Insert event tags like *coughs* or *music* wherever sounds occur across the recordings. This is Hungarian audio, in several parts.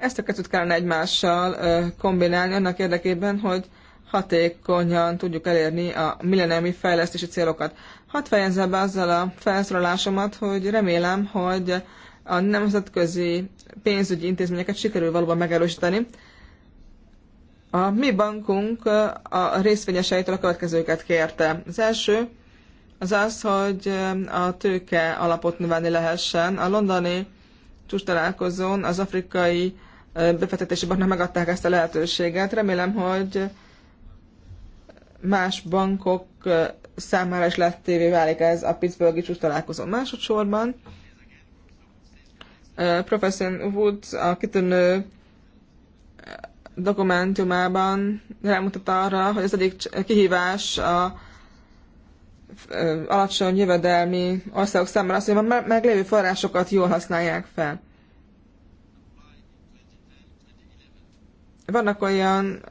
Ezt a kettőt kellene egymással kombinálni annak érdekében, hogy hatékonyan tudjuk elérni a millenniumi fejlesztési célokat. Hadd fejezem be azzal a felszólalásomat, hogy remélem, hogy a nemzetközi pénzügyi intézményeket sikerül valóban megerősíteni. A mi bankunk a részvényeseitől a következőket kérte. Az első az az, hogy a tőke alapot növelni lehessen. A londoni csúcs találkozón az afrikai befektetési banknak megadták ezt a lehetőséget. Remélem, hogy más bankok számára is tévé válik ez a Pittsburghi csúcs találkozó másodszorban. Professor Woods a kitűnő dokumentumában rámutat arra, hogy az egyik kihívás a alacsony jövedelmi országok számára az, hogy a meglévő forrásokat jól használják fel. Vannak olyan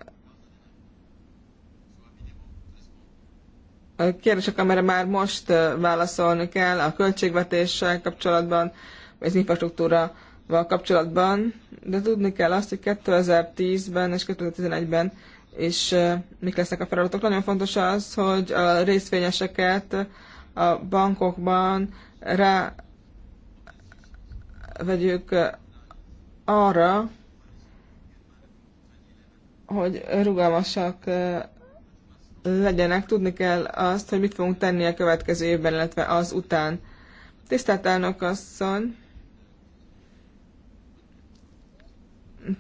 kérdések, amire már most válaszolni kell a költségvetéssel kapcsolatban, vagy az infrastruktúraval kapcsolatban, de tudni kell azt, hogy 2010-ben és 2011-ben és mik lesznek a feladatok. Nagyon fontos az, hogy a részvényeseket a bankokban rá vegyük arra, hogy rugalmasak legyenek, tudni kell azt, hogy mit fogunk tenni a következő évben, illetve az után. Tisztelt elnök asszony!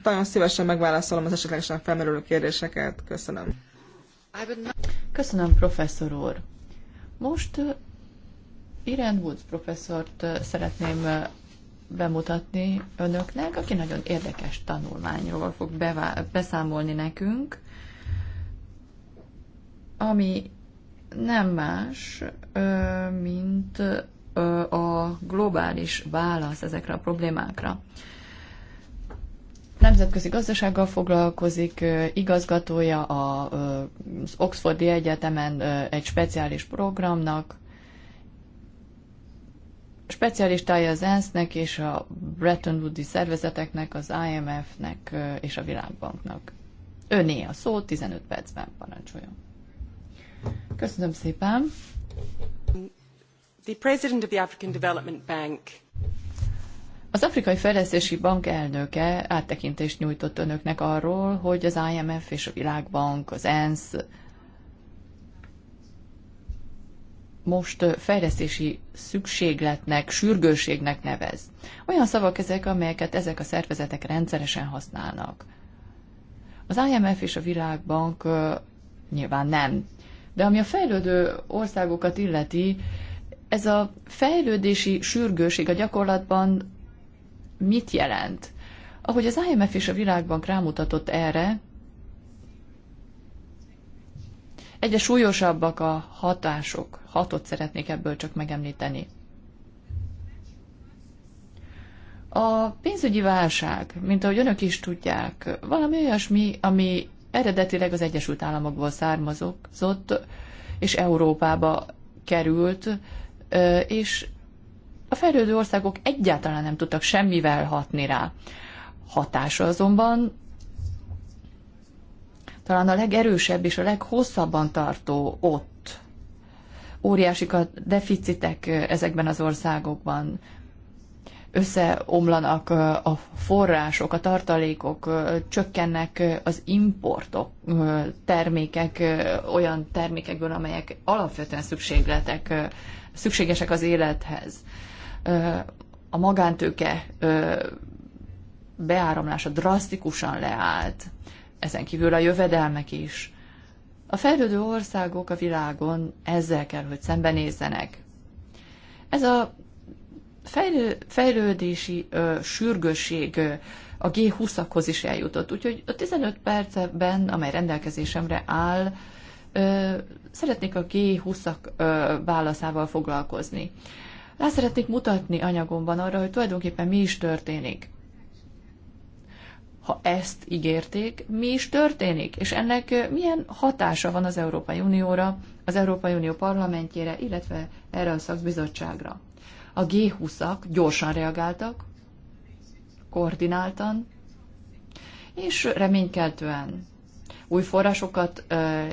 Nagyon szívesen megválaszolom az esetlegesen felmerülő kérdéseket. Köszönöm. Köszönöm, professzor úr. Most Irene Woods professzort szeretném bemutatni önöknek, aki nagyon érdekes tanulmányról fog beszámolni nekünk, ami nem más, mint a globális válasz ezekre a problémákra. Nemzetközi gazdasággal foglalkozik, igazgatója az Oxfordi Egyetemen egy speciális programnak, specialistája az ENSZ-nek és a Bretton Woods-i szervezeteknek, az IMF-nek és a Világbanknak. Öné a szó, 15 percben parancsoljon. Köszönöm szépen. The President of the African Development Bank az Afrikai Fejlesztési Bank elnöke áttekintést nyújtott önöknek arról, hogy az IMF és a Világbank, az ENSZ most fejlesztési szükségletnek, sürgőségnek nevez. Olyan szavak ezek, amelyeket ezek a szervezetek rendszeresen használnak. Az IMF és a Világbank nyilván nem. De ami a fejlődő országokat illeti, ez a fejlődési sürgőség a gyakorlatban mit jelent? Ahogy az IMF és a Világbank rámutatott erre, egyre súlyosabbak a hatások hatot szeretnék ebből csak megemlíteni. A pénzügyi válság, mint ahogy önök is tudják, valami olyasmi, ami eredetileg az Egyesült Államokból származott, és Európába került, és a fejlődő országok egyáltalán nem tudtak semmivel hatni rá. Hatása azonban talán a legerősebb és a leghosszabban tartó ott óriásik a deficitek ezekben az országokban. Összeomlanak a források, a tartalékok, csökkennek az importok, termékek, olyan termékekből, amelyek alapvetően szükségletek, szükségesek az élethez. A magántőke beáramlása drasztikusan leállt, ezen kívül a jövedelmek is a fejlődő országok a világon ezzel kell, hogy szembenézzenek. Ez a fejlő, fejlődési ö, sürgősség ö, a G20-akhoz is eljutott. Úgyhogy a 15 percben, amely rendelkezésemre áll, ö, szeretnék a G20-ak válaszával foglalkozni. Rá szeretnék mutatni anyagomban arra, hogy tulajdonképpen mi is történik ha ezt ígérték, mi is történik, és ennek milyen hatása van az Európai Unióra, az Európai Unió parlamentjére, illetve erre a szakbizottságra. A G20-ak gyorsan reagáltak, koordináltan, és reménykeltően új forrásokat e,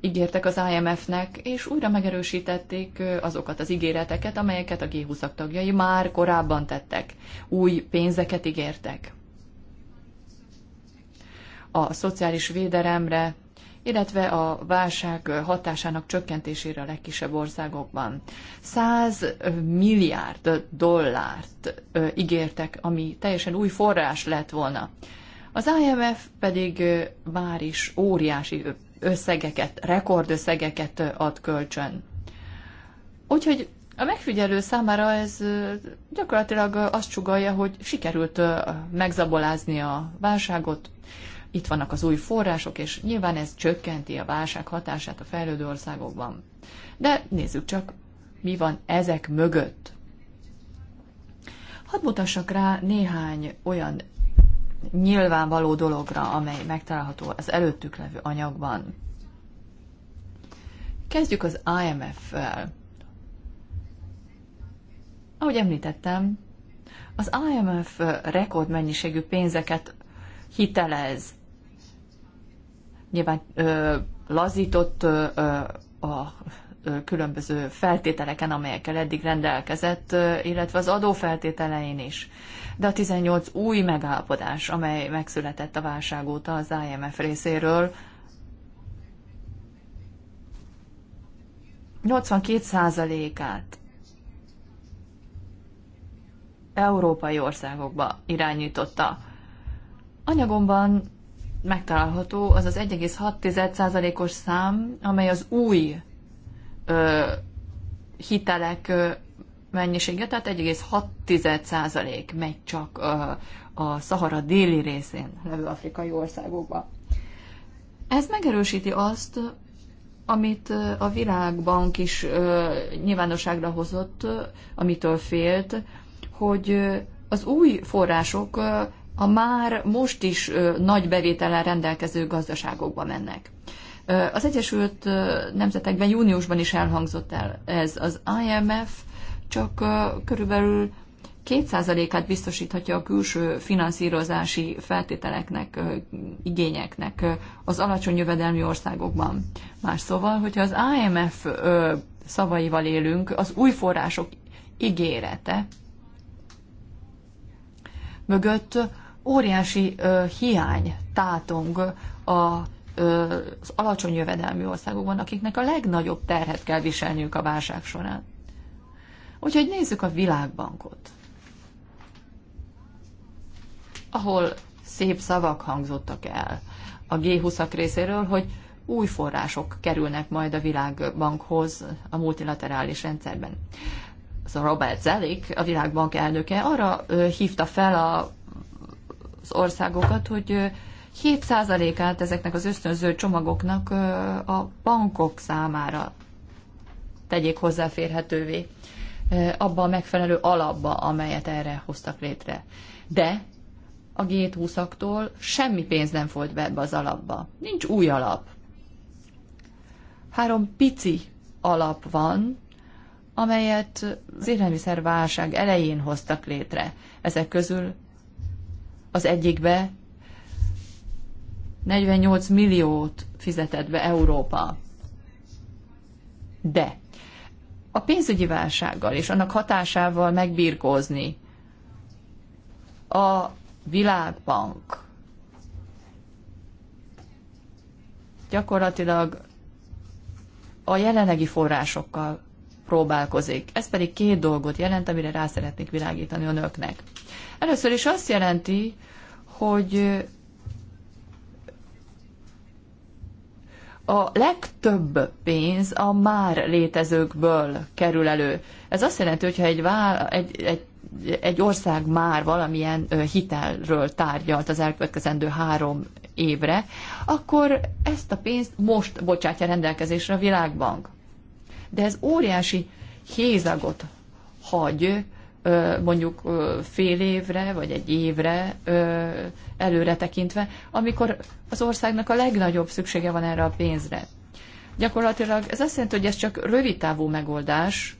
ígértek az IMF-nek, és újra megerősítették azokat az ígéreteket, amelyeket a G20-ak tagjai már korábban tettek. Új pénzeket ígértek a szociális védelemre, illetve a válság hatásának csökkentésére a legkisebb országokban. 100 milliárd dollárt ígértek, ami teljesen új forrás lett volna. Az IMF pedig már is óriási összegeket, rekordösszegeket ad kölcsön. Úgyhogy a megfigyelő számára ez gyakorlatilag azt csugalja, hogy sikerült megzabolázni a válságot, itt vannak az új források, és nyilván ez csökkenti a válság hatását a fejlődő országokban. De nézzük csak, mi van ezek mögött. Hadd mutassak rá néhány olyan nyilvánvaló dologra, amely megtalálható az előttük levő anyagban. Kezdjük az IMF-fel. Ahogy említettem, az IMF rekordmennyiségű pénzeket hitelez Nyilván ö, lazított ö, a különböző feltételeken, amelyekkel eddig rendelkezett, illetve az adófeltételein is. De a 18 új megállapodás, amely megszületett a válság óta az IMF részéről, 82%-át európai országokba irányította. Anyagomban megtalálható az az 1,6%-os szám, amely az új ö, hitelek ö, mennyisége, tehát 1,6% megy csak ö, a Szahara déli részén levő afrikai országokba. Ez megerősíti azt, amit a világbank is ö, nyilvánosságra hozott, amitől félt, hogy az új források a már most is nagy bevételen rendelkező gazdaságokba mennek. Az Egyesült Nemzetekben júniusban is elhangzott el ez az IMF, csak körülbelül 2%-át biztosíthatja a külső finanszírozási feltételeknek, igényeknek az alacsony jövedelmi országokban. Más szóval, hogyha az IMF szavaival élünk, az új források ígérete mögött óriási ö, hiány tátong a az alacsony jövedelmű országokban, akiknek a legnagyobb terhet kell viselniük a válság során. Úgyhogy nézzük a világbankot, ahol szép szavak hangzottak el a G20-ak részéről, hogy új források kerülnek majd a világbankhoz a multilaterális rendszerben. Szóval Robert Zelik, a világbank elnöke arra hívta fel a az országokat, hogy 7%-át ezeknek az ösztönző csomagoknak a bankok számára tegyék hozzáférhetővé abba a megfelelő alapba, amelyet erre hoztak létre. De a G20-aktól semmi pénz nem folyt be ebbe az alapba. Nincs új alap. Három pici alap van, amelyet az élelmiszerválság elején hoztak létre. Ezek közül az egyikbe 48 milliót fizetett be Európa. De a pénzügyi válsággal és annak hatásával megbírkozni a világbank gyakorlatilag a jelenlegi forrásokkal próbálkozik. Ez pedig két dolgot jelent, amire rá szeretnék világítani önöknek. Először is azt jelenti, hogy a legtöbb pénz a már létezőkből kerül elő. Ez azt jelenti, hogyha egy, vál, egy, egy, egy ország már valamilyen hitelről tárgyalt az elkövetkezendő három évre, akkor ezt a pénzt most bocsátja rendelkezésre a világbank. De ez óriási hézagot hagy mondjuk fél évre, vagy egy évre előre tekintve, amikor az országnak a legnagyobb szüksége van erre a pénzre. Gyakorlatilag ez azt jelenti, hogy ez csak rövid távú megoldás,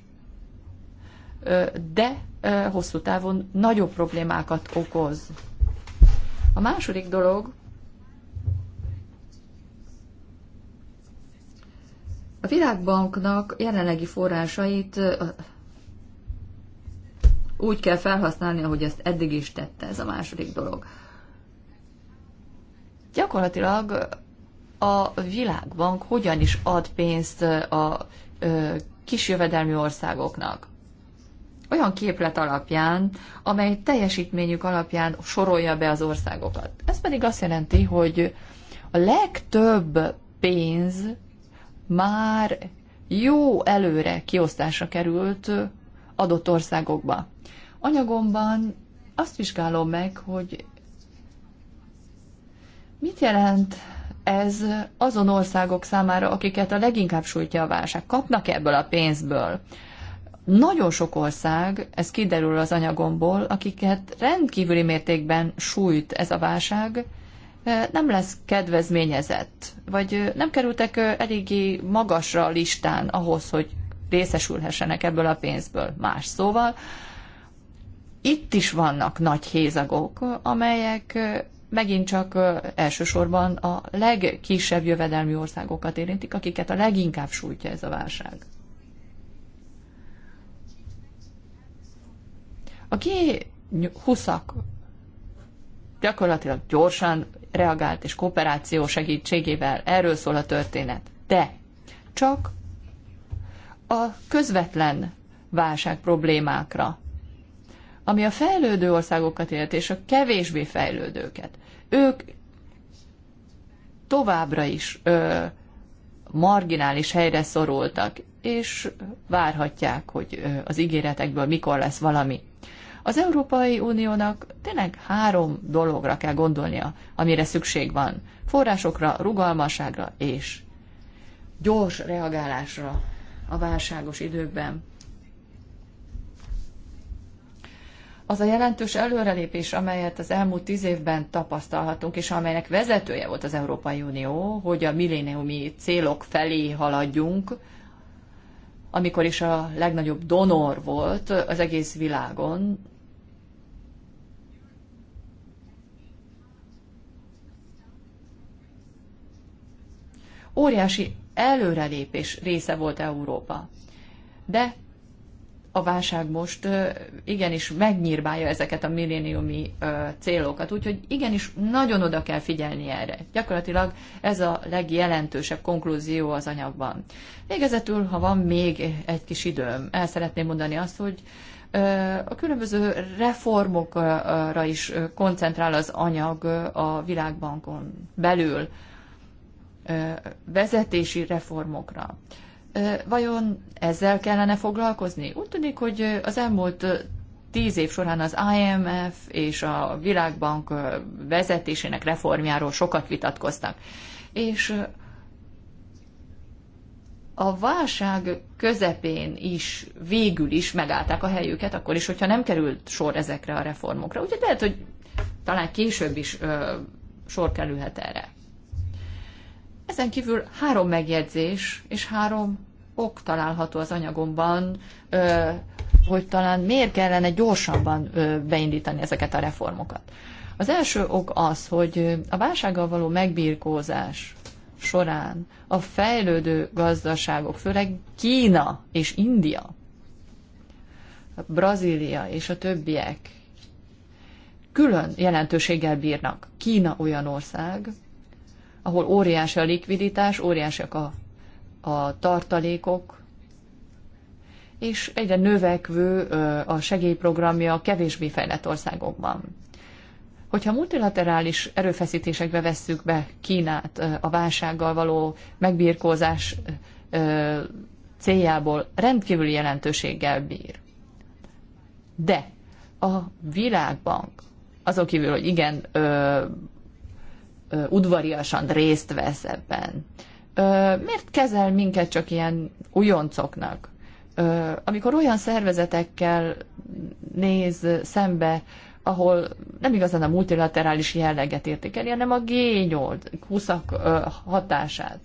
de hosszú távon nagyobb problémákat okoz. A második dolog, a Világbanknak jelenlegi forrásait úgy kell felhasználni, ahogy ezt eddig is tette, ez a második dolog. Gyakorlatilag a világbank hogyan is ad pénzt a kisjövedelmi országoknak. Olyan képlet alapján, amely teljesítményük alapján sorolja be az országokat. Ez pedig azt jelenti, hogy a legtöbb pénz már jó előre kiosztásra került adott országokba. Anyagomban azt vizsgálom meg, hogy mit jelent ez azon országok számára, akiket a leginkább sújtja a válság. Kapnak -e ebből a pénzből? Nagyon sok ország, ez kiderül az anyagomból, akiket rendkívüli mértékben sújt ez a válság, nem lesz kedvezményezett, vagy nem kerültek eléggé magasra a listán ahhoz, hogy részesülhessenek ebből a pénzből. Más szóval, itt is vannak nagy hézagok, amelyek megint csak elsősorban a legkisebb jövedelmi országokat érintik, akiket a leginkább sújtja ez a válság. A G20-ak gyakorlatilag gyorsan reagált, és kooperáció segítségével erről szól a történet. De csak a közvetlen válság problémákra ami a fejlődő országokat illeti, és a kevésbé fejlődőket, ők továbbra is ö, marginális helyre szorultak, és várhatják, hogy ö, az ígéretekből mikor lesz valami. Az Európai Uniónak tényleg három dologra kell gondolnia, amire szükség van. Forrásokra, rugalmasságra és gyors reagálásra a válságos időkben. az a jelentős előrelépés, amelyet az elmúlt tíz évben tapasztalhatunk, és amelynek vezetője volt az Európai Unió, hogy a milléniumi célok felé haladjunk, amikor is a legnagyobb donor volt az egész világon. Óriási előrelépés része volt Európa. De a válság most igenis megnyírbálja ezeket a milléniumi célokat. Úgyhogy igenis nagyon oda kell figyelni erre. Gyakorlatilag ez a legjelentősebb konklúzió az anyagban. Végezetül, ha van még egy kis időm, el szeretném mondani azt, hogy a különböző reformokra is koncentrál az anyag a világbankon belül, vezetési reformokra. Vajon ezzel kellene foglalkozni? Úgy tűnik, hogy az elmúlt tíz év során az IMF és a Világbank vezetésének reformjáról sokat vitatkoztak. És a válság közepén is végül is megállták a helyüket, akkor is, hogyha nem került sor ezekre a reformokra. Úgyhogy lehet, hogy talán később is ö, sor kerülhet erre. Ezen kívül három megjegyzés és három ok található az anyagomban, hogy talán miért kellene gyorsabban beindítani ezeket a reformokat. Az első ok az, hogy a válsággal való megbírkózás során a fejlődő gazdaságok, főleg Kína és India, Brazília és a többiek külön jelentőséggel bírnak. Kína olyan ország, ahol óriási a likviditás, óriásiak a, a tartalékok, és egyre növekvő a segélyprogramja a kevésbé fejlett országokban. Hogyha multilaterális erőfeszítésekbe vesszük be Kínát a válsággal való megbírkózás céljából, rendkívüli jelentőséggel bír. De a világbank, azon kívül, hogy igen, udvariasan részt vesz ebben. Miért kezel minket csak ilyen ujoncoknak? Amikor olyan szervezetekkel néz szembe, ahol nem igazán a multilaterális jelleget értékeli, hanem a G8 20-ak hatását.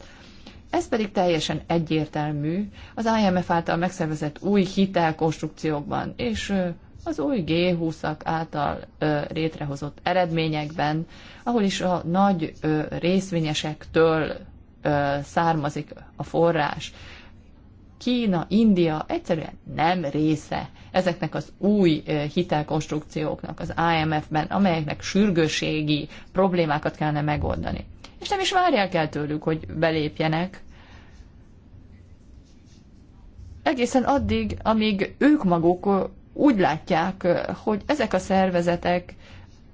Ez pedig teljesen egyértelmű az IMF által megszervezett új hitelkonstrukciókban és az új G20-ak által ö, rétrehozott eredményekben, ahol is a nagy ö, részvényesektől ö, származik a forrás. Kína, India egyszerűen nem része ezeknek az új hitelkonstrukcióknak az IMF-ben, amelyeknek sürgőségi problémákat kellene megoldani. És nem is várják el tőlük, hogy belépjenek. Egészen addig, amíg ők maguk úgy látják, hogy ezek a szervezetek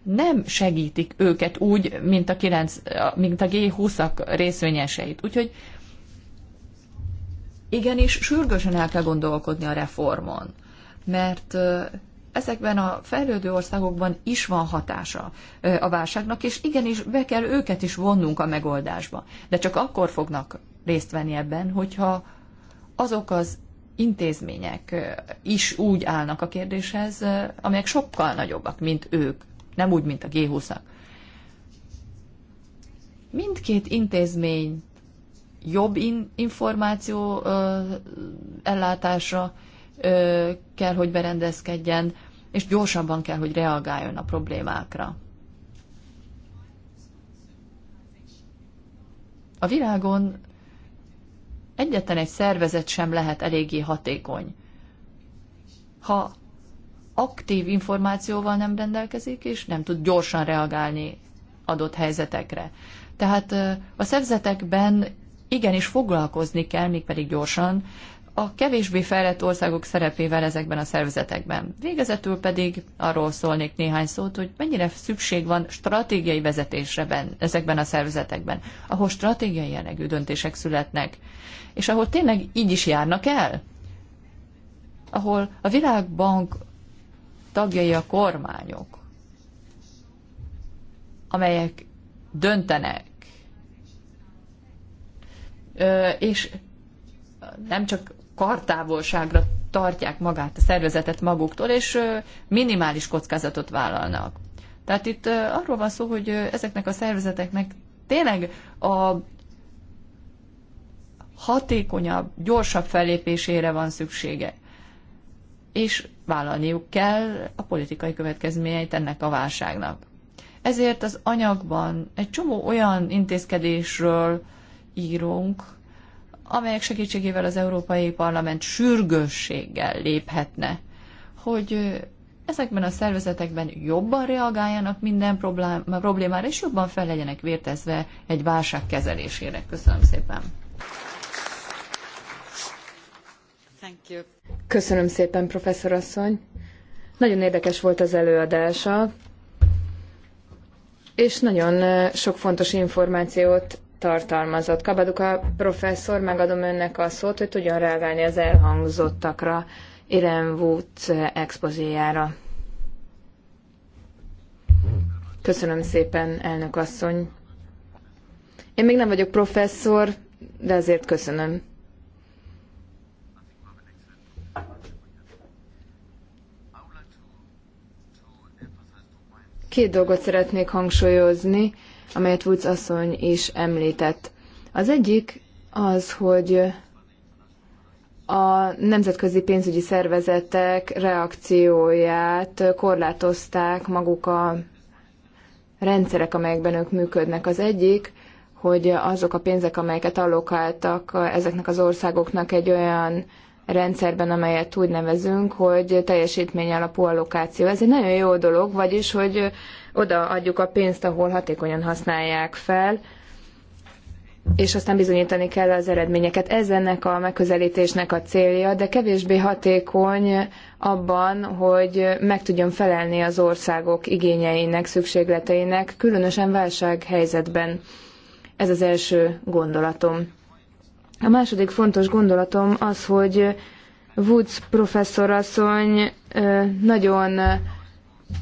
nem segítik őket úgy, mint a, 9, mint a G20-ak részvényeseit. Úgyhogy igenis sürgősen el kell gondolkodni a reformon, mert ezekben a fejlődő országokban is van hatása a válságnak, és igenis be kell őket is vonnunk a megoldásba. De csak akkor fognak részt venni ebben, hogyha azok az intézmények is úgy állnak a kérdéshez, amelyek sokkal nagyobbak, mint ők, nem úgy, mint a G20-nak. Mindkét intézmény jobb in- információ ö, ellátásra ö, kell, hogy berendezkedjen, és gyorsabban kell, hogy reagáljon a problémákra. A világon egyetlen egy szervezet sem lehet eléggé hatékony, ha aktív információval nem rendelkezik, és nem tud gyorsan reagálni adott helyzetekre. Tehát a szervezetekben igenis foglalkozni kell, mégpedig gyorsan, a kevésbé fejlett országok szerepével ezekben a szervezetekben. Végezetül pedig arról szólnék néhány szót, hogy mennyire szükség van stratégiai vezetésre ben, ezekben a szervezetekben, ahol stratégiai jellegű döntések születnek, és ahol tényleg így is járnak el, ahol a világbank tagjai a kormányok, amelyek döntenek, és nem csak kartávolságra tartják magát a szervezetet maguktól, és minimális kockázatot vállalnak. Tehát itt arról van szó, hogy ezeknek a szervezeteknek tényleg a hatékonyabb, gyorsabb fellépésére van szüksége. És vállalniuk kell a politikai következményeit ennek a válságnak. Ezért az anyagban egy csomó olyan intézkedésről írunk, amelyek segítségével az Európai Parlament sürgősséggel léphetne, hogy ezekben a szervezetekben jobban reagáljanak minden problémára, és jobban fel legyenek vértezve egy válság kezelésére. Köszönöm szépen! Köszönöm szépen, professzor asszony. Nagyon érdekes volt az előadása, és nagyon sok fontos információt tartalmazott. Kabaduka professzor, megadom önnek a szót, hogy tudjon reagálni az elhangzottakra Irem Woods expozéjára. Köszönöm szépen, elnök asszony. Én még nem vagyok professzor, de azért köszönöm. Két dolgot szeretnék hangsúlyozni amelyet Woods asszony is említett. Az egyik az, hogy a nemzetközi pénzügyi szervezetek reakcióját korlátozták maguk a rendszerek, amelyekben ők működnek. Az egyik, hogy azok a pénzek, amelyeket allokáltak ezeknek az országoknak egy olyan rendszerben, amelyet úgy nevezünk, hogy teljesítmény alapú allokáció. Ez egy nagyon jó dolog, vagyis, hogy oda adjuk a pénzt, ahol hatékonyan használják fel, és aztán bizonyítani kell az eredményeket. Ez ennek a megközelítésnek a célja, de kevésbé hatékony abban, hogy meg tudjon felelni az országok igényeinek, szükségleteinek, különösen válsághelyzetben. Ez az első gondolatom. A második fontos gondolatom az, hogy Woods professzorasszony nagyon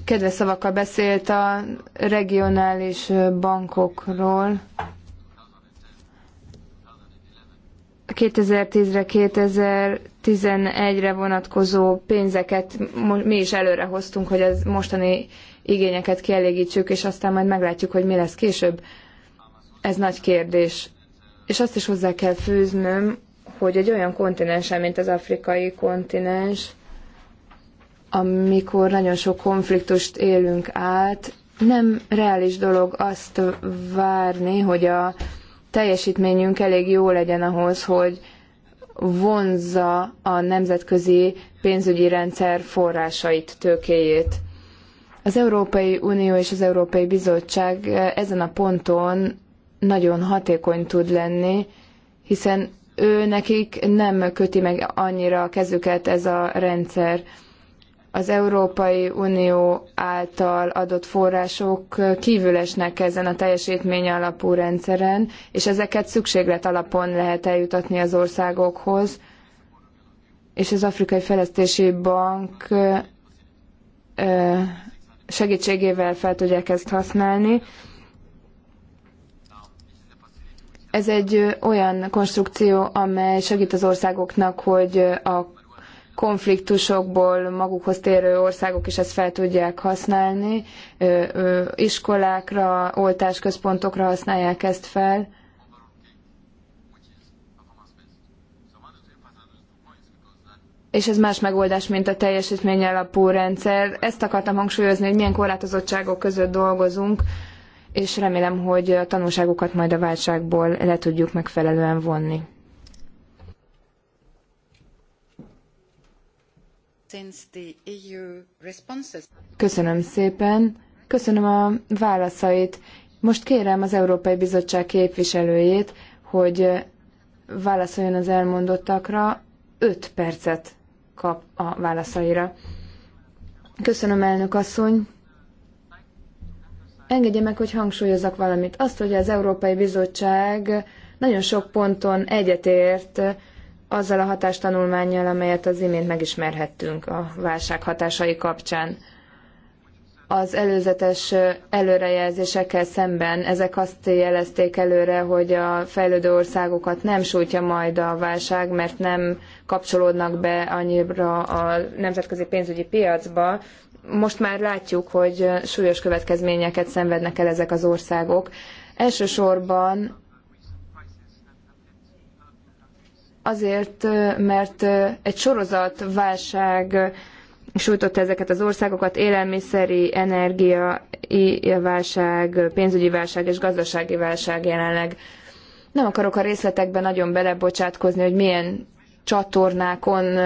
kedves szavakkal beszélt a regionális bankokról. 2010-re, 2011-re vonatkozó pénzeket mi is előre hoztunk, hogy az mostani igényeket kielégítsük, és aztán majd meglátjuk, hogy mi lesz később. Ez nagy kérdés. És azt is hozzá kell fűznöm, hogy egy olyan kontinensen, mint az afrikai kontinens, amikor nagyon sok konfliktust élünk át, nem reális dolog azt várni, hogy a teljesítményünk elég jó legyen ahhoz, hogy vonzza a nemzetközi pénzügyi rendszer forrásait, tőkéjét. Az Európai Unió és az Európai Bizottság eh, ezen a ponton nagyon hatékony tud lenni, hiszen ő nekik nem köti meg annyira a kezüket ez a rendszer az Európai Unió által adott források kívül esnek ezen a teljesítmény alapú rendszeren, és ezeket szükséglet alapon lehet eljutatni az országokhoz, és az Afrikai Fejlesztési Bank segítségével fel tudják ezt használni. Ez egy olyan konstrukció, amely segít az országoknak, hogy a konfliktusokból magukhoz térő országok is ezt fel tudják használni, iskolákra, oltásközpontokra használják ezt fel. és ez más megoldás, mint a teljesítmény alapú rendszer. Ezt akartam hangsúlyozni, hogy milyen korlátozottságok között dolgozunk, és remélem, hogy a tanulságokat majd a válságból le tudjuk megfelelően vonni. E köszönöm szépen, köszönöm a válaszait. Most kérem az Európai Bizottság képviselőjét, hogy válaszoljon az elmondottakra, Öt percet kap a válaszaira. Köszönöm, elnök asszony. Engedje meg, hogy hangsúlyozzak valamit. Azt, hogy az Európai Bizottság nagyon sok ponton egyetért azzal a hatástanulmányjal, amelyet az imént megismerhettünk a válság hatásai kapcsán. Az előzetes előrejelzésekkel szemben ezek azt jelezték előre, hogy a fejlődő országokat nem sújtja majd a válság, mert nem kapcsolódnak be annyira a nemzetközi pénzügyi piacba. Most már látjuk, hogy súlyos következményeket szenvednek el ezek az országok. Elsősorban azért, mert egy sorozat válság sújtotta ezeket az országokat, élelmiszeri, energiai válság, pénzügyi válság és gazdasági válság jelenleg. Nem akarok a részletekben nagyon belebocsátkozni, hogy milyen csatornákon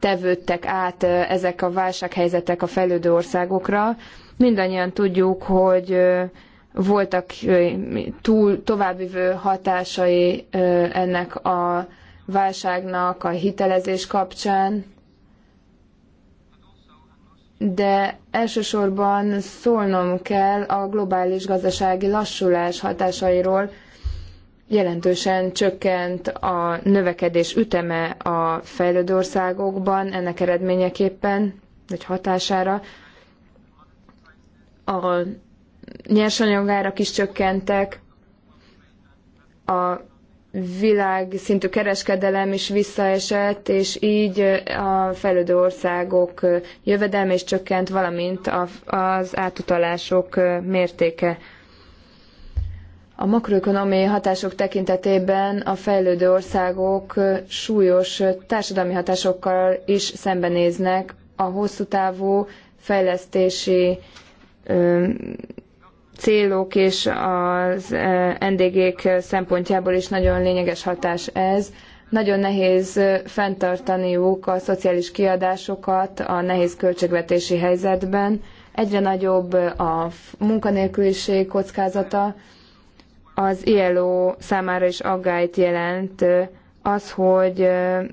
tevődtek át ezek a válsághelyzetek a fejlődő országokra. Mindannyian tudjuk, hogy voltak túl továbbvivő hatásai ennek a válságnak a hitelezés kapcsán, de elsősorban szólnom kell a globális gazdasági lassulás hatásairól. Jelentősen csökkent a növekedés üteme a fejlődő országokban, ennek eredményeképpen, vagy hatására a nyersanyagárak is csökkentek, a világszintű kereskedelem is visszaesett, és így a fejlődő országok jövedelme is csökkent, valamint az átutalások mértéke. A makroökonomiai hatások tekintetében a fejlődő országok súlyos társadalmi hatásokkal is szembenéznek. A hosszú távú fejlesztési célok és az eh, NDG-k szempontjából is nagyon lényeges hatás ez. Nagyon nehéz eh, fenntartaniuk a szociális kiadásokat a nehéz költségvetési helyzetben. Egyre nagyobb eh, a munkanélküliség kockázata. Az ILO számára is aggályt jelent az, hogy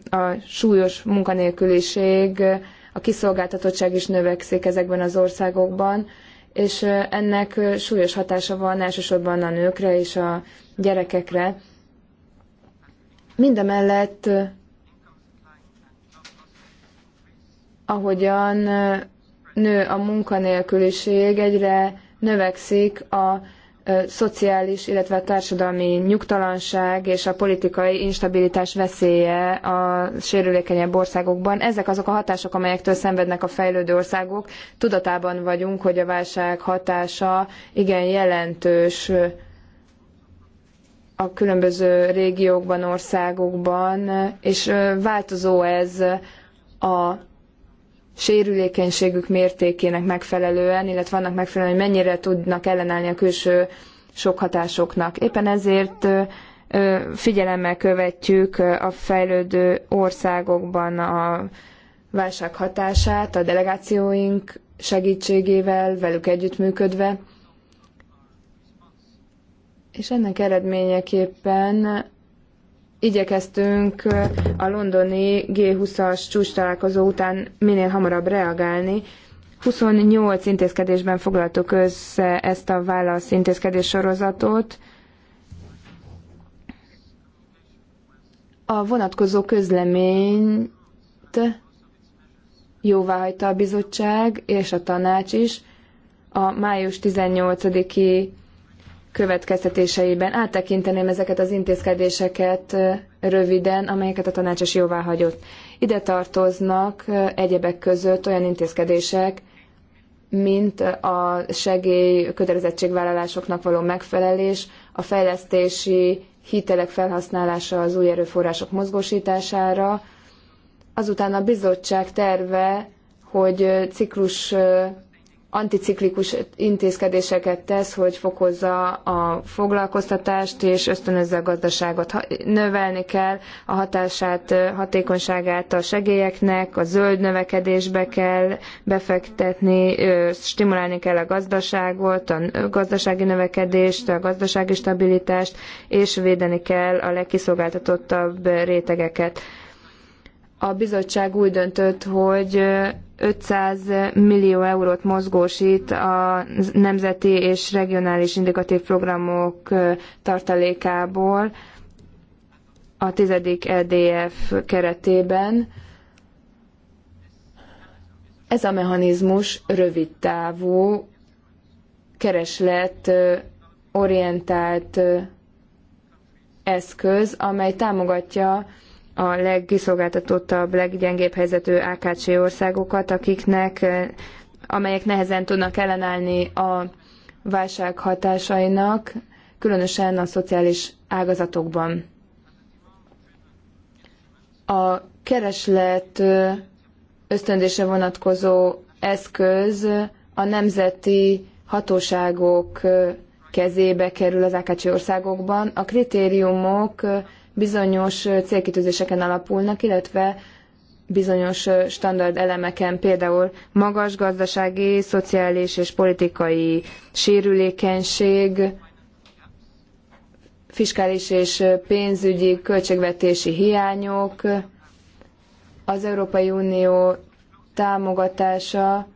a súlyos munkanélküliség, a kiszolgáltatottság is növekszik ezekben az országokban és ennek súlyos hatása van elsősorban a nőkre és a gyerekekre. Mindemellett, ahogyan nő a munkanélküliség, egyre növekszik a szociális, illetve a társadalmi nyugtalanság és a politikai instabilitás veszélye a sérülékenyebb országokban. Ezek azok a hatások, amelyektől szenvednek a fejlődő országok. Tudatában vagyunk, hogy a válság hatása igen jelentős a különböző régiókban, országokban, és változó ez a sérülékenységük mértékének megfelelően, illetve vannak megfelelően, hogy mennyire tudnak ellenállni a külső sok hatásoknak. Éppen ezért figyelemmel követjük a fejlődő országokban a válság hatását a delegációink segítségével, velük együttműködve. És ennek eredményeképpen igyekeztünk a londoni G20-as csúcs találkozó után minél hamarabb reagálni. 28 intézkedésben foglaltuk össze ezt a válasz intézkedés sorozatot. A vonatkozó közleményt jóváhagyta a bizottság és a tanács is a május 18-i következtetéseiben. Áttekinteném ezeket az intézkedéseket röviden, amelyeket a tanács is jóvá hagyott. Ide tartoznak egyebek között olyan intézkedések, mint a segély kötelezettségvállalásoknak való megfelelés, a fejlesztési hitelek felhasználása az új erőforrások mozgósítására, azután a bizottság terve, hogy ciklus anticiklikus intézkedéseket tesz, hogy fokozza a foglalkoztatást és ösztönözze a gazdaságot. Növelni kell a hatását, hatékonyságát a segélyeknek, a zöld növekedésbe kell befektetni, stimulálni kell a gazdaságot, a gazdasági növekedést, a gazdasági stabilitást, és védeni kell a legkiszolgáltatottabb rétegeket a bizottság úgy döntött, hogy 500 millió eurót mozgósít a nemzeti és regionális indikatív programok tartalékából a tizedik EDF keretében. Ez a mechanizmus rövidtávú, kereslet orientált eszköz, amely támogatja a legkiszolgáltatottabb, leggyengébb helyzetű AKC országokat, akiknek, eh, amelyek nehezen tudnak ellenállni a válság hatásainak, különösen a szociális ágazatokban. A kereslet eh, ösztöndése vonatkozó eszköz a nemzeti hatóságok eh, kezébe kerül az AKC országokban. A kritériumok bizonyos célkitűzéseken alapulnak, illetve bizonyos standard elemeken, például magas gazdasági, szociális és politikai sérülékenység, fiskális és pénzügyi költségvetési hiányok, az Európai Unió támogatása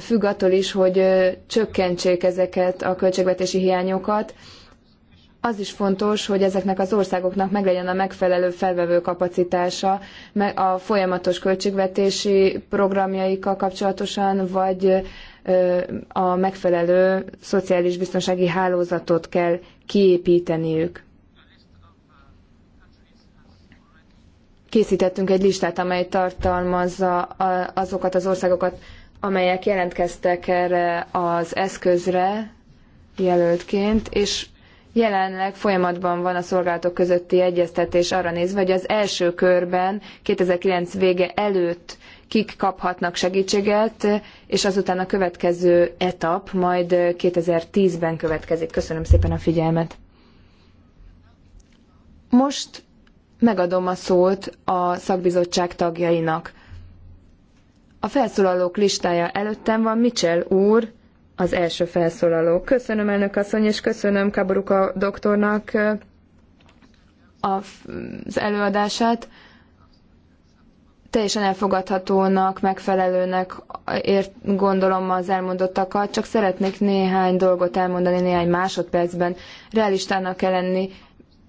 függ attól is, hogy csökkentsék ezeket a költségvetési hiányokat, az is fontos, hogy ezeknek az országoknak meglegyen a megfelelő felvevő kapacitása a folyamatos költségvetési programjaikkal kapcsolatosan, vagy a megfelelő szociális biztonsági hálózatot kell kiépíteniük. Készítettünk egy listát, amely tartalmazza azokat az országokat, amelyek jelentkeztek erre az eszközre jelöltként, és Jelenleg folyamatban van a szolgálatok közötti egyeztetés arra nézve, hogy az első körben 2009 vége előtt kik kaphatnak segítséget, és azután a következő etap majd 2010-ben következik. Köszönöm szépen a figyelmet. Most megadom a szót a szakbizottság tagjainak. A felszólalók listája előttem van Mitchell úr, az első felszólaló. Köszönöm elnök asszony, és köszönöm Kaboruka doktornak az előadását. Teljesen elfogadhatónak, megfelelőnek ért, gondolom az elmondottakat, csak szeretnék néhány dolgot elmondani néhány másodpercben. Realistának kell lenni,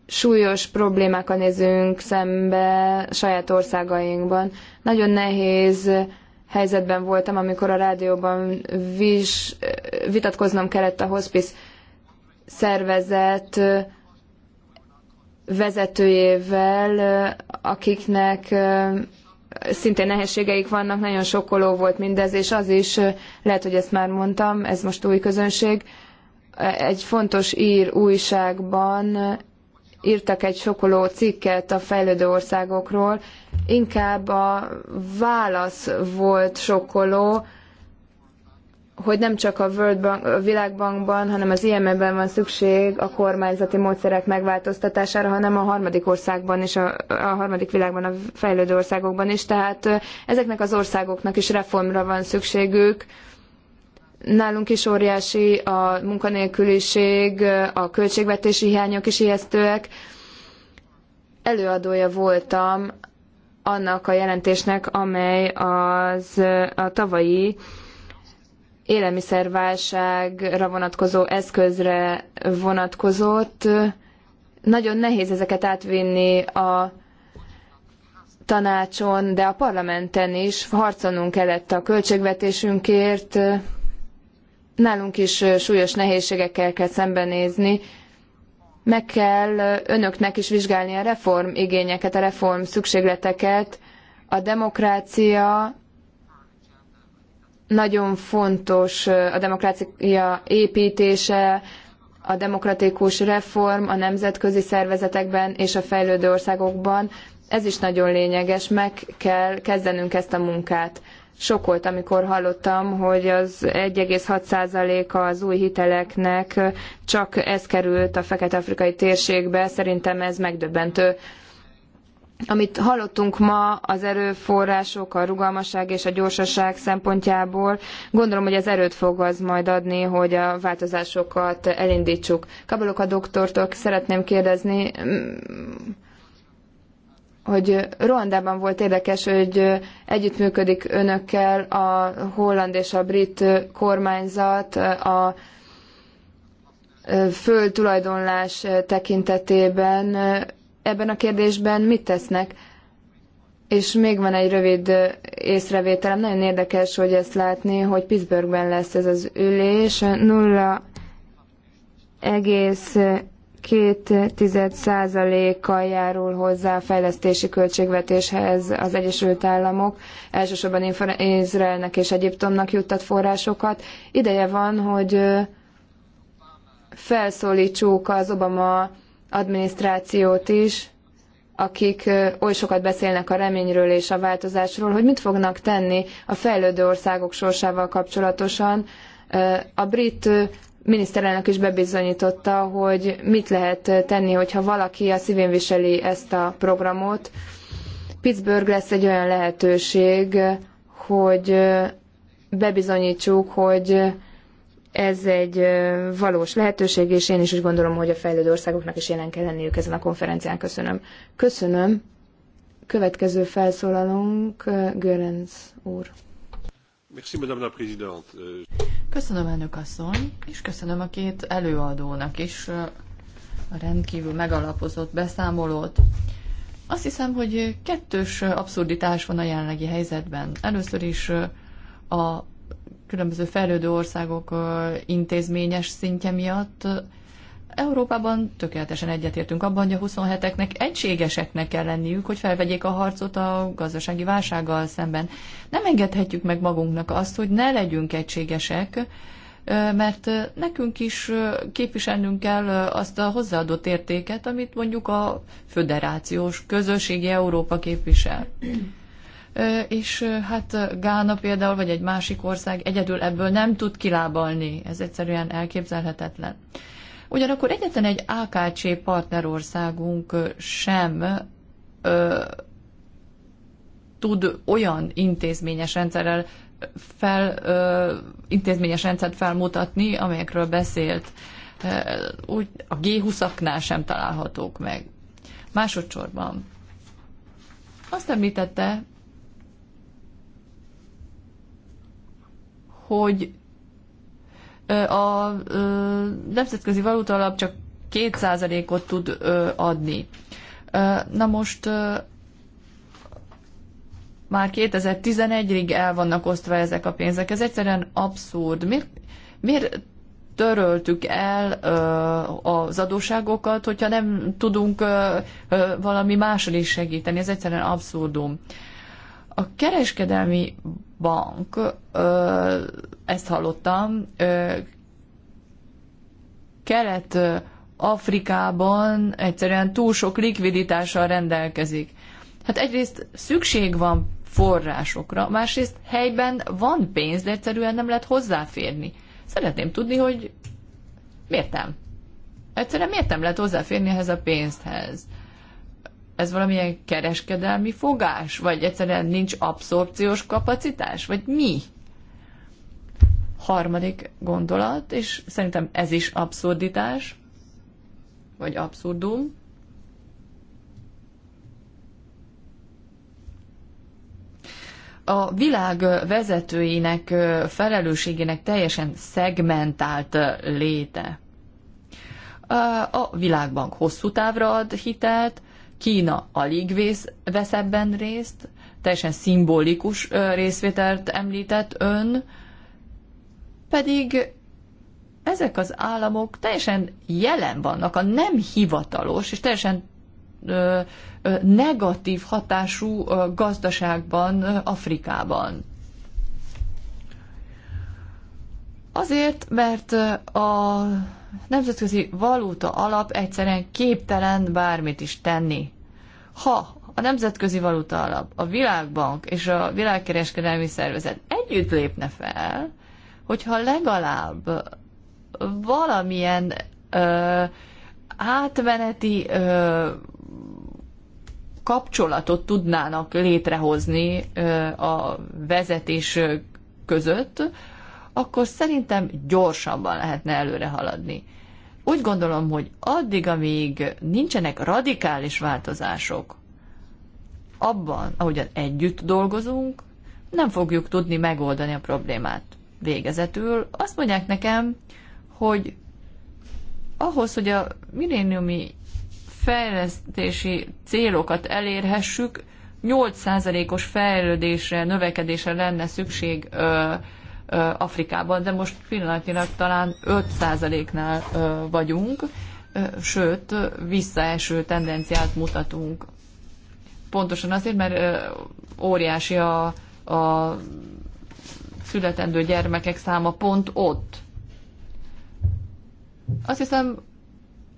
súlyos problémákkal nézünk szembe saját országainkban. Nagyon nehéz helyzetben voltam, amikor a rádióban vis, vitatkoznom kellett a hospice szervezet vezetőjével, akiknek szintén nehézségeik vannak, nagyon sokkoló volt mindez, és az is, lehet, hogy ezt már mondtam, ez most új közönség, egy fontos ír újságban írtak egy sokkoló cikket a fejlődő országokról, inkább a válasz volt sokkoló, hogy nem csak a, World Bank, a Világbankban, hanem az IMF-ben van szükség a kormányzati módszerek megváltoztatására, hanem a harmadik országban és a, a harmadik világban, a fejlődő országokban is. Tehát ezeknek az országoknak is reformra van szükségük. Nálunk is óriási a munkanélküliség, a költségvetési hiányok is ijesztőek. Előadója voltam annak a jelentésnek, amely az a tavalyi élelmiszerválságra vonatkozó eszközre vonatkozott. Nagyon nehéz ezeket átvinni a tanácson, de a parlamenten is harcolnunk kellett a költségvetésünkért. Nálunk is súlyos nehézségekkel kell szembenézni, meg kell önöknek is vizsgálni a reform igényeket, a reform szükségleteket. A demokrácia nagyon fontos, a demokrácia építése, a demokratikus reform a nemzetközi szervezetekben és a fejlődő országokban. Ez is nagyon lényeges, meg kell kezdenünk ezt a munkát. Sok volt, amikor hallottam, hogy az 1,6%-a az új hiteleknek csak ez került a fekete-afrikai térségbe, szerintem ez megdöbbentő. Amit hallottunk ma az erőforrások, a rugalmasság és a gyorsaság szempontjából, gondolom, hogy ez erőt fog az majd adni, hogy a változásokat elindítsuk. Kabalok a doktortól szeretném kérdezni, hogy Ruandában volt érdekes, hogy együttműködik önökkel a holland és a brit kormányzat a földtulajdonlás tekintetében. Ebben a kérdésben mit tesznek? És még van egy rövid észrevételem, nagyon érdekes, hogy ezt látni, hogy Pittsburghben lesz ez az ülés. egész 2,1%-kal járul hozzá a fejlesztési költségvetéshez az Egyesült Államok, elsősorban Izraelnek és Egyiptomnak juttat forrásokat. Ideje van, hogy felszólítsuk az Obama adminisztrációt is, akik oly sokat beszélnek a reményről és a változásról, hogy mit fognak tenni a fejlődő országok sorsával kapcsolatosan. A brit miniszterelnök is bebizonyította, hogy mit lehet tenni, hogyha valaki a szívén viseli ezt a programot. Pittsburgh lesz egy olyan lehetőség, hogy bebizonyítsuk, hogy ez egy valós lehetőség, és én is úgy gondolom, hogy a fejlődő országoknak is jelen kell lenniük ezen a konferencián. Köszönöm. Köszönöm. Következő felszólalónk Görenc úr. Euh, köszönöm, elnök asszony, és köszönöm a két előadónak is a rendkívül megalapozott beszámolót. Azt hiszem, hogy kettős abszurditás van a jelenlegi helyzetben. Először is a különböző fejlődő országok intézményes szintje miatt Európában tökéletesen egyetértünk abban, hogy a 27-eknek egységeseknek kell lenniük, hogy felvegyék a harcot a gazdasági válsággal szemben. Nem engedhetjük meg magunknak azt, hogy ne legyünk egységesek, mert nekünk is képviselnünk kell azt a hozzáadott értéket, amit mondjuk a föderációs közösségi Európa képvisel. És hát Gána például, vagy egy másik ország egyedül ebből nem tud kilábalni. Ez egyszerűen elképzelhetetlen. Ugyanakkor egyetlen egy AKC partnerországunk sem ö, tud olyan intézményes rendszerrel fel, ö, intézményes rendszert felmutatni, amelyekről beszélt. Úgy a G20-aknál sem találhatók meg. Másodszorban azt említette, hogy a nemzetközi valuta alap csak 2%-ot tud adni. Na most már 2011-ig el vannak osztva ezek a pénzek. Ez egyszerűen abszurd. Miért, miért töröltük el az adóságokat, hogyha nem tudunk valami máson is segíteni? Ez egyszerűen abszurdum. A kereskedelmi bank ezt hallottam, Kelet-Afrikában egyszerűen túl sok likviditással rendelkezik. Hát egyrészt szükség van forrásokra, másrészt helyben van pénz, de egyszerűen nem lehet hozzáférni. Szeretném tudni, hogy miért nem. Egyszerűen miért nem lehet hozzáférni ehhez a pénzhez? Ez valamilyen kereskedelmi fogás? Vagy egyszerűen nincs abszorpciós kapacitás? Vagy mi? harmadik gondolat, és szerintem ez is abszurditás, vagy abszurdum. A világ vezetőinek felelősségének teljesen szegmentált léte. A világbank hosszú távra ad hitelt, Kína alig vész, vesz ebben részt, teljesen szimbolikus részvételt említett ön, pedig ezek az államok teljesen jelen vannak a nem hivatalos és teljesen ö, ö, negatív hatású ö, gazdaságban, ö, Afrikában. Azért, mert a nemzetközi valuta alap egyszerűen képtelen bármit is tenni. Ha a nemzetközi valuta alap, a világbank és a világkereskedelmi szervezet együtt lépne fel, hogyha legalább valamilyen ö, átmeneti ö, kapcsolatot tudnának létrehozni ö, a vezetés között, akkor szerintem gyorsabban lehetne előre haladni. Úgy gondolom, hogy addig, amíg nincsenek radikális változások abban, ahogyan együtt dolgozunk, nem fogjuk tudni megoldani a problémát végezetül azt mondják nekem, hogy ahhoz, hogy a milléniumi fejlesztési célokat elérhessük, 8%-os fejlődésre, növekedésre lenne szükség ö, ö, Afrikában, de most pillanatnyilag talán 5%-nál ö, vagyunk, ö, sőt, visszaeső tendenciát mutatunk. Pontosan azért, mert ö, óriási a, a születendő gyermekek száma pont ott. Azt hiszem,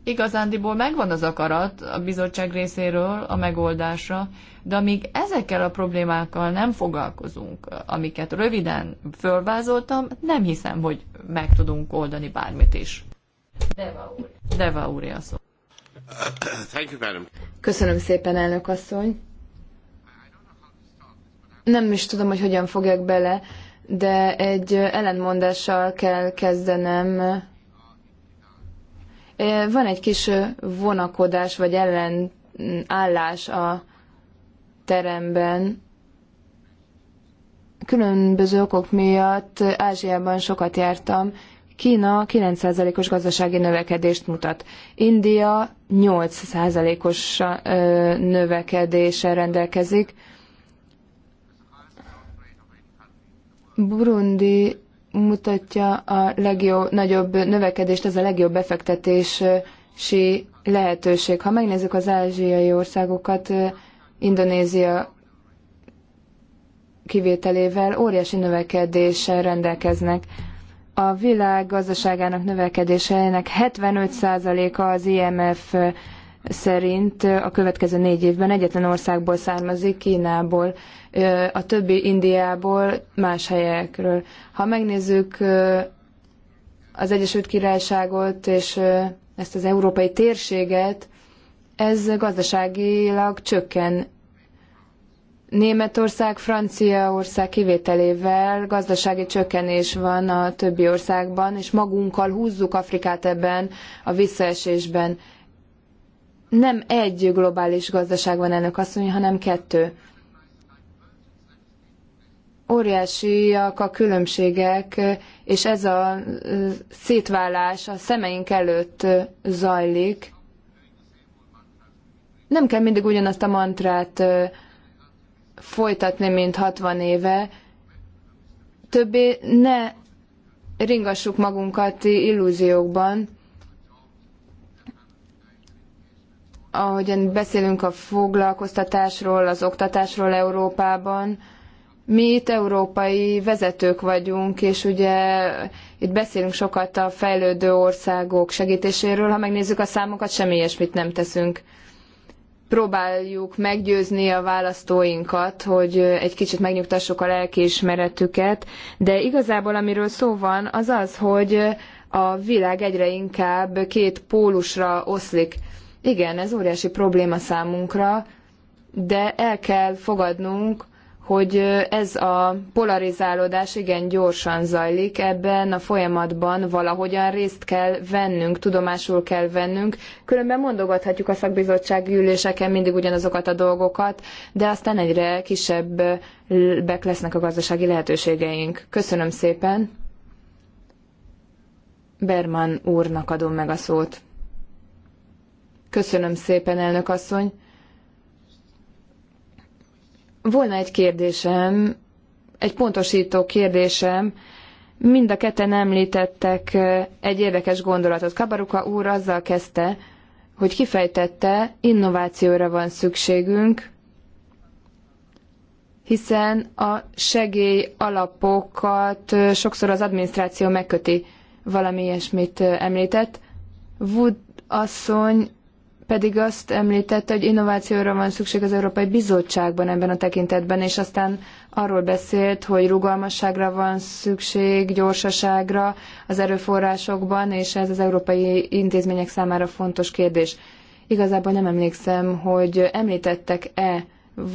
igazándiból megvan az akarat a bizottság részéről a megoldásra, de amíg ezekkel a problémákkal nem foglalkozunk, amiket röviden fölvázoltam, nem hiszem, hogy meg tudunk oldani bármit is. Deva úr. Deva úr, a Köszönöm szépen, elnök asszony. Nem is tudom, hogy hogyan fogjak bele de egy ellentmondással kell kezdenem. Van egy kis vonakodás vagy ellenállás a teremben. Különböző okok miatt Ázsiában sokat jártam. Kína 9%-os gazdasági növekedést mutat. India 8%-os növekedéssel rendelkezik Burundi mutatja a legjobb, nagyobb növekedést, ez a legjobb befektetési lehetőség. Ha megnézzük az ázsiai országokat, Indonézia kivételével óriási növekedéssel rendelkeznek. A világ gazdaságának növekedésének 75%-a az IMF szerint a következő négy évben egyetlen országból származik, Kínából, a többi Indiából, más helyekről. Ha megnézzük az Egyesült Királyságot és ezt az európai térséget, ez gazdaságilag csökken. Németország, Franciaország kivételével gazdasági csökkenés van a többi országban, és magunkkal húzzuk Afrikát ebben a visszaesésben nem egy globális gazdaság van elnök asszony, hanem kettő. Óriásiak a különbségek, és ez a szétválás a szemeink előtt zajlik. Nem kell mindig ugyanazt a mantrát folytatni, mint 60 éve. Többé ne ringassuk magunkat illúziókban, ahogyan beszélünk a foglalkoztatásról, az oktatásról Európában, mi itt európai vezetők vagyunk, és ugye itt beszélünk sokat a fejlődő országok segítéséről, ha megnézzük a számokat, semmi ilyesmit nem teszünk. Próbáljuk meggyőzni a választóinkat, hogy egy kicsit megnyugtassuk a lelkiismeretüket, de igazából amiről szó van, az az, hogy a világ egyre inkább két pólusra oszlik igen, ez óriási probléma számunkra, de el kell fogadnunk, hogy ez a polarizálódás igen gyorsan zajlik, ebben a folyamatban valahogyan részt kell vennünk, tudomásul kell vennünk, különben mondogathatjuk a szakbizottsági üléseken mindig ugyanazokat a dolgokat, de aztán egyre kisebbek lesznek a gazdasági lehetőségeink. Köszönöm szépen. Berman úrnak adom meg a szót. Köszönöm szépen, elnök asszony. Volna egy kérdésem, egy pontosító kérdésem. Mind a ketten említettek eh, egy érdekes gondolatot. Kabaruka úr azzal kezdte, hogy kifejtette, innovációra van szükségünk, hiszen a segély alapokat eh, sokszor az adminisztráció megköti. Valami ilyesmit eh, említett. Wood asszony pedig azt említette, hogy innovációra van szükség az Európai Bizottságban ebben a tekintetben, és aztán arról beszélt, hogy rugalmasságra van szükség, gyorsaságra az erőforrásokban, és ez az európai intézmények számára fontos kérdés. Igazából nem emlékszem, hogy említettek-e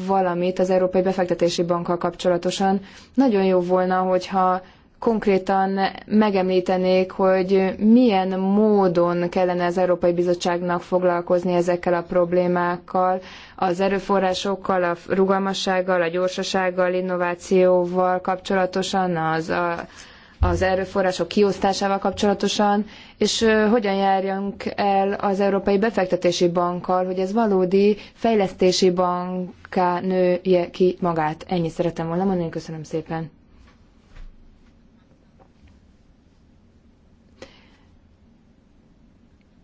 valamit az Európai Befektetési Bankkal kapcsolatosan. Nagyon jó volna, hogyha konkrétan megemlítenék, hogy milyen módon kellene az Európai Bizottságnak foglalkozni ezekkel a problémákkal, az erőforrásokkal, a rugalmassággal, a gyorsasággal, innovációval kapcsolatosan, az, a, az erőforrások kiosztásával kapcsolatosan, és hogyan járjunk el az Európai Befektetési Bankkal, hogy ez valódi fejlesztési banká nője ki magát. Ennyit szeretem volna mondani, köszönöm szépen.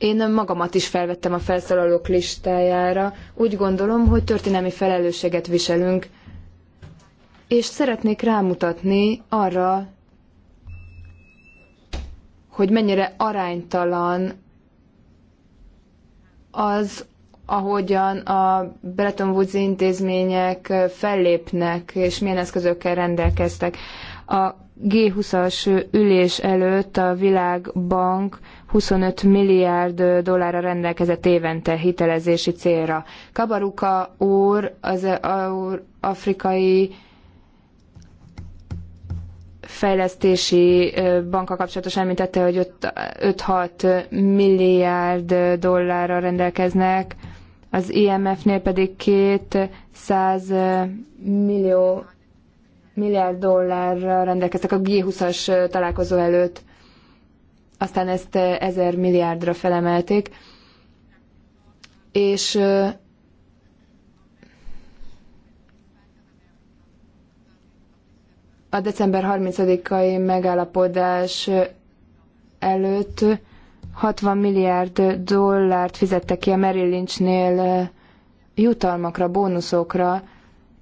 Én magamat is felvettem a felszólalók listájára. Úgy gondolom, hogy történelmi felelősséget viselünk, és szeretnék rámutatni arra, hogy mennyire aránytalan az, ahogyan a Bretton Woods intézmények fellépnek, és milyen eszközökkel rendelkeztek. A G20-as ülés előtt a Világbank 25 milliárd dollárra rendelkezett évente hitelezési célra. Kabaruka úr az afrikai fejlesztési banka kapcsolatosan említette, hogy 5-6 milliárd dollárra rendelkeznek, az IMF-nél pedig 200 millió milliárd dollárra rendelkeztek a G20-as találkozó előtt aztán ezt eh, ezer milliárdra felemelték, és eh, a december 30-ai megállapodás eh, előtt 60 milliárd dollárt fizettek ki a Merrill Lynchnél jutalmakra, bónuszokra.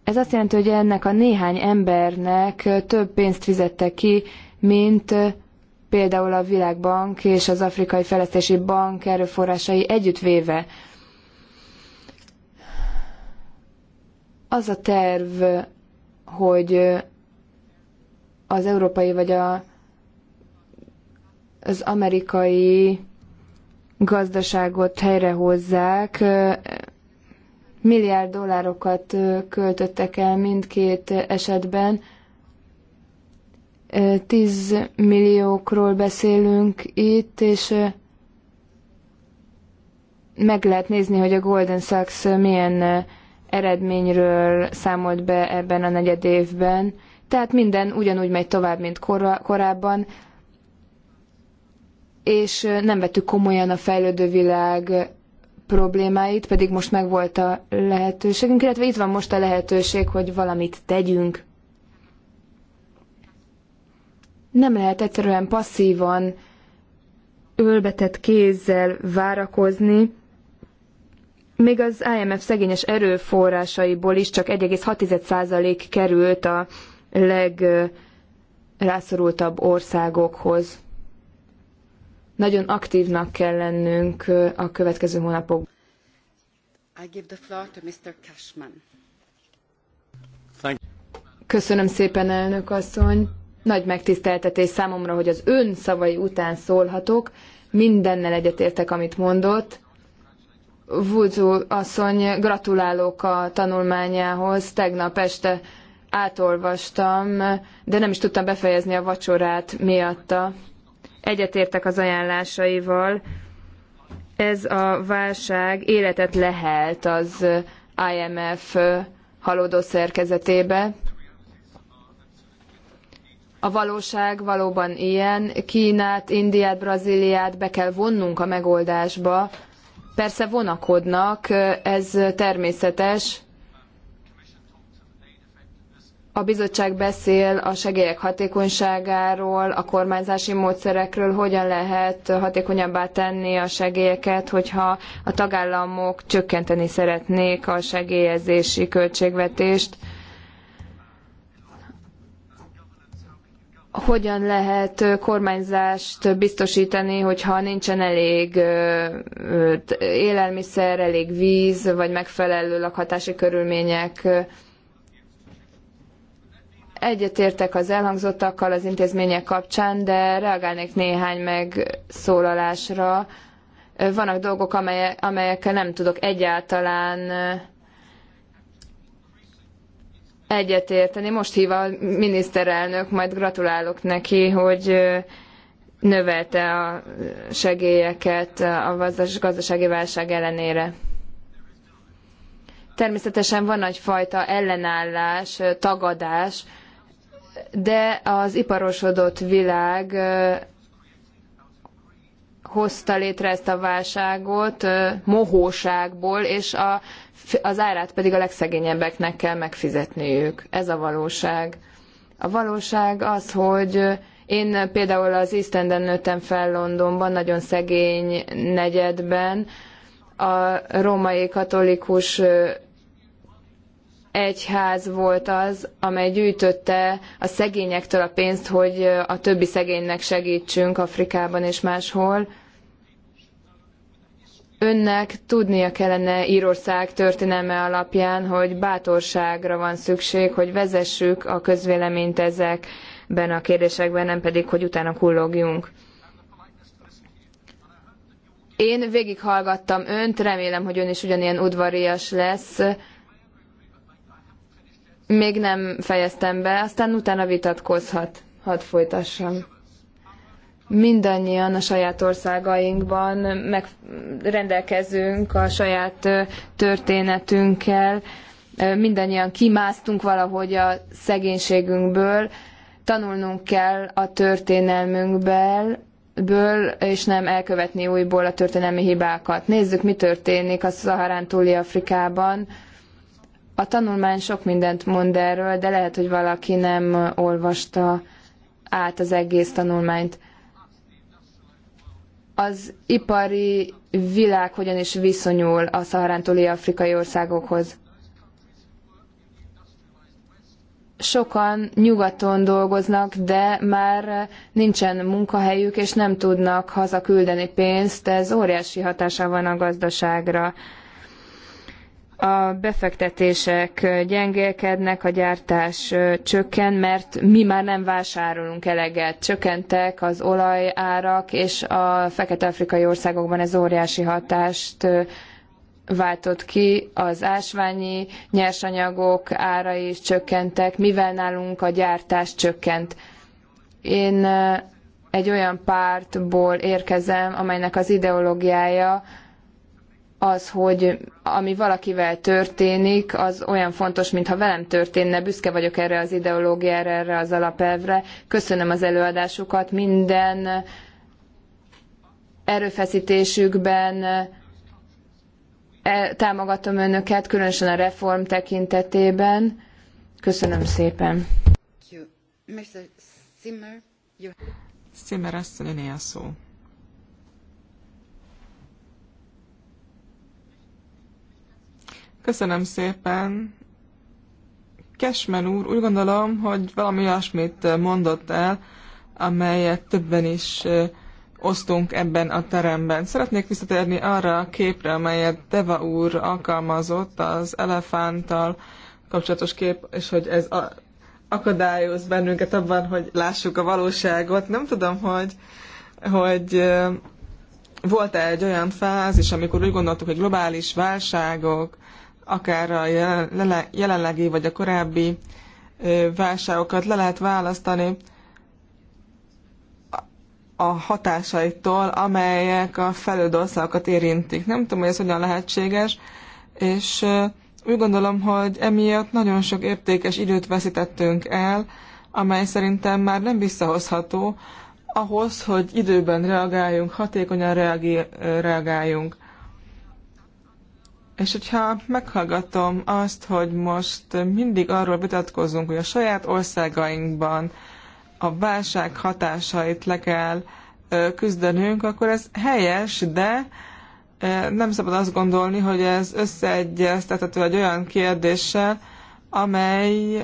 Ez azt jelenti, hogy ennek a néhány embernek több pénzt fizettek ki, mint például a Világbank és az Afrikai Fejlesztési Bank erőforrásai együttvéve. Az a terv, hogy az európai vagy a, az amerikai gazdaságot helyrehozzák, milliárd dollárokat költöttek el mindkét esetben, 10 milliókról beszélünk itt, és meg lehet nézni, hogy a Golden Sachs milyen eredményről számolt be ebben a negyed évben. Tehát minden ugyanúgy megy tovább, mint korábban, és nem vettük komolyan a fejlődő világ problémáit, pedig most megvolt a lehetőségünk, illetve itt van most a lehetőség, hogy valamit tegyünk. Nem lehet egyszerűen passzívan ölbetett kézzel várakozni, még az IMF szegényes erőforrásaiból is csak 1,6% került a legrászorultabb országokhoz. Nagyon aktívnak kell lennünk a következő hónapokban. Köszönöm szépen, elnök asszony. Nagy megtiszteltetés számomra, hogy az ön szavai után szólhatok. Mindennel egyetértek, amit mondott. Vudzu asszony, gratulálok a tanulmányához. Tegnap este átolvastam, de nem is tudtam befejezni a vacsorát miatta. Egyetértek az ajánlásaival. Ez a válság életet lehelt az IMF eh, halódó szerkezetébe a valóság valóban ilyen. Kínát, Indiát, Brazíliát be kell vonnunk a megoldásba. Persze vonakodnak, ez természetes. A bizottság beszél a segélyek hatékonyságáról, a kormányzási módszerekről, hogyan lehet hatékonyabbá tenni a segélyeket, hogyha a tagállamok csökkenteni szeretnék a segélyezési költségvetést hogyan lehet kormányzást biztosítani, hogyha nincsen elég élelmiszer, elég víz, vagy megfelelő lakhatási körülmények. Egyetértek az elhangzottakkal az intézmények kapcsán, de reagálnék néhány megszólalásra. Vannak dolgok, amelyekkel nem tudok egyáltalán egyetérteni. Most hív a miniszterelnök, majd gratulálok neki, hogy növelte a segélyeket a gazdasági válság ellenére. Természetesen van egyfajta ellenállás, tagadás, de az iparosodott világ hozta létre ezt a válságot mohóságból, és a az árát pedig a legszegényebbeknek kell megfizetniük. Ez a valóság. A valóság az, hogy én például az East Enden nőttem fel Londonban, nagyon szegény negyedben, a római katolikus egyház volt az, amely gyűjtötte a szegényektől a pénzt, hogy a többi szegénynek segítsünk Afrikában és máshol önnek tudnia kellene Írország történelme alapján, hogy bátorságra van szükség, hogy vezessük a közvéleményt ezekben a kérdésekben, nem pedig, hogy utána kullogjunk. Én végighallgattam önt, remélem, hogy ön is ugyanilyen udvarias lesz. Még nem fejeztem be, aztán utána vitatkozhat. Hadd folytassam mindannyian a saját országainkban meg rendelkezünk a saját történetünkkel, mindannyian kimásztunk valahogy a szegénységünkből, tanulnunk kell a történelmünkből, ből, és nem elkövetni újból a történelmi hibákat. Nézzük, mi történik a Szaharán túli Afrikában. A tanulmány sok mindent mond erről, de lehet, hogy valaki nem olvasta át az egész tanulmányt az ipari világ hogyan is viszonyul a szaharán túli afrikai országokhoz. Sokan nyugaton dolgoznak, de már nincsen munkahelyük, és nem tudnak hazaküldeni pénzt, ez óriási hatása van a gazdaságra a befektetések gyengélkednek, a gyártás csökken, mert mi már nem vásárolunk eleget. Csökkentek az olajárak, és a fekete-afrikai országokban ez óriási hatást váltott ki, az ásványi nyersanyagok árai is csökkentek, mivel nálunk a gyártás csökkent. Én egy olyan pártból érkezem, amelynek az ideológiája, az, hogy ami valakivel történik, az olyan fontos, mintha velem történne. Büszke vagyok erre az ideológiára, erre az alapelvre. Köszönöm az előadásukat. Minden erőfeszítésükben e, támogatom önöket, különösen a reform tekintetében. Köszönöm szépen. Zimmer asszony, a szó. Köszönöm szépen. Kesmen úr, úgy gondolom, hogy valami olyasmit mondott el, amelyet többen is osztunk ebben a teremben. Szeretnék visszatérni arra a képre, amelyet Deva úr alkalmazott, az elefánttal kapcsolatos kép, és hogy ez a, akadályoz bennünket abban, hogy lássuk a valóságot. Nem tudom, hogy, hogy volt-e egy olyan fázis, amikor úgy gondoltuk, hogy globális válságok, akár a jelenlegi vagy a korábbi válságokat le lehet választani a hatásaitól, amelyek a fejlődő országokat érintik. Nem tudom, hogy ez hogyan lehetséges, és úgy gondolom, hogy emiatt nagyon sok értékes időt veszítettünk el, amely szerintem már nem visszahozható, ahhoz, hogy időben reagáljunk, hatékonyan reagáljunk. És hogyha meghallgatom azt, hogy most mindig arról vitatkozunk, hogy a saját országainkban a válság hatásait le kell küzdenünk, akkor ez helyes, de nem szabad azt gondolni, hogy ez összeegyeztethető egy olyan kérdéssel, amely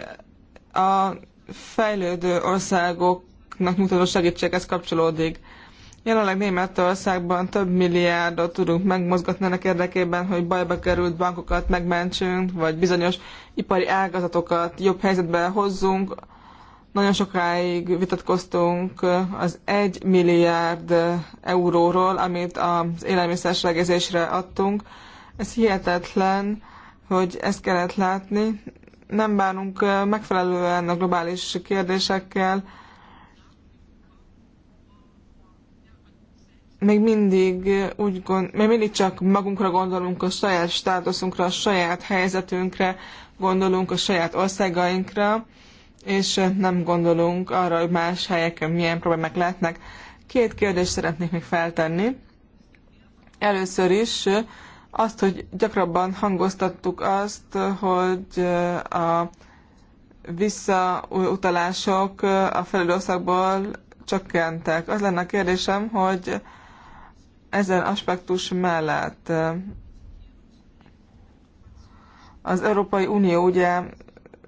a fejlődő országoknak nyújtott segítséghez kapcsolódik. Jelenleg Németországban több milliárdot tudunk megmozgatni ennek érdekében, hogy bajba került bankokat megmentsünk, vagy bizonyos ipari ágazatokat jobb helyzetbe hozzunk. Nagyon sokáig vitatkoztunk az 1 milliárd euróról, amit az élelmiszersegezésre adtunk. Ez hihetetlen, hogy ezt kellett látni. Nem bánunk megfelelően a globális kérdésekkel, még mindig, úgy gond, még mindig csak magunkra gondolunk, a saját státuszunkra, a saját helyzetünkre, gondolunk a saját országainkra, és nem gondolunk arra, hogy más helyeken milyen problémák lehetnek. Két kérdést szeretnék még feltenni. Először is azt, hogy gyakrabban hangoztattuk azt, hogy a visszautalások a felelőszakból csökkentek. Az lenne a kérdésem, hogy ezen aspektus mellett az Európai Unió ugye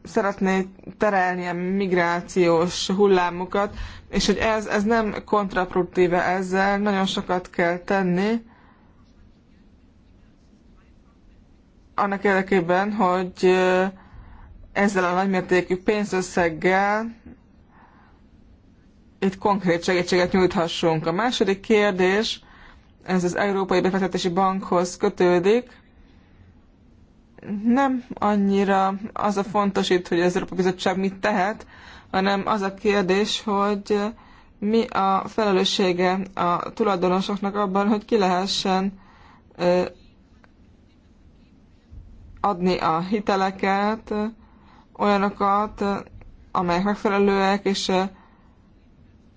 szeretné terelni a migrációs hullámokat, és hogy ez, ez nem kontraproduktíve ezzel, nagyon sokat kell tenni annak érdekében, hogy ezzel a nagymértékű pénzösszeggel itt konkrét segítséget nyújthassunk. A második kérdés ez az Európai Befektetési Bankhoz kötődik, nem annyira az a fontos itt, hogy az Európai Bizottság mit tehet, hanem az a kérdés, hogy mi a felelőssége a tulajdonosoknak abban, hogy ki lehessen adni a hiteleket, olyanokat, amelyek megfelelőek, és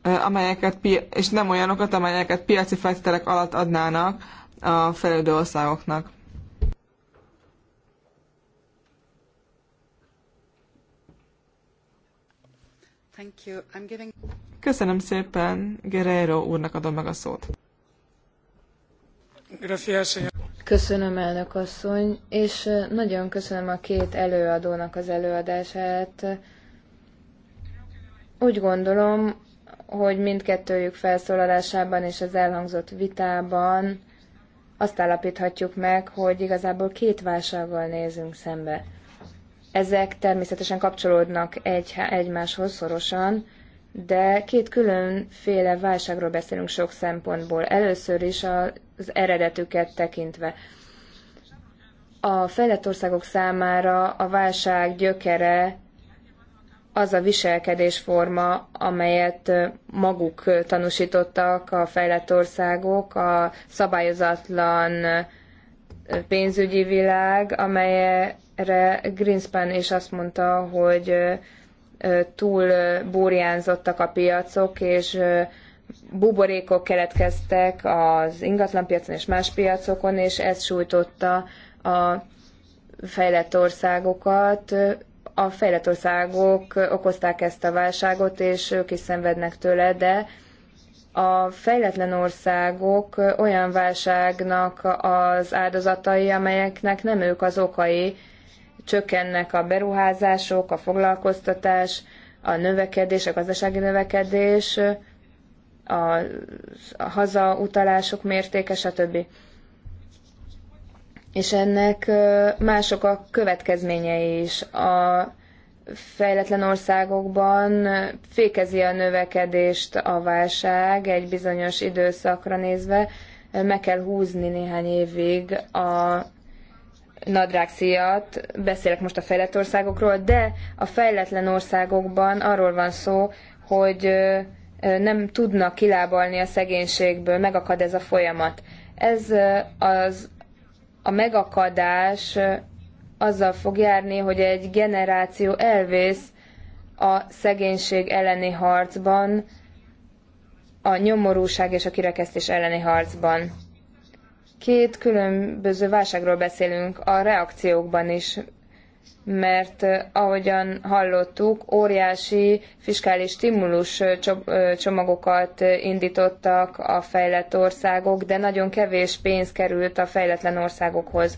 amelyeket, és nem olyanokat, amelyeket piaci feltételek alatt adnának a fejlődő országoknak. Giving... Köszönöm szépen, Guerrero úrnak adom meg a szót. Köszönöm, elnök asszony, és nagyon köszönöm a két előadónak az előadását. Úgy gondolom, hogy mindkettőjük felszólalásában és az elhangzott vitában azt állapíthatjuk meg, hogy igazából két válsággal nézünk szembe. Ezek természetesen kapcsolódnak egy, egymáshoz szorosan, de két különféle válságról beszélünk sok szempontból. Először is az eredetüket tekintve. A fejlett országok számára a válság gyökere az a viselkedésforma, amelyet maguk tanúsítottak a fejlett országok, a szabályozatlan pénzügyi világ, amelyre Greenspan is azt mondta, hogy túl búrjánzottak a piacok, és buborékok keletkeztek az ingatlanpiacon és más piacokon, és ez sújtotta a fejlett országokat a fejlett országok okozták ezt a válságot, és ők is szenvednek tőle, de a fejletlen országok olyan válságnak az áldozatai, amelyeknek nem ők az okai, csökkennek a beruházások, a foglalkoztatás, a növekedés, a gazdasági növekedés, a hazautalások mértéke, stb és ennek mások a következményei is. A fejletlen országokban fékezi a növekedést a válság egy bizonyos időszakra nézve, meg kell húzni néhány évig a nadrágszíjat, beszélek most a fejlett országokról, de a fejletlen országokban arról van szó, hogy nem tudnak kilábalni a szegénységből, megakad ez a folyamat. Ez az a megakadás azzal fog járni, hogy egy generáció elvész a szegénység elleni harcban, a nyomorúság és a kirekesztés elleni harcban. Két különböző válságról beszélünk, a reakciókban is mert eh, ahogyan hallottuk, óriási fiskális stimulus eh, eh, csomagokat indítottak a fejlett országok, de nagyon kevés pénz került a fejletlen országokhoz.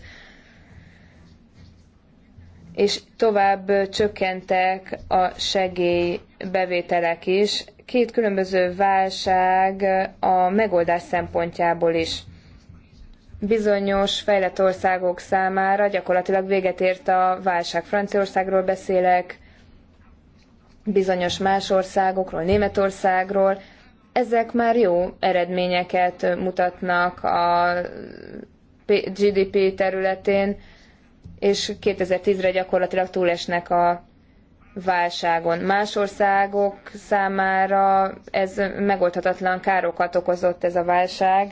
És tovább csökkentek a segélybevételek is. Két különböző válság a megoldás szempontjából is bizonyos fejlett országok számára gyakorlatilag véget ért a válság. Franciaországról beszélek, bizonyos más országokról, Németországról. Ezek már jó eredményeket mutatnak a GDP területén, és 2010-re gyakorlatilag túlesnek a válságon. Más országok számára ez megoldhatatlan károkat okozott ez a válság,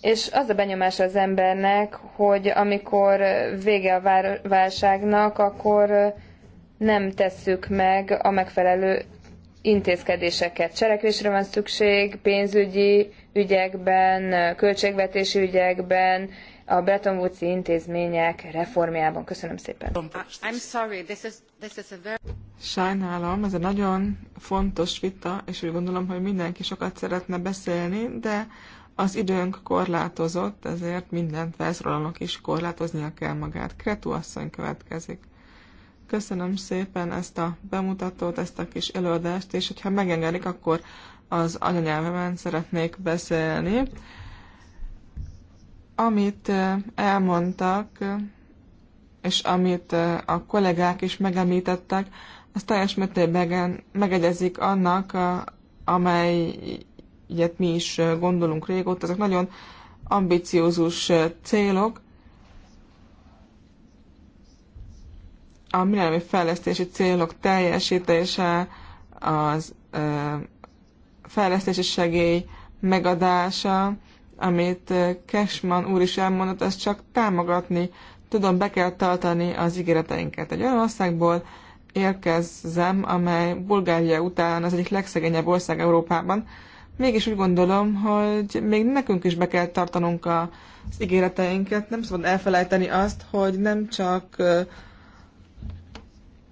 és az a benyomás az embernek, hogy amikor vége a válságnak, akkor nem tesszük meg a megfelelő intézkedéseket. Cselekvésre van szükség pénzügyi ügyekben, költségvetési ügyekben, a Bretton Woods-i intézmények reformjában. Köszönöm szépen. I'm sorry, this is, this is a very... Sajnálom, ez egy nagyon fontos vita, és úgy gondolom, hogy mindenki sokat szeretne beszélni, de az időnk korlátozott, ezért mindent felszólalónak is korlátoznia kell magát. Kretu asszony következik. Köszönöm szépen ezt a bemutatót, ezt a kis előadást, és hogyha megengedik, akkor az anyanyelvemen szeretnék beszélni. Amit eh, elmondtak, és amit eh, a kollégák is megemlítettek, az teljes mértékben megegyezik annak, eh, amely ilyet mi is gondolunk régóta, ezek nagyon ambiciózus célok. A millenniumi fejlesztési célok teljesítése, az ö, fejlesztési segély megadása, amit Cashman úr is elmondott, ezt csak támogatni tudom, be kell tartani az ígéreteinket. Egy olyan országból érkezzem, amely Bulgária után az egyik legszegényebb ország Európában, Mégis úgy gondolom, hogy még nekünk is be kell tartanunk az ígéreteinket. Nem szabad elfelejteni azt, hogy nem csak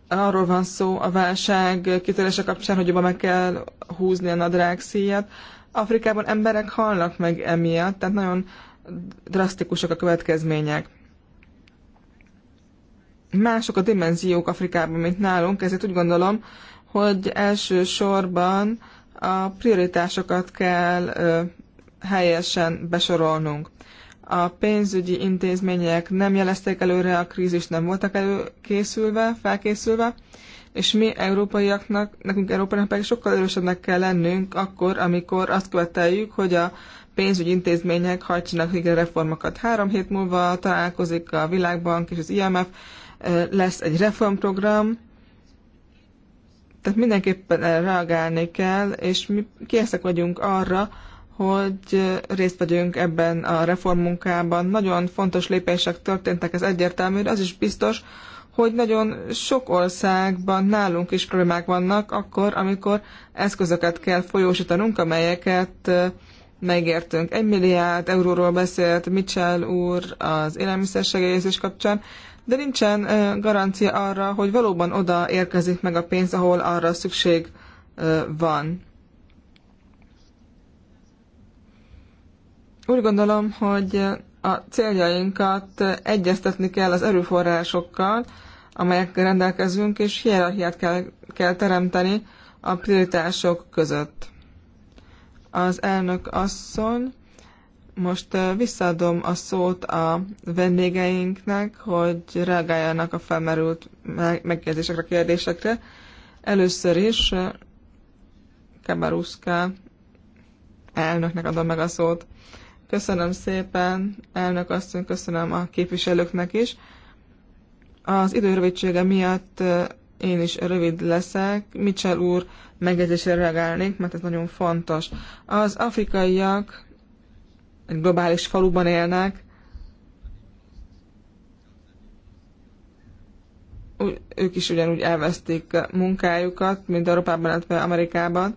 arról van szó a válság kitörése kapcsán, hogy jobban meg kell húzni a nadrág szíjat. Afrikában emberek halnak meg emiatt, tehát nagyon drasztikusak a következmények. Mások a dimenziók Afrikában, mint nálunk, ezért úgy gondolom, hogy elsősorban a prioritásokat kell helyesen besorolnunk. A pénzügyi intézmények nem jelezték előre a krízis, nem voltak előkészülve, felkészülve, és mi európaiaknak, nekünk európaiaknak pedig sokkal erősebbnek kell lennünk akkor, amikor azt követeljük, hogy a pénzügyi intézmények hajtsanak végre reformokat. Három hét múlva találkozik a Világbank és az IMF, lesz egy reformprogram, tehát mindenképpen reagálni kell, és mi készek vagyunk arra, hogy részt vegyünk ebben a reformmunkában. Nagyon fontos lépések történtek, ez egyértelmű, de az is biztos, hogy nagyon sok országban nálunk is problémák vannak akkor, amikor eszközöket kell folyósítanunk, amelyeket megértünk. Egy milliárd euróról beszélt Mitchell úr az élelmiszersegélyezés kapcsán, de nincsen garancia arra, hogy valóban oda érkezik meg a pénz, ahol arra szükség van. Úgy gondolom, hogy a céljainkat egyeztetni kell az erőforrásokkal, amelyekkel rendelkezünk, és hierarchiát kell, kell teremteni a prioritások között. Az elnök asszony most visszaadom a szót a vendégeinknek, hogy reagáljanak a felmerült megkérdésekre, kérdésekre. Először is Kabaruszka elnöknek adom meg a szót. Köszönöm szépen, elnök asszony, köszönöm a képviselőknek is. Az időrövidsége miatt én is rövid leszek. Mitchell úr megjegyzésére reagálnék, mert ez nagyon fontos. Az afrikaiak egy globális faluban élnek. Ők is ugyanúgy elvesztik munkájukat, mint Európában, illetve Amerikában.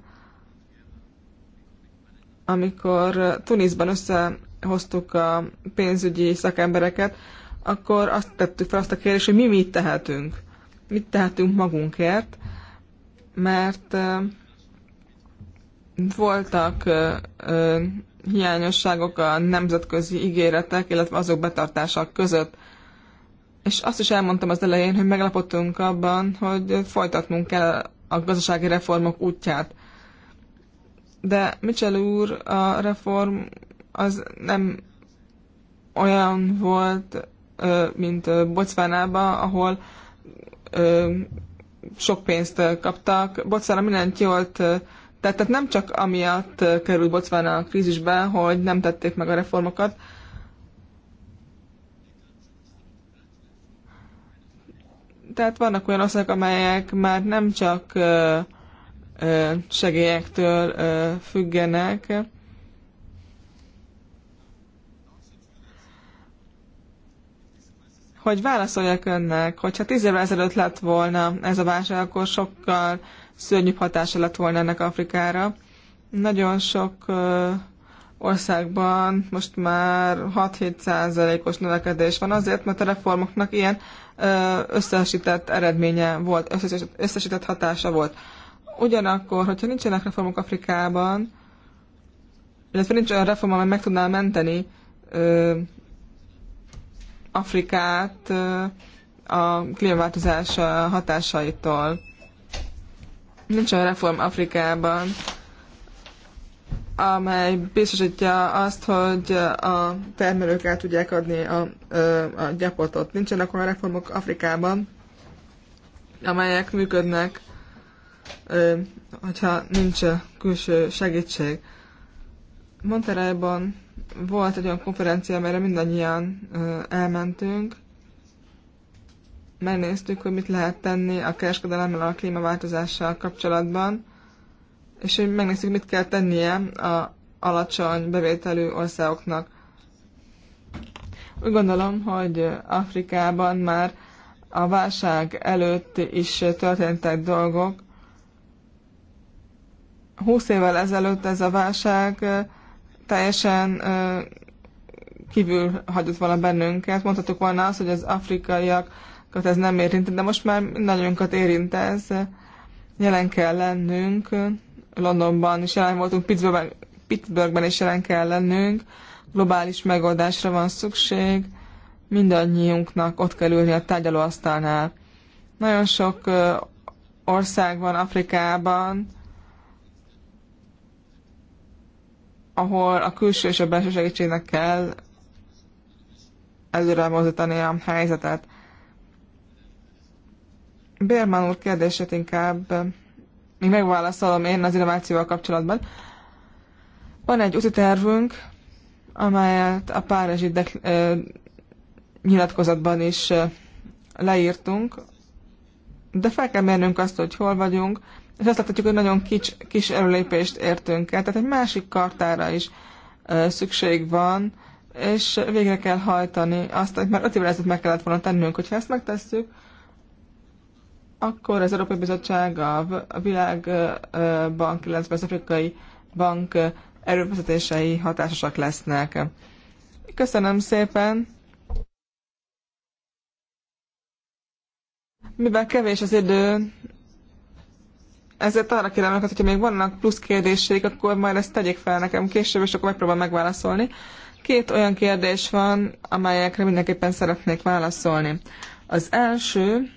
Amikor Tunisban összehoztuk a pénzügyi szakembereket, akkor azt tettük fel azt a kérdést, hogy mi mit tehetünk. Mit tehetünk magunkért, mert voltak hiányosságok a nemzetközi ígéretek, illetve azok betartása között. És azt is elmondtam az elején, hogy meglepottunk abban, hogy folytatnunk kell a gazdasági reformok útját. De Mitchell úr, a reform az nem olyan volt, mint Bocvánában, ahol sok pénzt kaptak. Botswana mindent jól tehát, tehát nem csak amiatt került Botswana a krízisbe, hogy nem tették meg a reformokat, tehát vannak olyan országok, amelyek már nem csak ö, ö, segélyektől ö, függenek, hogy válaszoljak önnek, hogyha tíz évvel ezelőtt lett volna ez a válság, akkor sokkal szörnyű hatása lett volna ennek Afrikára. Nagyon sok országban most már 6-7 százalékos növekedés van azért, mert a reformoknak ilyen összesített eredménye volt, összesített hatása volt. Ugyanakkor, hogyha nincsenek reformok Afrikában, illetve nincs olyan reform, amely meg tudná menteni ö, Afrikát ö, a klímaváltozás hatásaitól. Nincs olyan reform Afrikában, amely biztosítja azt, hogy a termelők el tudják adni a, a gyapotot. Nincsenek olyan reformok Afrikában, amelyek működnek, hogyha nincs külső segítség. Monterreyban volt egy olyan konferencia, amelyre mindannyian elmentünk, megnéztük, hogy mit lehet tenni a kereskedelemmel a klímaváltozással kapcsolatban, és hogy megnéztük, mit kell tennie a alacsony bevételű országoknak. Úgy gondolom, hogy Afrikában már a válság előtt is történtek dolgok. Húsz évvel ezelőtt ez a válság teljesen kívül hagyott volna bennünket. Mondhatok volna azt, hogy az afrikaiak ez nem érint, de most már nagyonkat érint ez. Jelen kell lennünk, Londonban is jelen voltunk, Pittsburghben, Pittsburghben is jelen kell lennünk, globális megoldásra van szükség, mindannyiunknak ott kell ülni a tárgyalóasztalnál. Nagyon sok ország van Afrikában, ahol a külső és a belső segítségnek kell előre mozdítani a helyzetet. Bérmán úr kérdését inkább eh, még megválaszolom én az innovációval kapcsolatban. Van egy úti tervünk, amelyet a Párizsi dek- eh, nyilatkozatban is eh, leírtunk, de fel kell mérnünk azt, hogy hol vagyunk, és azt láthatjuk, hogy nagyon kis, kis előlépést értünk el. Tehát egy másik kartára is szükség van, és végre kell hajtani azt, hogy már öt évvel ezelőtt meg kellett volna tennünk, hogyha ezt megtesszük, akkor az Európai Bizottság, a Világbank, illetve az Afrikai Bank erőfeszítései hatásosak lesznek. Köszönöm szépen! Mivel kevés az idő, ezért arra kérem önöket, hogyha még vannak plusz kérdéseik, akkor majd ezt tegyék fel nekem később, és akkor megpróbálom megválaszolni. Két olyan kérdés van, amelyekre mindenképpen szeretnék válaszolni. Az első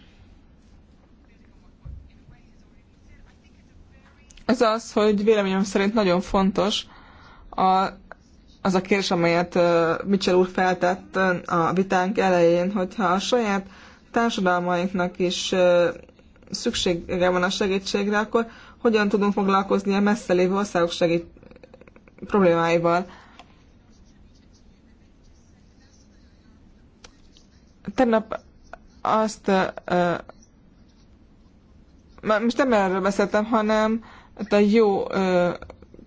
ez az, hogy véleményem szerint nagyon fontos a, az a kérdés, amelyet Mitchell úr feltett a vitánk elején, hogyha a saját társadalmainknak is szüksége van a segítségre, akkor hogyan tudunk foglalkozni a messze lévő országok segít problémáival. Tegnap azt, uh, most nem erről beszéltem, hanem Hát a jó ö,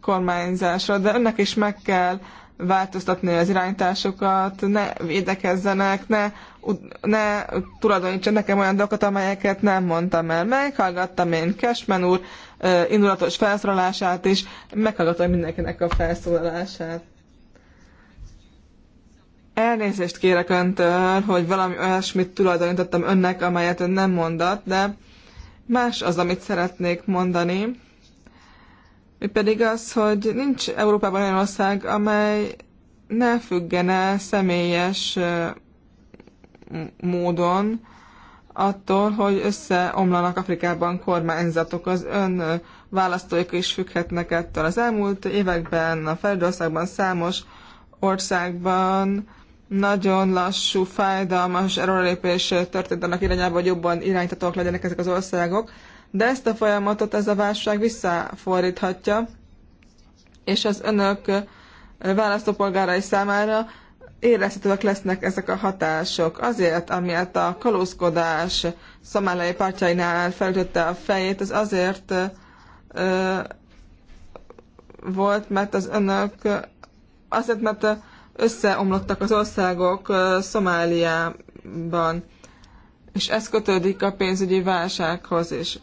kormányzásra, de önnek is meg kell változtatni az irányításokat, ne védekezzenek, ne, ne tulajdonítsa nekem olyan dolgokat, amelyeket nem mondtam el. Meghallgattam én Kesmen úr ö, indulatos felszólalását is, meghallgattam mindenkinek a felszólalását. Elnézést kérek öntől, hogy valami olyasmit tulajdonítottam önnek, amelyet ön nem mondott, de más az, amit szeretnék mondani mi pedig az, hogy nincs Európában olyan ország, amely ne függene személyes módon attól, hogy összeomlanak Afrikában kormányzatok. Az ön választóik is függhetnek ettől. Az elmúlt években a Feldországban számos országban nagyon lassú, fájdalmas erőlépés történt annak irányába, hogy jobban iránytatóak legyenek ezek az országok de ezt a folyamatot ez a válság visszafordíthatja, és az önök választópolgárai számára érezhetőek lesznek ezek a hatások. Azért, amiért a kalózkodás szamálai pártjainál felütötte a fejét, az azért ö, volt, mert az önök azért, mert összeomlottak az országok Szomáliában, és ez kötődik a pénzügyi válsághoz is.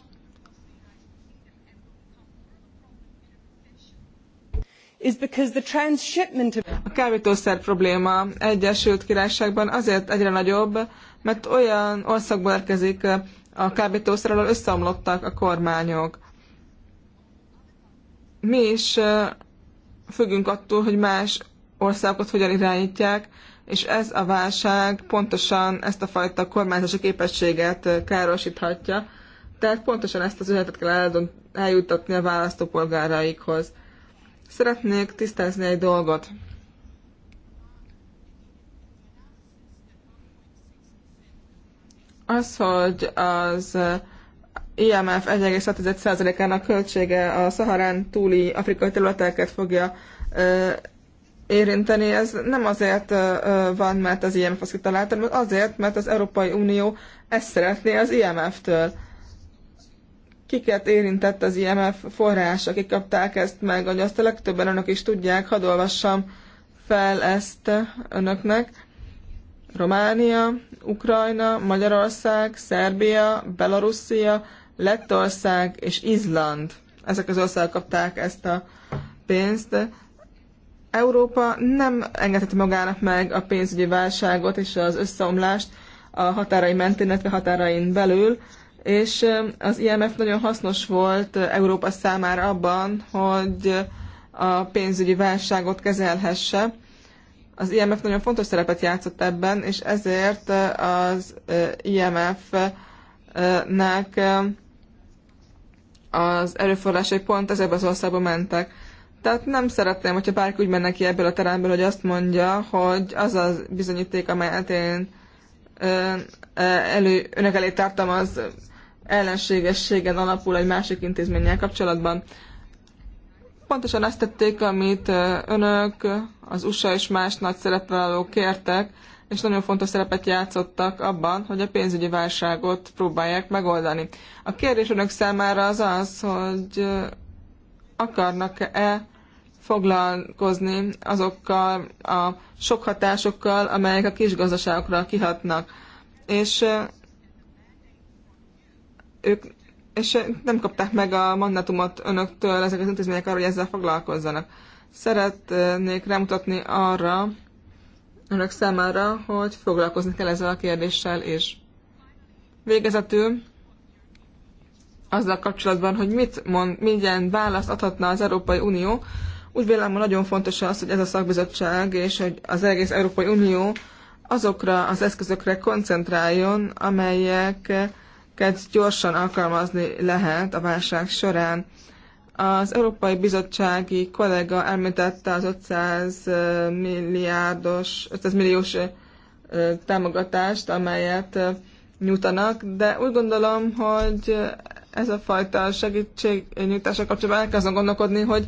is because the transshipment of... A kábítószer probléma Egyesült Királyságban azért egyre nagyobb, mert olyan országból érkezik eh, a kábítószer, ahol összeomlottak a kormányok. Mi is eh, függünk attól, hogy más országokat hogyan irányítják, és ez a válság pontosan ezt a fajta kormányzási képességet eh, károsíthatja. Tehát pontosan ezt az üzenetet kell eljuttatni a választópolgáraikhoz. Szeretnék tisztázni egy dolgot. Az, hogy az IMF 1,6%-ának költsége a Szaharán túli afrikai területeket fogja ö, érinteni. Ez nem azért ö, van, mert az IMF azt kitalálta, hanem azért, mert az Európai Unió ezt szeretné az IMF-től kiket érintett az IMF forrás, akik kapták ezt meg, hogy azt a legtöbben önök is tudják, hadd olvassam fel ezt önöknek. Románia, Ukrajna, Magyarország, Szerbia, Belarusszia, Lettország és Izland. Ezek az országok kapták ezt a pénzt. Európa nem engedheti magának meg a pénzügyi válságot és az összeomlást a határai mentén, illetve határain belül és az IMF nagyon hasznos volt eh, Európa számára abban, hogy a pénzügyi válságot kezelhesse. Az IMF nagyon fontos szerepet játszott ebben, és ezért eh, az eh, IMF-nek az erőforrásai pont ezekbe az országba mentek. Tehát nem szeretném, hogyha bárki úgy menne ki ebből a teremből, hogy azt mondja, hogy az a bizonyíték, amelyet én elő, önök elé tártam, az ellenségességen alapul egy másik intézménnyel kapcsolatban. Pontosan ezt tették, amit önök, az USA és más nagy szerepvállalók kértek, és nagyon fontos szerepet játszottak abban, hogy a pénzügyi válságot próbálják megoldani. A kérdés önök számára az az, hogy akarnak-e foglalkozni azokkal a sok hatásokkal, amelyek a kis gazdaságokra kihatnak. És ők és nem kapták meg a mandátumot önöktől ezek az intézmények arra, hogy ezzel foglalkozzanak. Szeretnék rámutatni arra önök számára, hogy foglalkozni kell ezzel a kérdéssel és Végezetül azzal kapcsolatban, hogy mit mond, milyen választ adhatna az Európai Unió, úgy vélem, hogy nagyon fontos az, hogy ez a szakbizottság és hogy az egész Európai Unió azokra az eszközökre koncentráljon, amelyek gyorsan alkalmazni lehet a válság során. Az Európai Bizottsági kollega említette az 500 milliárdos, 500 milliós támogatást, amelyet nyújtanak, de úgy gondolom, hogy ez a fajta segítségnyújtása kapcsolatban elkezdem gondolkodni, hogy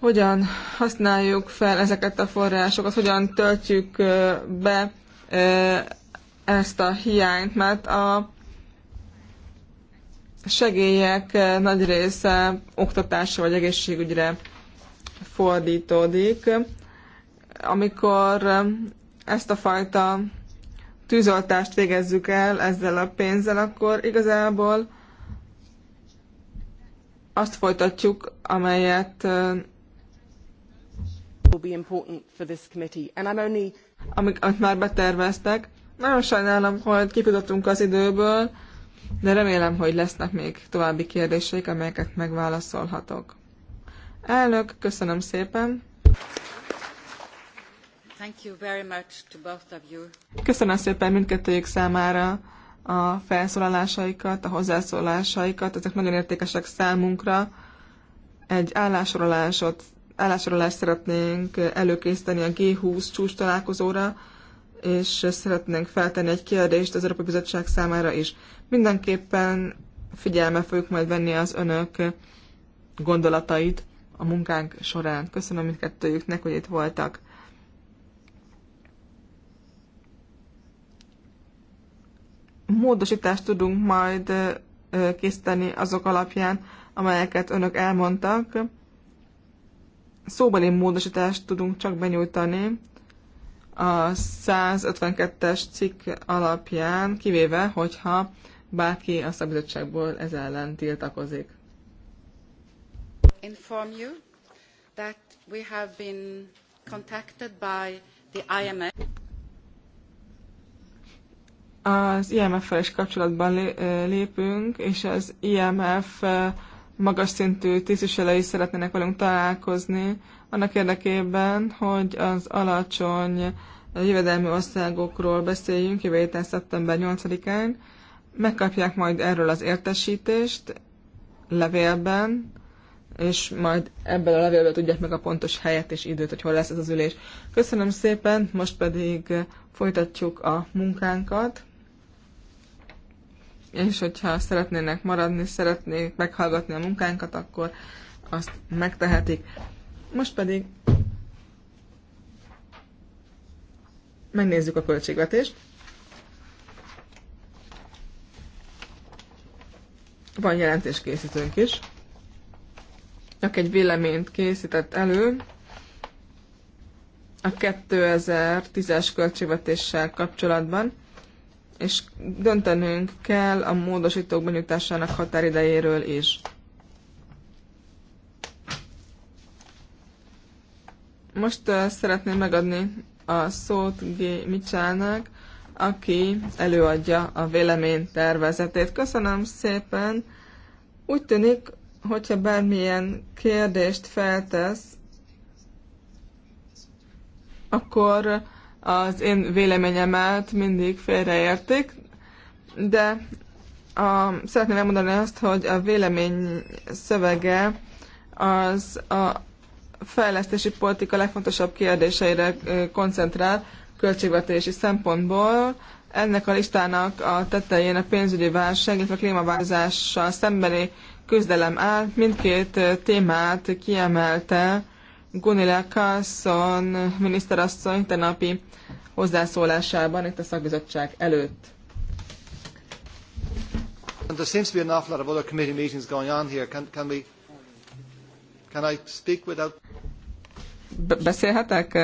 hogyan használjuk fel ezeket a forrásokat, hogyan töltjük be ezt a hiányt, mert a segélyek nagy része oktatásra vagy egészségügyre fordítódik. Amikor ezt a fajta tűzoltást végezzük el ezzel a pénzzel, akkor igazából azt folytatjuk, amelyet amit már beterveztek, nagyon sajnálom, hogy kifutottunk az időből, de remélem, hogy lesznek még további kérdéseik, amelyeket megválaszolhatok. Elnök, köszönöm szépen! Köszönöm szépen mindkettőjük számára a felszólalásaikat, a hozzászólásaikat, ezek nagyon értékesek számunkra. Egy állásorolást szeretnénk előkészíteni a G20 csúcs találkozóra, és szeretnénk feltenni egy kérdést az Európai Bizottság számára is. Mindenképpen figyelme fogjuk majd venni az önök gondolatait a munkánk során. Köszönöm mindkettőjüknek, hogy itt voltak. Módosítást tudunk majd készíteni azok alapján, amelyeket önök elmondtak. Szóbeli módosítást tudunk csak benyújtani, a 152-es cikk alapján, kivéve, hogyha bárki a szabadságból ez ellen tiltakozik. Inform you that we have been contacted by the IMF. Az IMF-fel is kapcsolatban lépünk, és az IMF magas szintű tisztviselői szeretnének velünk találkozni, annak érdekében, hogy az alacsony jövedelmi országokról beszéljünk jövő héten szeptember 8-án, megkapják majd erről az értesítést levélben, és majd ebben a levélben tudják meg a pontos helyet és időt, hogy hol lesz ez az ülés. Köszönöm szépen, most pedig folytatjuk a munkánkat, és hogyha szeretnének maradni, szeretnék meghallgatni a munkánkat, akkor azt megtehetik. Most pedig megnézzük a költségvetést. Van jelentéskészítőnk is, aki egy véleményt készített elő a 2010-es költségvetéssel kapcsolatban, és döntenünk kell a módosítók benyújtásának határidejéről is. Most uh, szeretném megadni a szót G. Micsának, aki előadja a vélemény tervezetét. Köszönöm szépen! Úgy tűnik, hogyha bármilyen kérdést feltesz, akkor az én véleményemet mindig félreértik, de a, szeretném elmondani azt, hogy a vélemény szövege az a fejlesztési politika legfontosabb kérdéseire koncentrál költségvetési szempontból. Ennek a listának a tetején a pénzügyi válság, illetve a klímaváltozással szembeni küzdelem áll. Mindkét témát kiemelte Gunilla Carlson miniszterasszony tenapi hozzászólásában itt a szakbizottság előtt. And there seems to be an awful lot of other committee meetings going on here. Can, can we Can I speak without... B beszélhetek?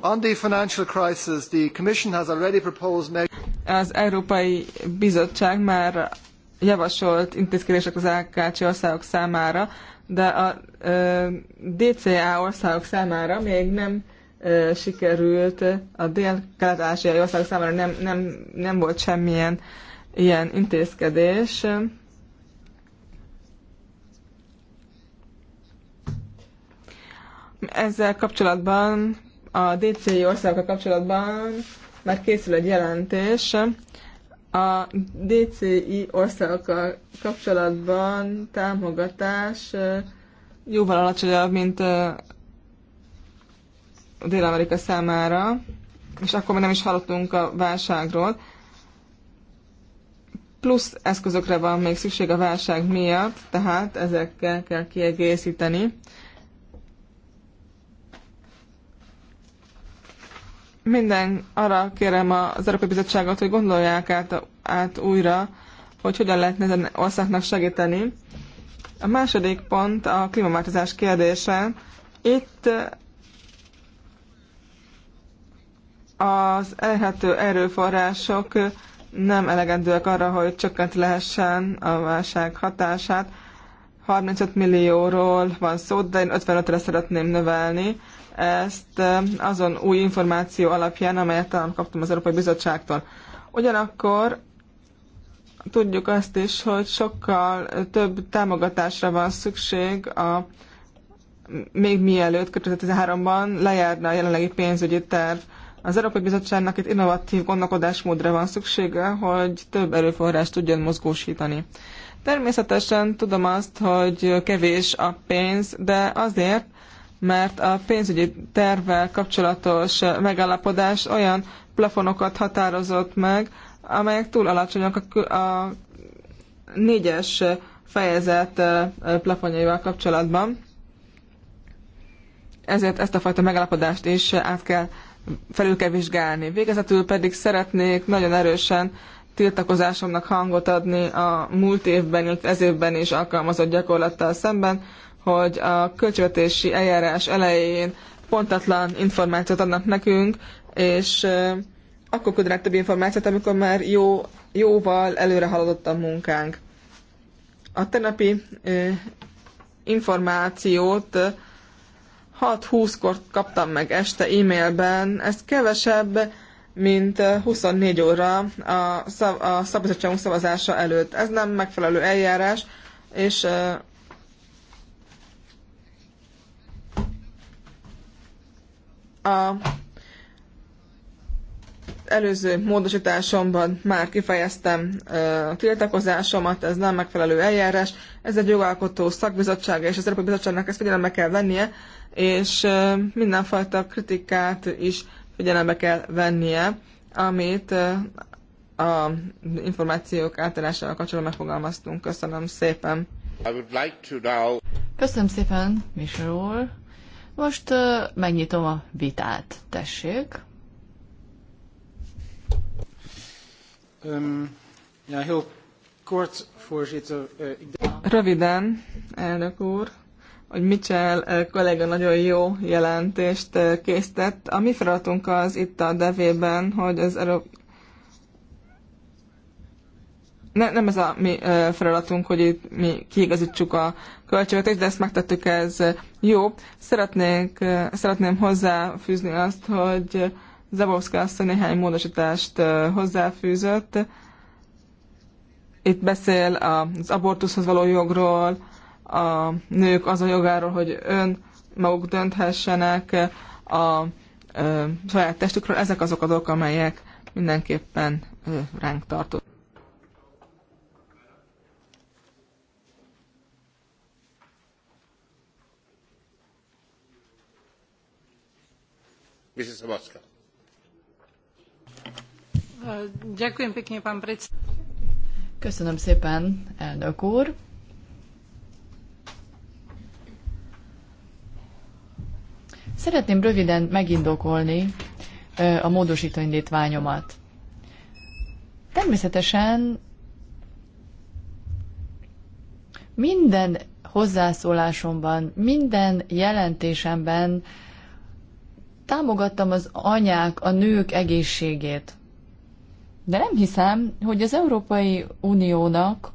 On the financial crisis, the Commission has already proposed... Az Európai Bizottság már javasolt intézkedések az AKC országok számára, de a ö, DCA országok számára még nem ö, sikerült, a dél-kelet-ázsiai országok számára nem, nem, nem volt semmilyen ilyen intézkedés. Ezzel kapcsolatban, a DCI országokkal kapcsolatban már készül egy jelentés. A DCI országokkal kapcsolatban támogatás jóval alacsonyabb, mint a Dél-Amerika számára, és akkor még nem is hallottunk a válságról. Plusz eszközökre van még szükség a válság miatt, tehát ezekkel kell kiegészíteni minden arra kérem az Európai Bizottságot, hogy gondolják át, át újra, hogy hogyan lehetne ezen országnak segíteni. A második pont a klímaváltozás kérdése. Itt az elhető erőforrások nem elegendőek arra, hogy csökkent lehessen a válság hatását. 35 millióról van szó, de én 55-re szeretném növelni ezt azon új információ alapján, amelyet kaptam az Európai Bizottságtól. Ugyanakkor tudjuk azt is, hogy sokkal több támogatásra van szükség a még mielőtt 2013-ban lejárna a jelenlegi pénzügyi terv. Az Európai Bizottságnak itt innovatív gondolkodásmódra van szüksége, hogy több erőforrást tudjon mozgósítani. Természetesen tudom azt, hogy kevés a pénz, de azért, mert a pénzügyi tervvel kapcsolatos megállapodás olyan plafonokat határozott meg, amelyek túl alacsonyak a, négyes fejezet plafonjaival kapcsolatban. Ezért ezt a fajta megállapodást is át kell, felül kell vizsgálni. Végezetül pedig szeretnék nagyon erősen tiltakozásomnak hangot adni a múlt évben, illetve ez évben is alkalmazott gyakorlattal szemben hogy a költségvetési eljárás elején pontatlan információt adnak nekünk, és akkor küldenek több információt, amikor már jó, jóval előre haladott a munkánk. A tegnapi információt 6-20-kor kaptam meg este e-mailben, ez kevesebb, mint 24 óra a, szav, a szabadságunk szavazása előtt. Ez nem megfelelő eljárás, és A előző módosításomban már kifejeztem a tiltakozásomat, ez nem megfelelő eljárás, ez egy jogalkotó szakbizottság és az Európai Bizottságnak ezt figyelembe kell vennie, és mindenfajta kritikát is figyelembe kell vennie, amit a információk átadásával kapcsolatban megfogalmaztunk. Köszönöm szépen! Köszönöm szépen, Michel most uh, megnyitom a vitát. Tessék. Um, ja, jó, kort, Uh, Röviden, elnök úr, hogy Mitchell kollega nagyon jó jelentést készített. A mi feladatunk az itt a devében, hogy az ne, nem ez a mi feladatunk, hogy itt mi kiigazítsuk a költségvetést, de ezt megtettük, ez jó. Szeretnék, szeretném hozzáfűzni azt, hogy Zabowska asszony néhány módosítást hozzáfűzött. Itt beszél az abortuszhoz való jogról, a nők a jogáról, hogy ön maguk dönthessenek a, ö, saját testükről. Ezek azok a dolgok, amelyek mindenképpen ránk tartoznak. Köszönöm szépen, elnök úr. Szeretném röviden megindokolni a módosító indítványomat. Természetesen minden hozzászólásomban, minden jelentésemben támogattam az anyák, a nők egészségét. De nem hiszem, hogy az Európai Uniónak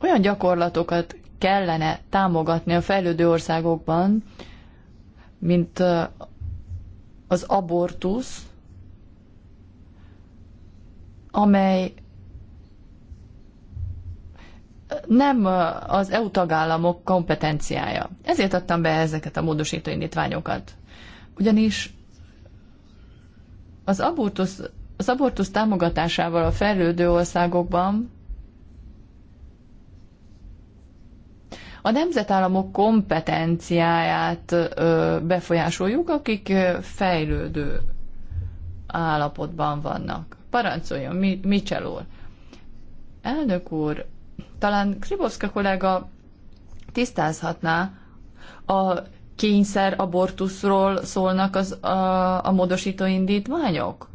olyan gyakorlatokat kellene támogatni a fejlődő országokban, mint az abortusz, amely nem az EU tagállamok kompetenciája. Ezért adtam be ezeket a módosító indítványokat. Ugyanis az abortusz, az abortusz támogatásával a fejlődő országokban a nemzetállamok kompetenciáját befolyásoljuk, akik fejlődő állapotban vannak. Parancsoljon, Mitchell úr. Elnök úr, talán Kriboszka kollega tisztázhatná, a kényszer abortuszról szólnak az, a, a módosító indítványok?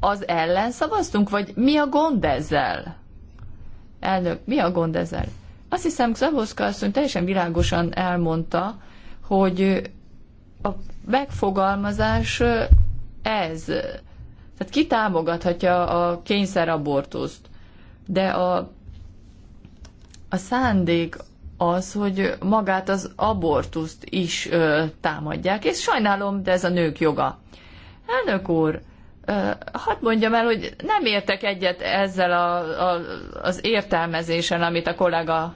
Az ellen szavaztunk, vagy mi a gond ezzel? Elnök, mi a gond ezzel? Azt hiszem, Szaboszka asszony teljesen világosan elmondta, hogy a megfogalmazás ez tehát ki támogathatja a kényszerabortuszt? De a, a szándék az, hogy magát az abortuszt is ö, támadják, és sajnálom, de ez a nők joga. Elnök úr, ö, hadd mondjam el, hogy nem értek egyet ezzel a, a, az értelmezésen, amit a kollega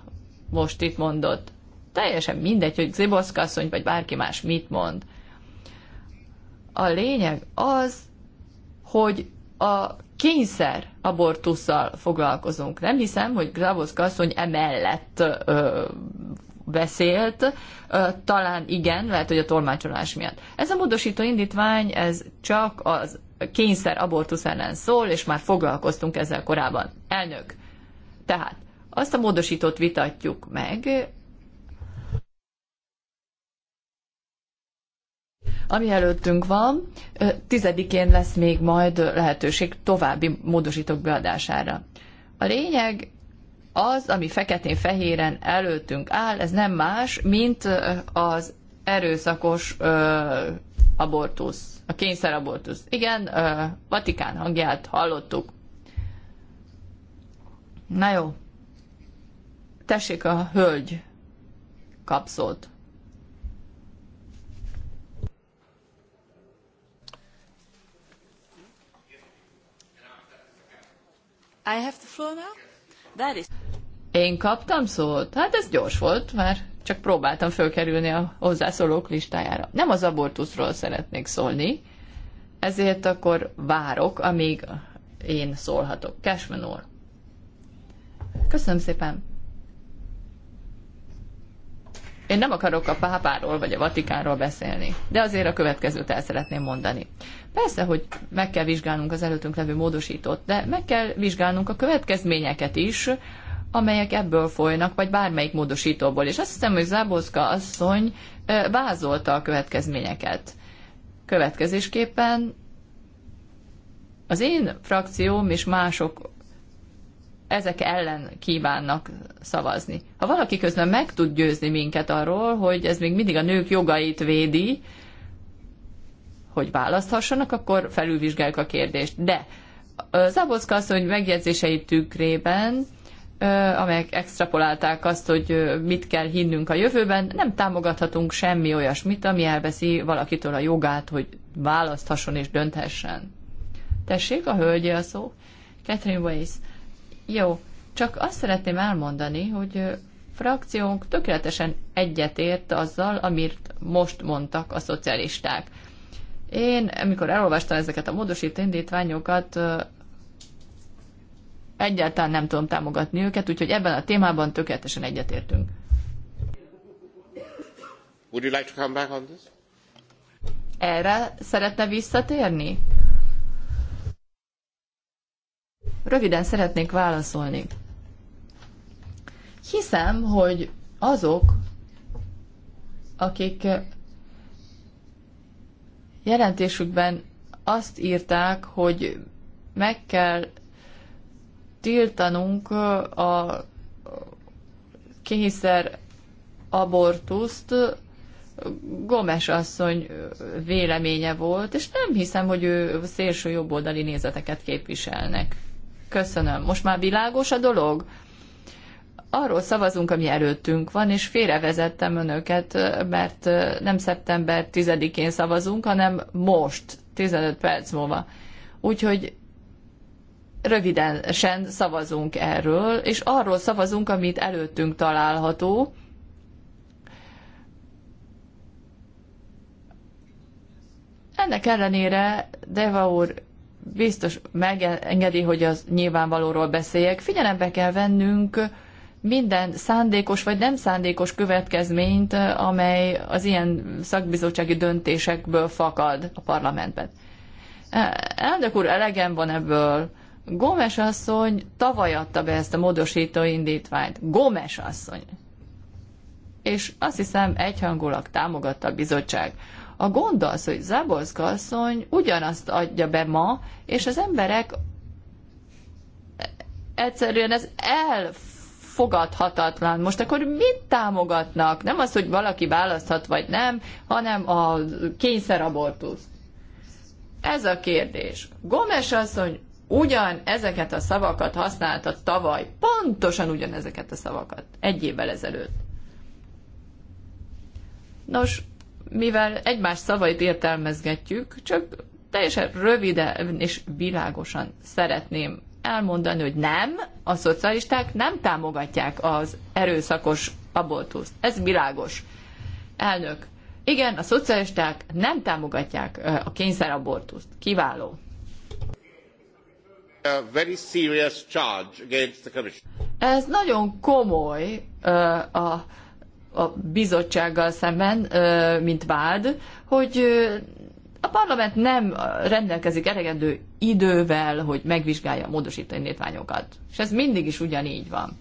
most itt mondott. Teljesen mindegy, hogy Ziboszka asszony vagy bárki más mit mond. A lényeg az, hogy a kényszer abortussal foglalkozunk. Nem hiszem, hogy Gravoszka asszony emellett ö, beszélt, ö, talán igen, lehet, hogy a tolmácsolás miatt. Ez a módosító indítvány, ez csak az kényszer abortusz ellen szól, és már foglalkoztunk ezzel korábban. Elnök, tehát azt a módosítót vitatjuk meg, ami előttünk van, tizedikén lesz még majd lehetőség további módosítók beadására. A lényeg az, ami feketén-fehéren előttünk áll, ez nem más, mint az erőszakos ö, abortusz, a kényszerabortusz. Igen, ö, Vatikán hangját hallottuk. Na jó, tessék a hölgy kapszót. I have the floor now? That is... Én kaptam szót? Hát ez gyors volt, mert csak próbáltam fölkerülni a hozzászólók listájára. Nem az abortuszról szeretnék szólni, ezért akkor várok, amíg én szólhatok. Cashman úr. Köszönöm szépen. Én nem akarok a pápáról vagy a Vatikánról beszélni, de azért a következőt el szeretném mondani. Persze, hogy meg kell vizsgálnunk az előttünk levő módosítót, de meg kell vizsgálnunk a következményeket is, amelyek ebből folynak, vagy bármelyik módosítóból. És azt hiszem, hogy Záboszka asszony vázolta a következményeket. Következésképpen az én frakcióm és mások ezek ellen kívánnak szavazni. Ha valaki közben meg tud győzni minket arról, hogy ez még mindig a nők jogait védi, hogy választhassanak, akkor felülvizsgáljuk a kérdést. De Zaboszka hogy megjegyzései tükrében, amelyek extrapolálták azt, hogy mit kell hinnünk a jövőben, nem támogathatunk semmi olyasmit, ami elveszi valakitől a jogát, hogy választhasson és dönthessen. Tessék, a hölgyi a szó. Catherine Weiss. Jó, csak azt szeretném elmondani, hogy frakciónk tökéletesen egyetért azzal, amit most mondtak a szocialisták. Én, amikor elolvastam ezeket a módosító indítványokat, egyáltalán nem tudom támogatni őket, úgyhogy ebben a témában tökéletesen egyetértünk. Would you like to come back on this? Erre szeretne visszatérni? Röviden szeretnék válaszolni. Hiszem, hogy azok, akik Jelentésükben azt írták, hogy meg kell tiltanunk a kényszer abortuszt, Gomes asszony véleménye volt, és nem hiszem, hogy ő szélső jobboldali nézeteket képviselnek. Köszönöm. Most már világos a dolog? arról szavazunk, ami előttünk van, és félrevezettem önöket, mert nem szeptember 10-én szavazunk, hanem most, 15 perc múlva. Úgyhogy rövidesen szavazunk erről, és arról szavazunk, amit előttünk található. Ennek ellenére Deva úr biztos megengedi, hogy az nyilvánvalóról beszéljek. Figyelembe kell vennünk, minden szándékos vagy nem szándékos következményt, eh, amely az ilyen szakbizottsági döntésekből fakad a parlamentben. Eh, elnök úr, elegem van ebből. Gómez asszony tavaly adta be ezt a módosító indítványt. Gómez asszony. És azt hiszem egyhangulag támogatta a bizottság. A gond az, hogy Zabolszka asszony ugyanazt adja be ma, és az emberek egyszerűen ez elf fogadhatatlan. Most akkor mit támogatnak? Nem az, hogy valaki választhat vagy nem, hanem a kényszerabortusz. Ez a kérdés. Gomes asszony ugyan ezeket a szavakat használta tavaly, pontosan ugyanezeket a szavakat, egy évvel ezelőtt. Nos, mivel egymás szavait értelmezgetjük, csak teljesen röviden és világosan szeretném elmondani, hogy nem, a szocialisták nem támogatják az erőszakos abortuszt. Ez világos. Elnök, igen, a szocialisták nem támogatják a kényszerabortuszt. Kiváló. Ez nagyon komoly a, a bizottsággal szemben, mint vád, hogy a parlament nem rendelkezik elegendő idővel, hogy megvizsgálja a módosítani indítványokat. És ez mindig is ugyanígy van.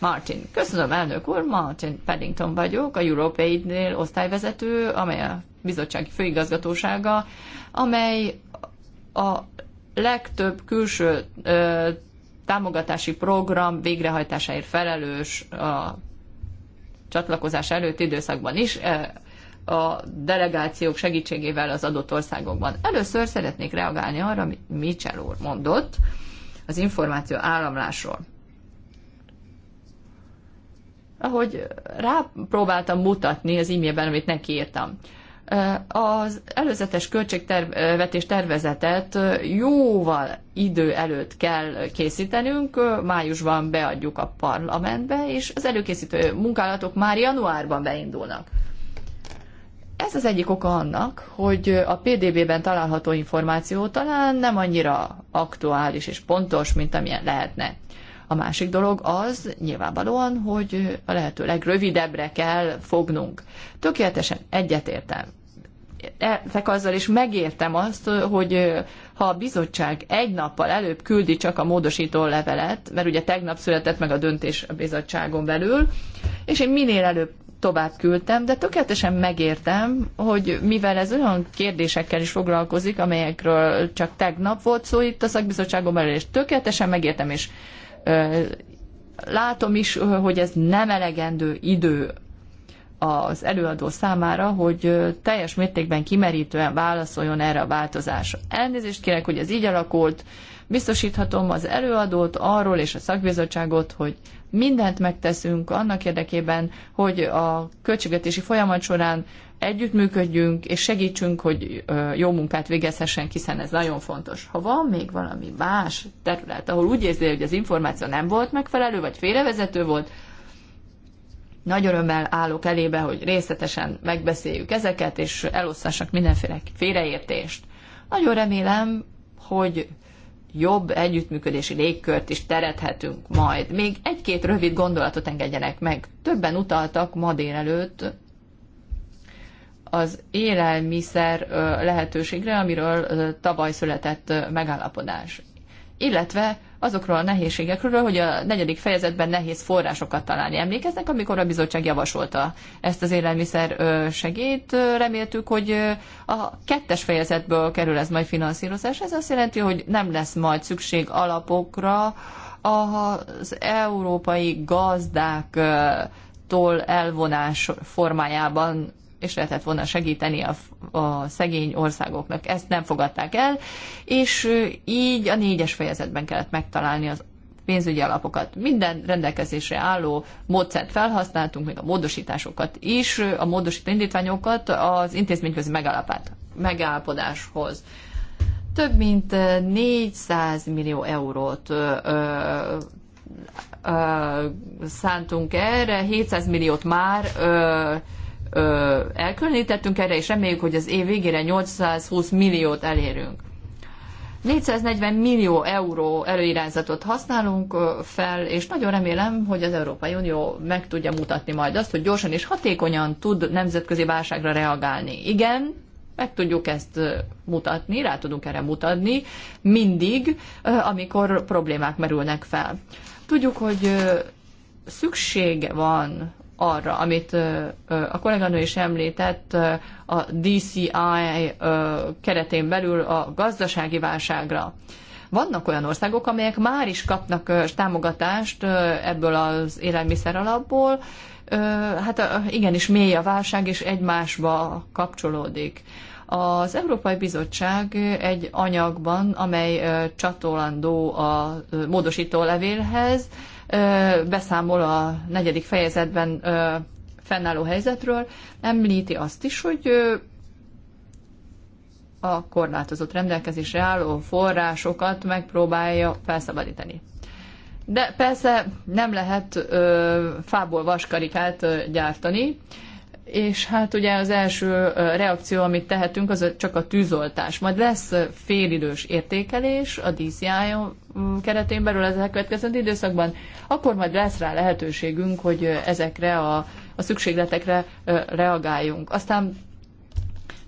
Martin. Köszönöm, elnök úr, Martin Paddington vagyok, a aid nél osztályvezető, amely a bizottsági főigazgatósága, amely a legtöbb külső ö, támogatási program végrehajtásáért felelős a csatlakozás előtti időszakban is a delegációk segítségével az adott országokban. Először szeretnék reagálni arra, amit Mitchell úr mondott az információ államlásról. Ahogy rápróbáltam mutatni az e-mailben, amit írtam. Az előzetes költségvetés tervezetet jóval idő előtt kell készítenünk, májusban beadjuk a parlamentbe, és az előkészítő munkálatok már januárban beindulnak. Ez az egyik oka annak, hogy a PDB-ben található információ talán nem annyira aktuális és pontos, mint amilyen lehetne. A másik dolog az nyilvánvalóan, hogy a lehető legrövidebbre kell fognunk. Tökéletesen egyetértem. Ezek azzal, is megértem azt, hogy ha a bizottság egy nappal előbb küldi csak a módosító levelet, mert ugye tegnap született meg a döntés a bizottságon belül, és én minél előbb tovább küldtem, de tökéletesen megértem, hogy mivel ez olyan kérdésekkel is foglalkozik, amelyekről csak tegnap volt szó itt a szakbizottságom belül, és tökéletesen megértem, és ö, látom is, hogy ez nem elegendő idő az előadó számára, hogy teljes mértékben kimerítően válaszoljon erre a változásra. Elnézést kérek, hogy ez így alakult, Biztosíthatom az előadót arról és a szakbizottságot, hogy mindent megteszünk annak érdekében, hogy a költségvetési folyamat során együttműködjünk és segítsünk, hogy jó munkát végezhessen, hiszen ez nagyon fontos. Ha van még valami más terület, ahol úgy érzi, hogy az információ nem volt megfelelő, vagy félrevezető volt, nagy örömmel állok elébe, hogy részletesen megbeszéljük ezeket, és elosztassak mindenféle félreértést. Nagyon remélem, hogy jobb együttműködési légkört is terethetünk majd. Még egy-két rövid gondolatot engedjenek meg. Többen utaltak ma délelőtt az élelmiszer lehetőségre, amiről tavaly született megállapodás. Illetve azokról a nehézségekről, hogy a negyedik fejezetben nehéz forrásokat találni. Emlékeznek, amikor a bizottság javasolta ezt az élelmiszer segít, reméltük, hogy a kettes fejezetből kerül ez majd finanszírozás. Ez azt jelenti, hogy nem lesz majd szükség alapokra az európai gazdák tól elvonás formájában és lehetett volna segíteni a, a szegény országoknak. Ezt nem fogadták el, és így a négyes fejezetben kellett megtalálni az pénzügyi alapokat. Minden rendelkezésre álló módszert felhasználtunk, még a módosításokat is, a módosító indítványokat az intézményközi megállapodáshoz. Több mint 400 millió eurót ö, ö, ö, szántunk erre, 700 milliót már ö, ö, elkülönítettünk erre, és reméljük, hogy az év végére 820 milliót elérünk. 440 millió euró előirányzatot használunk fel, és nagyon remélem, hogy az Európai Unió meg tudja mutatni majd azt, hogy gyorsan és hatékonyan tud nemzetközi válságra reagálni. Igen, meg tudjuk ezt mutatni, rá tudunk erre mutatni mindig, amikor problémák merülnek fel. Tudjuk, hogy szüksége van arra, amit a kolléganő is említett, a DCI keretén belül a gazdasági válságra. Vannak olyan országok, amelyek már is kapnak támogatást ebből az élelmiszer alapból, hát igenis mély a válság, és egymásba kapcsolódik. Az Európai Bizottság egy anyagban, amely csatolandó a módosító levélhez, beszámol a negyedik fejezetben fennálló helyzetről, említi azt is, hogy a korlátozott rendelkezésre álló forrásokat megpróbálja felszabadítani. De persze nem lehet ö, fából vaskarikát ö, gyártani, és hát ugye az első ö, reakció, amit tehetünk, az csak a tűzoltás. Majd lesz félidős értékelés a DCI-on Mm, keretén belül az elkövetkező időszakban, akkor majd lesz rá lehetőségünk, hogy ezekre a, a szükségletekre reagáljunk. Aztán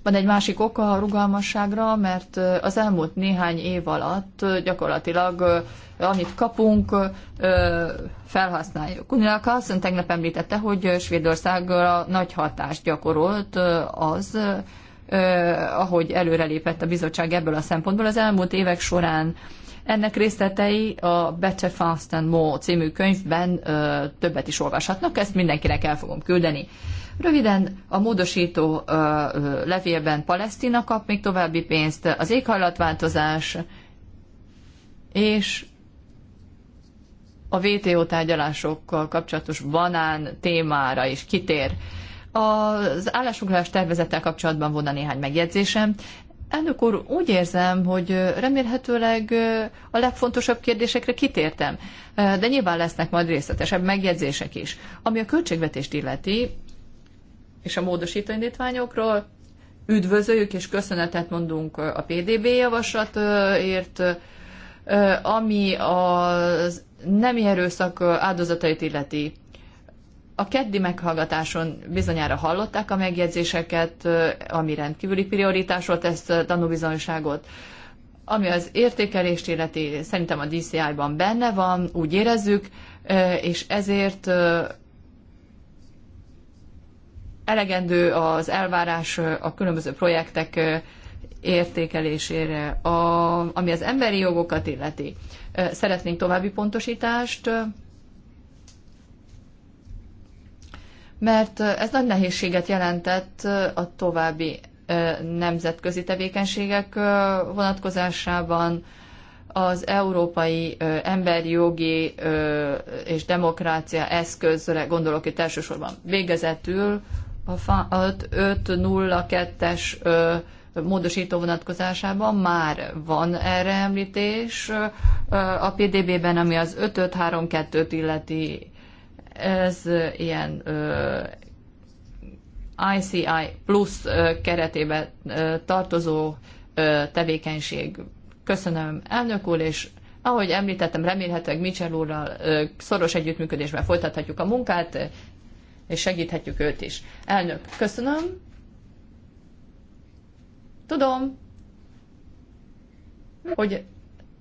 van egy másik oka a rugalmasságra, mert az elmúlt néhány év alatt gyakorlatilag amit kapunk, felhasználjuk. Kunila Carlson tegnap említette, hogy Svédországra nagy hatást gyakorolt az, ahogy előrelépett a bizottság ebből a szempontból az elmúlt évek során ennek részletei a Better Fast and More című könyvben ö, többet is olvashatnak, ezt mindenkinek el fogom küldeni. Röviden a módosító ö, ö, levélben Palesztina kap még további pénzt, az éghajlatváltozás és a VTO tárgyalásokkal kapcsolatos banán témára is kitér. Az állásfoglalás tervezettel kapcsolatban volna néhány megjegyzésem. Elnök úr, úgy érzem, hogy remélhetőleg a legfontosabb kérdésekre kitértem, de nyilván lesznek majd részletesebb megjegyzések is. Ami a költségvetést illeti, és a módosító indítványokról, üdvözöljük és köszönetet mondunk a PDB javaslatért, ami az nemi erőszak áldozatait illeti. A keddi meghallgatáson bizonyára hallották a megjegyzéseket, ami rendkívüli ezt a tanúbizonyságot. Ami az értékelést illeti, szerintem a DCI-ban benne van, úgy érezzük, és ezért elegendő az elvárás a különböző projektek értékelésére, ami az emberi jogokat illeti. Szeretnénk további pontosítást, mert ez nagy nehézséget jelentett a további nemzetközi tevékenységek vonatkozásában, az európai emberi jogi és demokrácia eszközre gondolok itt elsősorban. Végezetül a 502-es módosító vonatkozásában már van erre említés a PDB-ben, ami az 5532-t illeti ez ilyen ICI plusz keretébe tartozó tevékenység. Köszönöm, elnök úr, és ahogy említettem, remélhetőleg Mitchell úrral szoros együttműködésben folytathatjuk a munkát, és segíthetjük őt is. Elnök, köszönöm. Tudom, hogy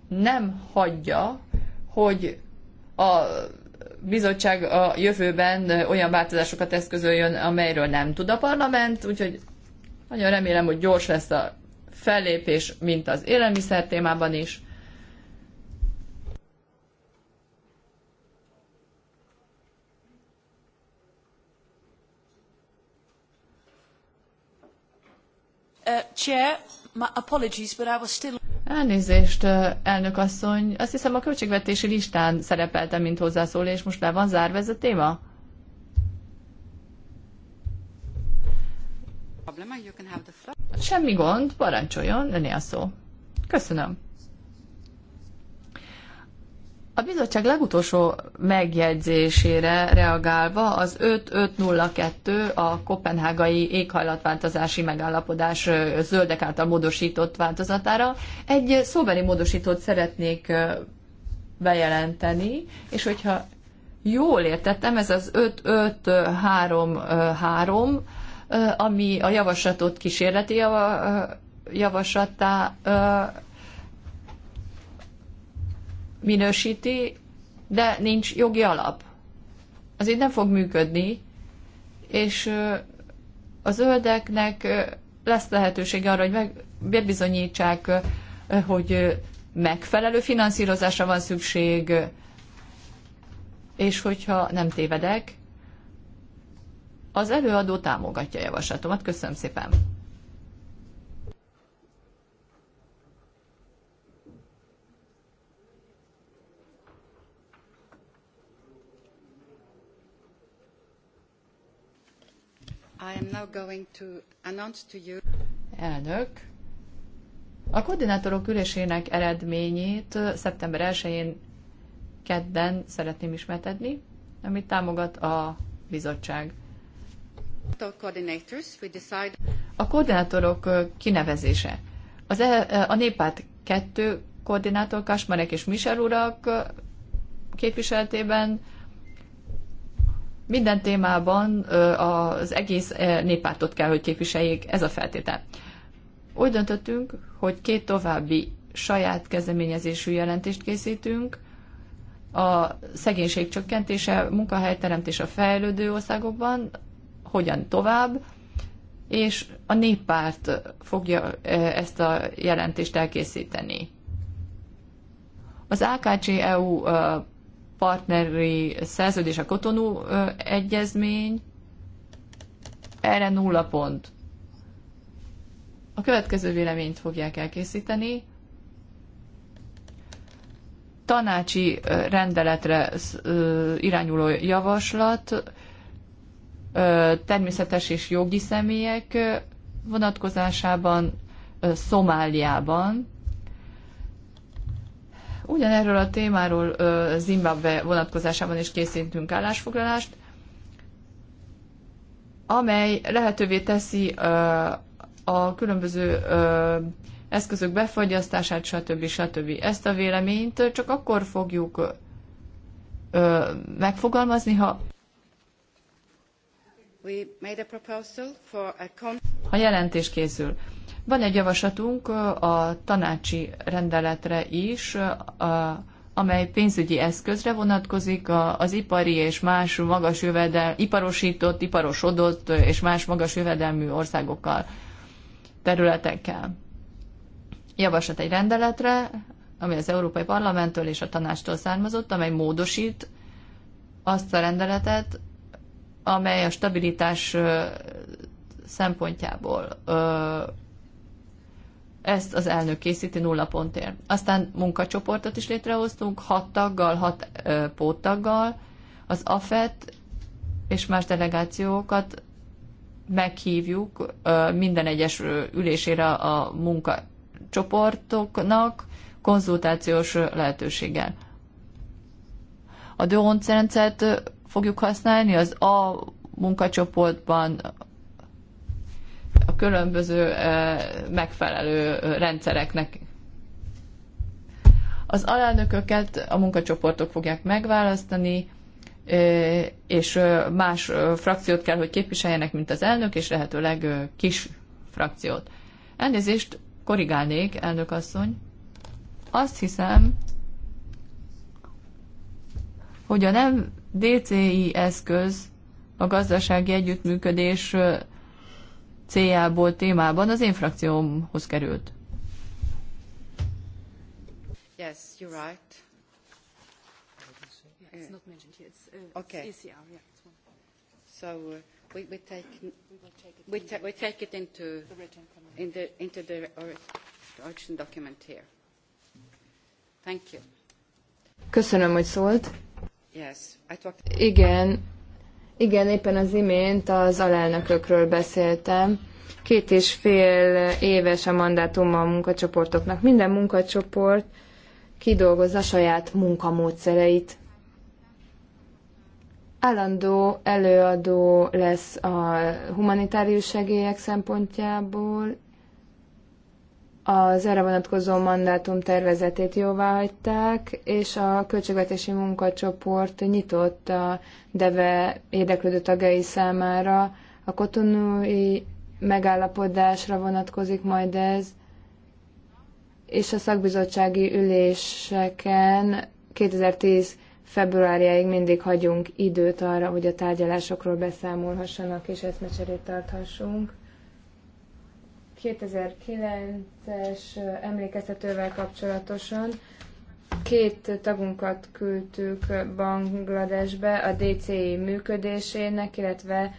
nem hagyja, hogy a bizottság a jövőben olyan változásokat eszközöljön, amelyről nem tud a parlament, úgyhogy nagyon remélem, hogy gyors lesz a fellépés, mint az élelmiszer témában is. Uh, chair, apologies, but I was still... Elnézést, elnök asszony. Azt hiszem a költségvetési listán szerepeltem, mint hozzászól, és most le van zárva ez a téma? Semmi gond, parancsoljon, lenni a szó. Köszönöm. A bizottság legutolsó megjegyzésére reagálva az 5502 a kopenhágai éghajlatváltozási megállapodás zöldek által módosított változatára egy szóbeli módosítót szeretnék bejelenteni, és hogyha jól értettem, ez az 5533, ami a javaslatot kísérleti javaslattá minősíti, de nincs jogi alap. Az így nem fog működni, és a zöldeknek lesz lehetősége arra, hogy megbizonyítsák, bebizonyítsák, hogy megfelelő finanszírozásra van szükség, és hogyha nem tévedek, az előadó támogatja javaslatomat. Köszönöm szépen! I am now going to announce to you. Elnök, a koordinátorok ülésének eredményét szeptember 1-én kedden szeretném ismertetni, amit támogat a bizottság. A koordinátorok kinevezése. Az, e, e a népát kettő koordinátor, Kasmarek és Michel urak képviseletében minden témában az egész néppártot kell, hogy képviseljék, ez a feltétel. Úgy döntöttünk, hogy két további saját kezdeményezésű jelentést készítünk, a szegénység csökkentése, munkahelyteremtés a fejlődő országokban, hogyan tovább, és a néppárt fogja ezt a jelentést elkészíteni. Az AKC EU partneri szerződés a Kotonú egyezmény, erre nulla pont. A következő véleményt fogják elkészíteni. Tanácsi rendeletre irányuló javaslat, természetes és jogi személyek vonatkozásában Szomáliában Ugyanerről a témáról Zimbabwe vonatkozásában is készítünk állásfoglalást, amely lehetővé teszi a különböző eszközök befagyasztását, stb. stb. Ezt a véleményt csak akkor fogjuk megfogalmazni, ha ha jelentés készül. Van egy javaslatunk a tanácsi rendeletre is, amely pénzügyi eszközre vonatkozik, az ipari és más magas jövedel, iparosított, iparosodott és más magas jövedelmű országokkal, területekkel. Javaslat egy rendeletre, ami az Európai Parlamenttől és a tanástól származott, amely módosít azt a rendeletet, amely a stabilitás szempontjából ezt az elnök készíti nulla pontért. Aztán munkacsoportot is létrehoztunk, hat taggal, hat ö, póttaggal, az AFET és más delegációkat meghívjuk ö, minden egyes ülésére a munkacsoportoknak konzultációs lehetőséggel. A DONC rendszert fogjuk használni, az A munkacsoportban különböző megfelelő rendszereknek. Az alelnököket a munkacsoportok fogják megválasztani, és más frakciót kell, hogy képviseljenek, mint az elnök, és lehetőleg kis frakciót. Elnézést korrigálnék, elnök asszony. Azt hiszem, hogy a nem DCI eszköz a gazdasági együttműködés céljából témában az én frakciómhoz került. Yes, you're right. It's not mentioned here. It's, uh, okay. ECR, yeah. So uh, we, we take we, ta we take it into the written in the into the origin document here. Thank you. Köszönöm, hogy szólt. Yes, I talked. Igen, igen, éppen az imént az alelnökökről beszéltem. Két és fél éves a mandátum a munkacsoportoknak. Minden munkacsoport kidolgozza saját munkamódszereit. Állandó előadó lesz a humanitárius segélyek szempontjából, az erre vonatkozó mandátum tervezetét jóvá hagyták, és a költségvetési munkacsoport nyitott a DEVE érdeklődő tagjai számára. A kotonúi megállapodásra vonatkozik majd ez, és a szakbizottsági üléseken 2010 februárjáig mindig hagyunk időt arra, hogy a tárgyalásokról beszámolhassanak és eszmecserét tarthassunk. 2009-es emlékeztetővel kapcsolatosan két tagunkat küldtük Bangladesbe a DCI működésének, illetve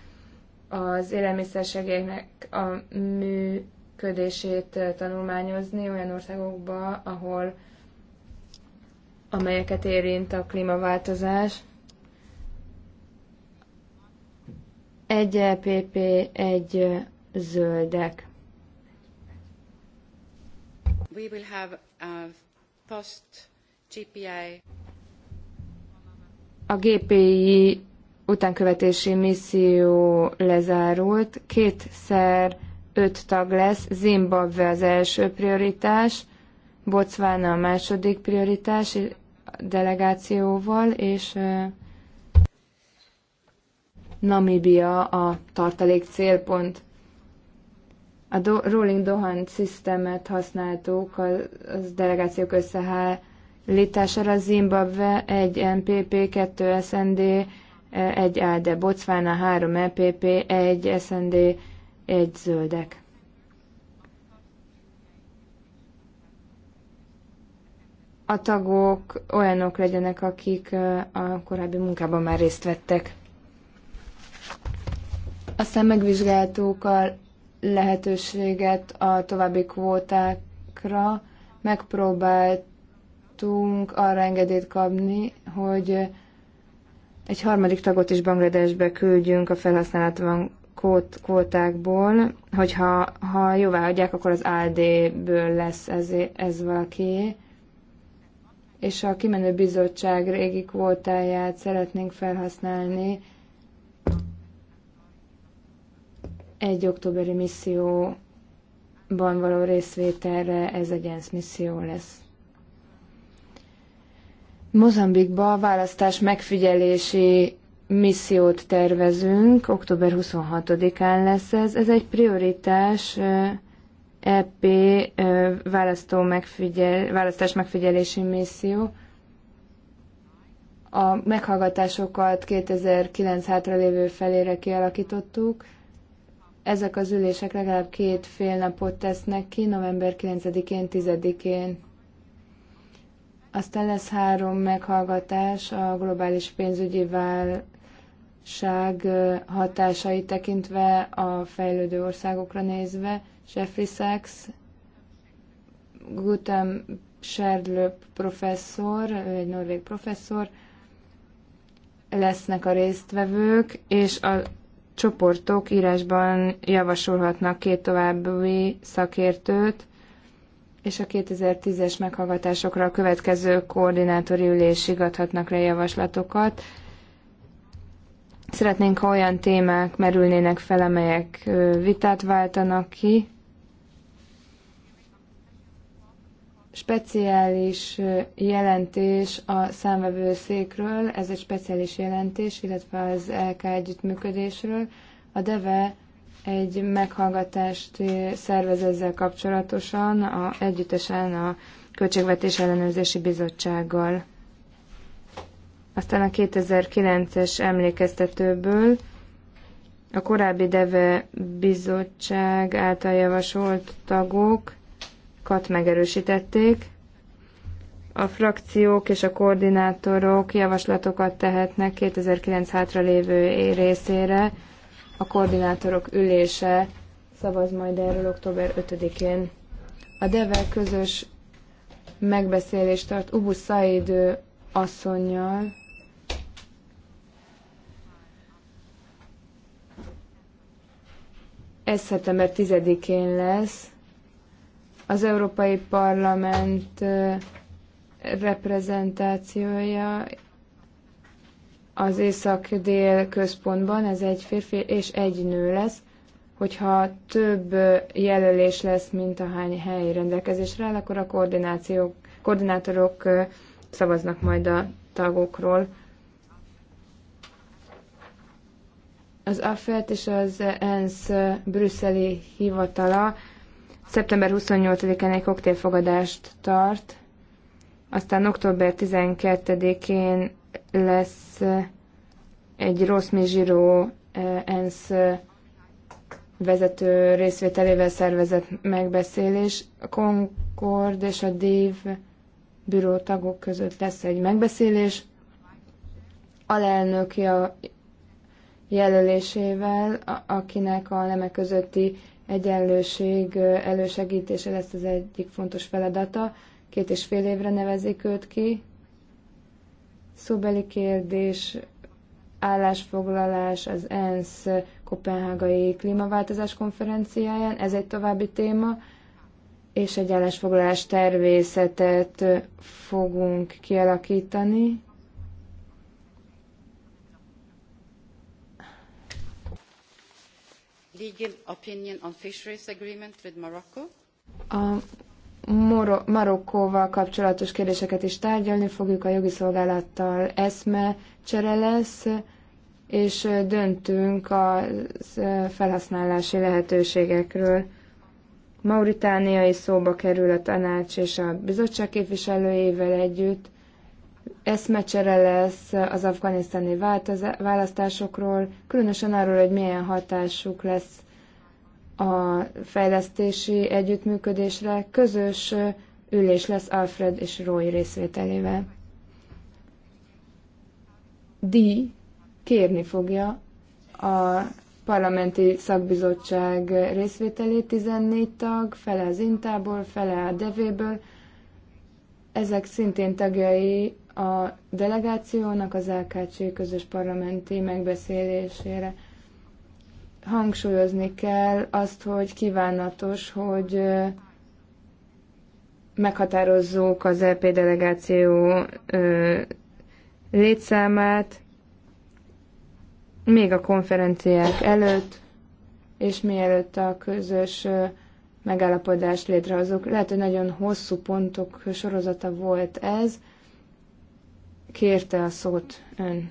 az élelmiszersegélyeknek a működését tanulmányozni olyan országokba, ahol amelyeket érint a klímaváltozás. Egy EPP, egy zöldek we will have a post GPI. A GPI utánkövetési misszió lezárult, kétszer öt tag lesz, Zimbabwe az első prioritás, Botswana a második prioritás delegációval, és Namibia a tartalék célpont. A do- Rolling Dohan szisztemet használtuk a, az delegációk összeállítására. Zimbabwe 1 MPP, 2 SND, 1 AD, Botswana 3 MPP, 1 SND, 1 Zöldek. a tagok olyanok legyenek, akik e, a korábbi munkában már részt vettek. Aztán megvizsgáltuk a lehetőséget a további kvótákra, megpróbáltunk arra engedélyt kapni, hogy egy harmadik tagot is Bangladesbe küldjünk a felhasználatban kvótákból, hogyha ha jóvá hagyják, akkor az ALD-ből lesz ez, ez valaki. És a kimenő bizottság régi kvótáját szeretnénk felhasználni, egy októberi misszióban való részvételre ez egy ENSZ misszió lesz. Mozambikba választás megfigyelési missziót tervezünk, október 26-án lesz ez. Ez egy prioritás EP választó megfigyel, választás megfigyelési misszió. A meghallgatásokat 2009 lévő felére kialakítottuk, ezek az ülések legalább két fél napot tesznek ki, november 9-én, 10-én. Aztán lesz három meghallgatás a globális pénzügyi válság hatásai tekintve, a fejlődő országokra nézve, Jeffrey Sachs, Gutem Serdlöp professzor, ő egy norvég professzor, lesznek a résztvevők, és a csoportok írásban javasolhatnak két további szakértőt, és a 2010-es meghallgatásokra a következő koordinátori ülésig adhatnak le javaslatokat. Szeretnénk, ha olyan témák merülnének fel, amelyek vitát váltanak ki, speciális jelentés a számvevőszékről, ez egy speciális jelentés, illetve az LK együttműködésről. A DEVE egy meghallgatást szervez ezzel kapcsolatosan, a, együttesen a Költségvetés Ellenőrzési Bizottsággal. Aztán a 2009-es emlékeztetőből a korábbi DEVE bizottság által javasolt tagok javaslatokat megerősítették. A frakciók és a koordinátorok javaslatokat tehetnek 2009 hátralévő részére. A koordinátorok ülése szavaz majd erről október 5-én. A DEVEL közös megbeszélést tart Ubu Said asszonynal, ez szeptember 10-én lesz, az Európai Parlament reprezentációja az Észak-Dél központban, ez egy férfi és egy nő lesz, hogyha több jelölés lesz, mint a hány hely rendelkezésre áll, akkor a koordinációk, koordinátorok szavaznak majd a tagokról. Az AFET és az ENSZ brüsszeli hivatala Szeptember 28-án egy koktélfogadást tart, aztán október 12-én lesz eh, egy rossz mizsiró eh, ENSZ eh, vezető részvételével szervezett megbeszélés. A Concord és a DIV büró tagok között lesz egy megbeszélés. a jelölésével, akinek a nemek közötti egyenlőség elősegítése lesz az egyik fontos feladata. Két és fél évre nevezik őt ki. Szóbeli kérdés, állásfoglalás az ENSZ Kopenhágai Klímaváltozás konferenciáján, ez egy további téma, és egy állásfoglalás tervészetet fogunk kialakítani legal opinion on fisheries agreement with Morocco. A Marokkóval kapcsolatos kérdéseket is tárgyalni fogjuk, a jogi szolgálattal eszme csere lesz, és döntünk a felhasználási lehetőségekről. Mauritániai szóba kerül a tanács és a bizottság képviselőjével együtt, eszmecsere lesz az afganisztáni választásokról, különösen arról, hogy milyen hatásuk lesz a fejlesztési együttműködésre. Közös ülés lesz Alfred és Roy részvételével. D. kérni fogja a parlamenti szakbizottság részvételét, 14 tag, fele az Intából, fele a Devéből, ezek szintén tagjai a delegációnak az LKC közös parlamenti megbeszélésére hangsúlyozni kell azt, hogy kívánatos, hogy meghatározzuk az LP e delegáció létszámát még a konferenciák előtt, és mielőtt a közös megállapodást létrehozunk. Lehet, hogy nagyon hosszú pontok sorozata volt ez, kérte a szót ön.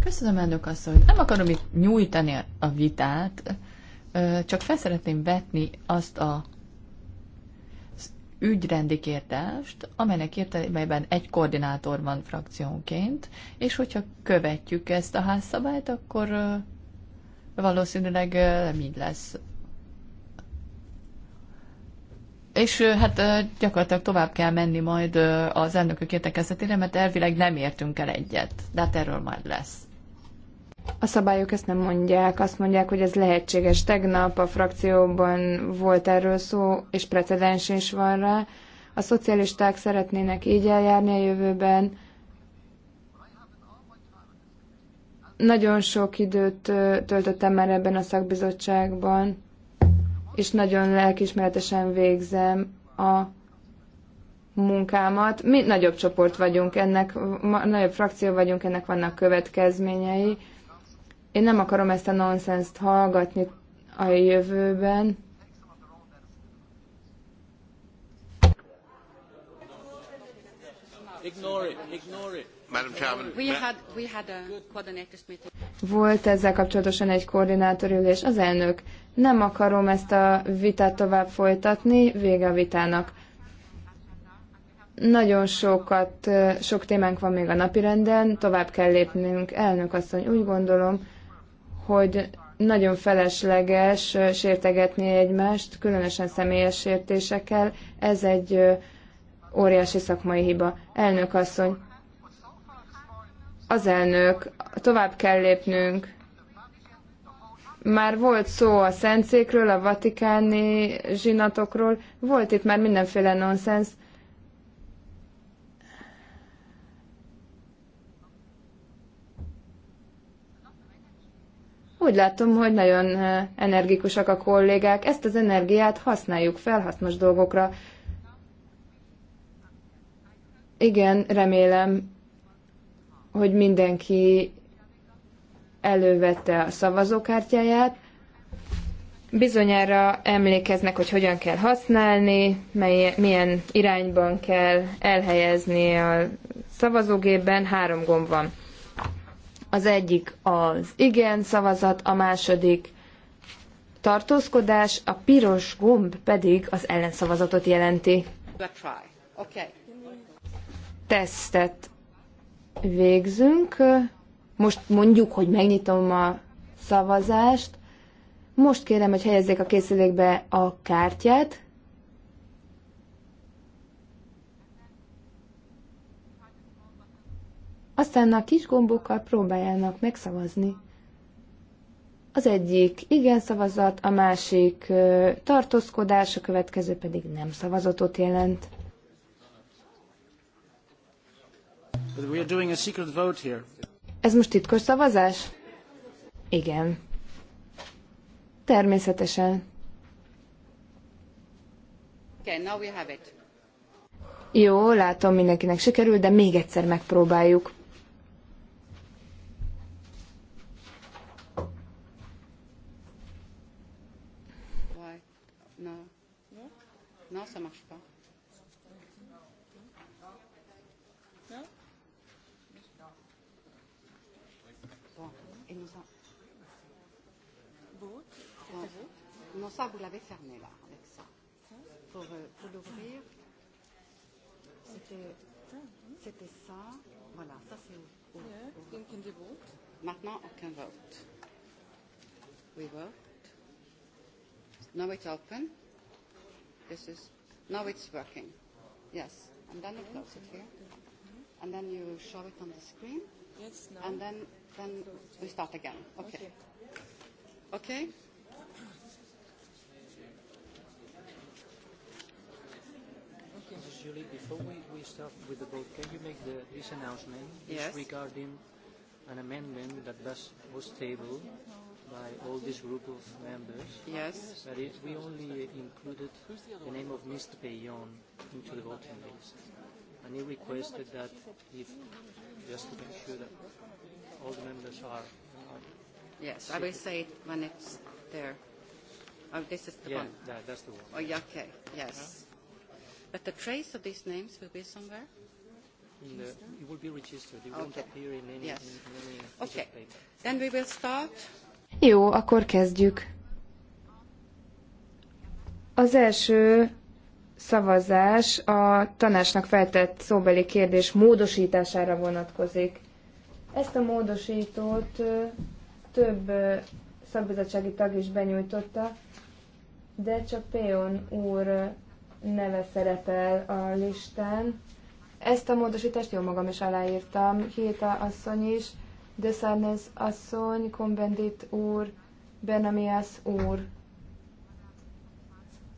Köszönöm, elnök asszony. Nem akarom itt nyújtani a vitát, csak felszeretném vetni azt a az ügyrendi kértást, amelynek értelmében egy koordinátor van frakciónként, és hogyha követjük ezt a házszabályt, akkor valószínűleg mind lesz és hát gyakorlatilag tovább kell menni majd az elnökök értekezetére, mert elvileg nem értünk el egyet. De hát erről majd lesz. A szabályok ezt nem mondják, azt mondják, hogy ez lehetséges. Tegnap a frakcióban volt erről szó, és precedens is van rá. A szocialisták szeretnének így eljárni a jövőben. Nagyon sok időt töltöttem már ebben a szakbizottságban és nagyon lelkismeretesen végzem a munkámat. Mi nagyobb csoport vagyunk ennek, nagyobb frakció vagyunk, ennek vannak következményei. Én nem akarom ezt a nonsenszt hallgatni a jövőben. Ignore it, ignore it. Volt ezzel kapcsolatosan egy koordinátorülés. Az elnök, nem akarom ezt a vitát tovább folytatni, vége a vitának. Nagyon sokat, sok témánk van még a napirenden, tovább kell lépnünk. Elnök asszony, úgy gondolom, hogy nagyon felesleges sértegetni egymást, különösen személyes sértésekkel. Ez egy óriási szakmai hiba. Elnök asszony, az elnök, tovább kell lépnünk. Már volt szó a szentszékről, a vatikáni zsinatokról, volt itt már mindenféle nonsens. Úgy látom, hogy nagyon eh, energikusak a kollégák. Ezt az energiát használjuk fel hasznos dolgokra. Igen, remélem, hogy mindenki elővette a szavazókártyáját. Bizonyára emlékeznek, hogy hogyan kell használni, mely, milyen irányban kell elhelyezni a szavazógépben. Három gomb van. Az egyik az igen szavazat, a második tartózkodás, a piros gomb pedig az ellenszavazatot jelenti. Tesztet végzünk. Most mondjuk, hogy megnyitom a szavazást. Most kérem, hogy helyezzék a készülékbe a kártyát. Aztán a kis gombokkal próbáljának megszavazni. Az egyik igen szavazat, a másik tartózkodás, a következő pedig nem szavazatot jelent. Ez most titkos szavazás? Igen. Természetesen. Okay, now we have it. Jó, látom, mindenkinek sikerült, de még egyszer megpróbáljuk. Why? No. No, ça marche pas. Bon, ça, vous l'avez fermé, là, avec ça. Pour, euh, pour l'ouvrir, c'était, ça. Voilà, ça, c'est ouvert. Yeah, donc, Maintenant, aucun vote. We vote. Now it's open. This is, now it's working. Yes. And then you close it here. And then you show it on the screen. Yes, now. And then, then we start again. Okay. Okay. okay. Mrs. Julie, before we, we start with the vote, can you make the, this announcement yes. regarding an amendment that was, was tabled by all this group of members? Yes. That is, we only included the name of Mr. Payon into the voting list. And he requested that if, just to make sure that all the members are. are yes, seated. I will say it when it's there. Oh, this is the yeah, one. Yeah, that, that's the one. Oh, yeah, okay, yes. Yeah? But the trace of these names will be somewhere? No, it will be registered. It okay. won't appear in any, yes. in any okay. paper. Then we will start. Jó, akkor kezdjük. Az első szavazás a tanácsnak feltett szóbeli kérdés módosítására vonatkozik. Ezt a módosítót több szakbizottsági tag is benyújtotta, de csak Péon úr neve szerepel a listán. Ezt a módosítást jó magam is aláírtam, Héta asszony is, De Sarnes asszony, Kombendit úr, Benamias úr,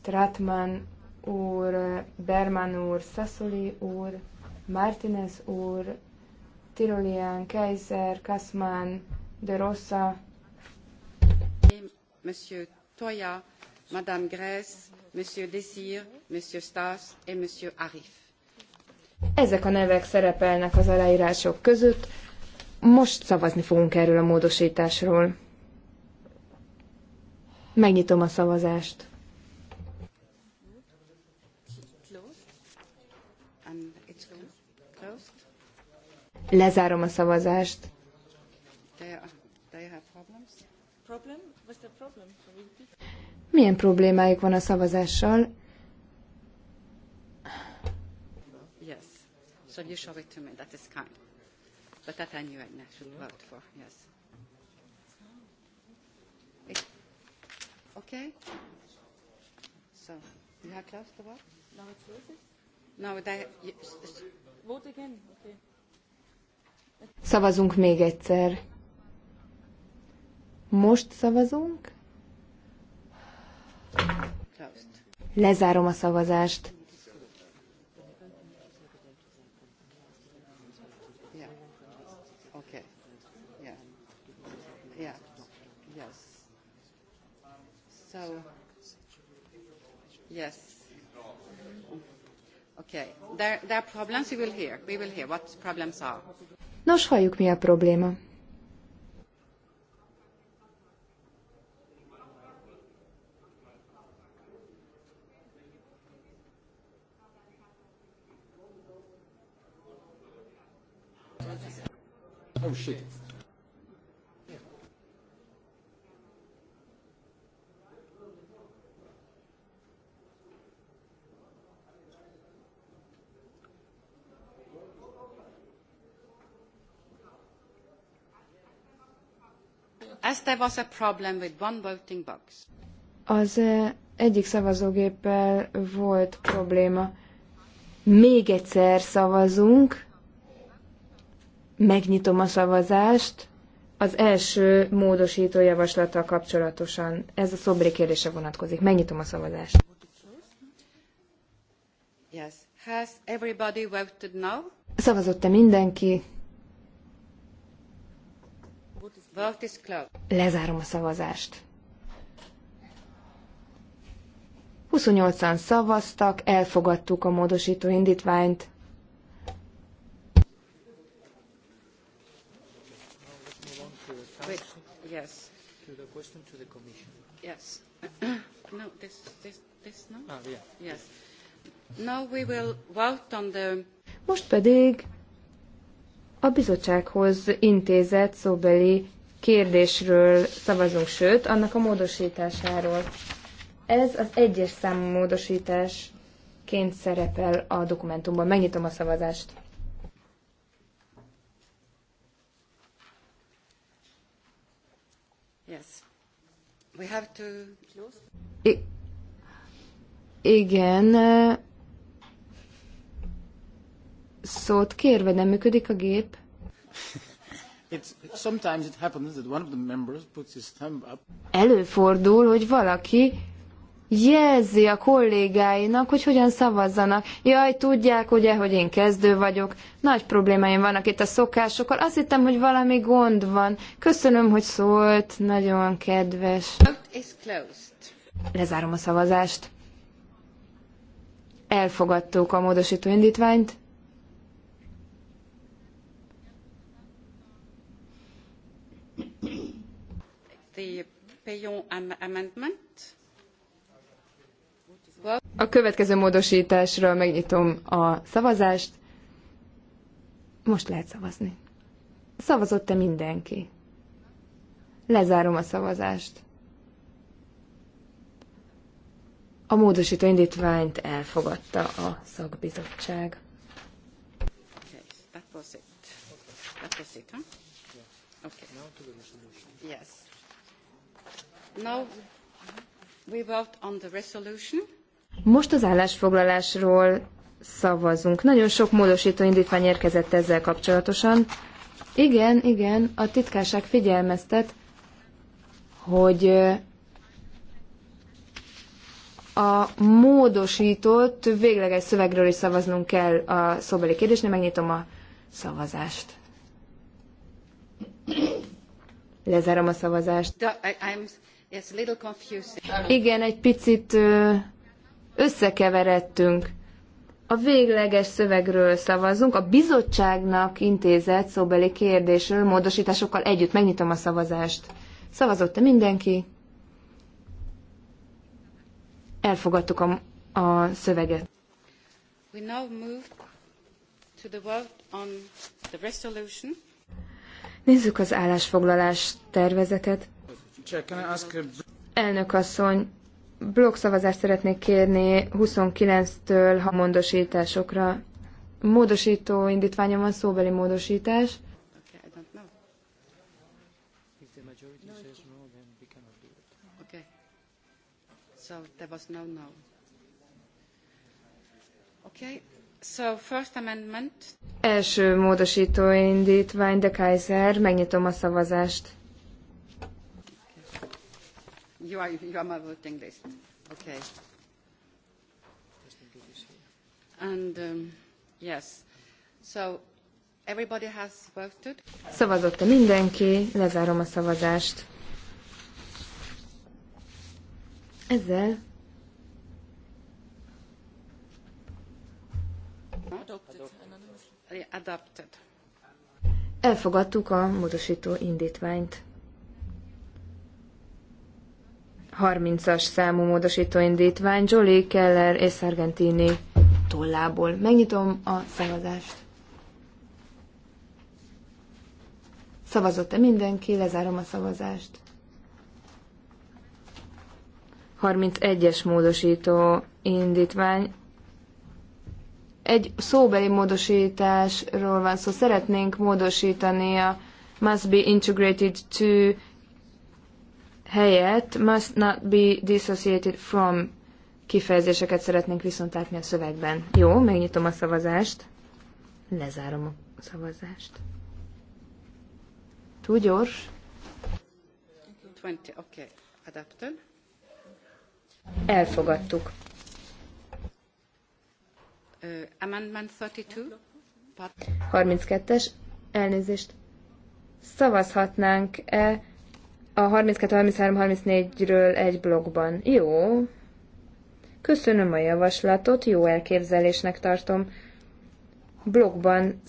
Tratman úr, Berman úr, Sassoli úr, Martinez úr, Tirolian, Kaiser, Kasman, De Rossa, Monsieur Toya, Madame Grèce, Monsieur Desir, Stas és Arif. Ezek a nevek szerepelnek az aláírások között. Most szavazni fogunk erről a módosításról. Megnyitom a szavazást. Lezárom a szavazást. Milyen problémájuk van a szavazással? So you show it to me. That is kind. But that I knew I should vote for. Yes. It, okay. So you have closed the vote. Now it's closes. Now they. You, vote again. Okay. Szavazunk még egyszer. Most szavazunk? Lezárom a szavazást. So, yes. Okay. There, there are problems. We will hear. We will hear what problems are. Nos, halljuk, mi a probléma. Oh shit. there was a problem with one voting box. Az eh, egyik szavazógéppel volt probléma. Még egyszer szavazunk. Megnyitom a szavazást az első módosító javaslata kapcsolatosan. Ez a szobri kérdése vonatkozik. Megnyitom a szavazást. Yes. Has everybody voted now? Szavazott-e mindenki? Vote Lezárom a szavazást. 28-an szavaztak, elfogadtuk a módosító indítványt. Yes. *coughs* Ah, yes. Now we will vote on the... Most pedig a bizottsághoz intézett szóbeli kérdésről szavazunk, sőt, annak a módosításáról. Ez az egyes számú módosításként szerepel a dokumentumban. Megnyitom a szavazást. Yes. We have to close. I- igen. E, szót kérve nem működik a gép. *laughs* Előfordul, hogy valaki jelzi a kollégáinak, hogy hogyan szavazzanak. Jaj, tudják ugye, hogy én kezdő vagyok. Nagy problémáim vannak itt a szokásokkal. Azt hittem, hogy valami gond van. Köszönöm, hogy szólt. Nagyon kedves. Lezárom a szavazást. Elfogadtuk a módosító indítványt. A következő módosításról megnyitom a szavazást. Most lehet szavazni. Szavazott-e mindenki? Lezárom a szavazást. A módosító indítványt elfogadta a szakbizottság. Okay, that was it. That was it, huh? Okay. Yes. Most az állásfoglalásról szavazunk. Nagyon sok módosító indítvány érkezett ezzel kapcsolatosan. Igen, igen, a titkárság figyelmeztet, hogy a módosított végleges szövegről is szavaznunk kell a szóbeli kérdésnél. Megnyitom a szavazást. Lezárom a szavazást. The, I, I'm, igen, egy picit összekeveredtünk. A végleges szövegről szavazunk, a bizottságnak intézett szóbeli kérdésről módosításokkal együtt. Megnyitom a szavazást. Szavazott-e mindenki? Elfogadtuk a, a szöveget. We now move to the vote on the resolution. Nézzük az állásfoglalás tervezetet. Elnök asszony, blokkszavazást szeretnék kérni 29-től ha módosításokra Módosító indítványom van, szóbeli módosítás. Első módosító indítvány, de Kaiser, megnyitom a szavazást. You are, you are my voting list. Okay. And um, yes, so everybody has voted. Szavazott-e mindenki? Lezárom a szavazást. Ezzel Adopted. Elfogadtuk a módosító indítványt. 30-as számú módosító indítvány Jolie Keller és Sargentini tollából. Megnyitom a szavazást. Szavazott-e mindenki? Lezárom a szavazást. 31-es módosító indítvány. Egy szóbeli módosításról van szó. Szóval szeretnénk módosítani a must be integrated to helyett must not be dissociated from kifejezéseket szeretnénk viszont látni a szövegben. Jó, megnyitom a szavazást. Lezárom a szavazást. Túl gyors. 20, okay. Adapted. Elfogadtuk. Uh, amendment 32. 32-es. Elnézést. Szavazhatnánk-e a 32-33-34-ről egy blogban. Jó. Köszönöm a javaslatot, jó elképzelésnek tartom. Blogban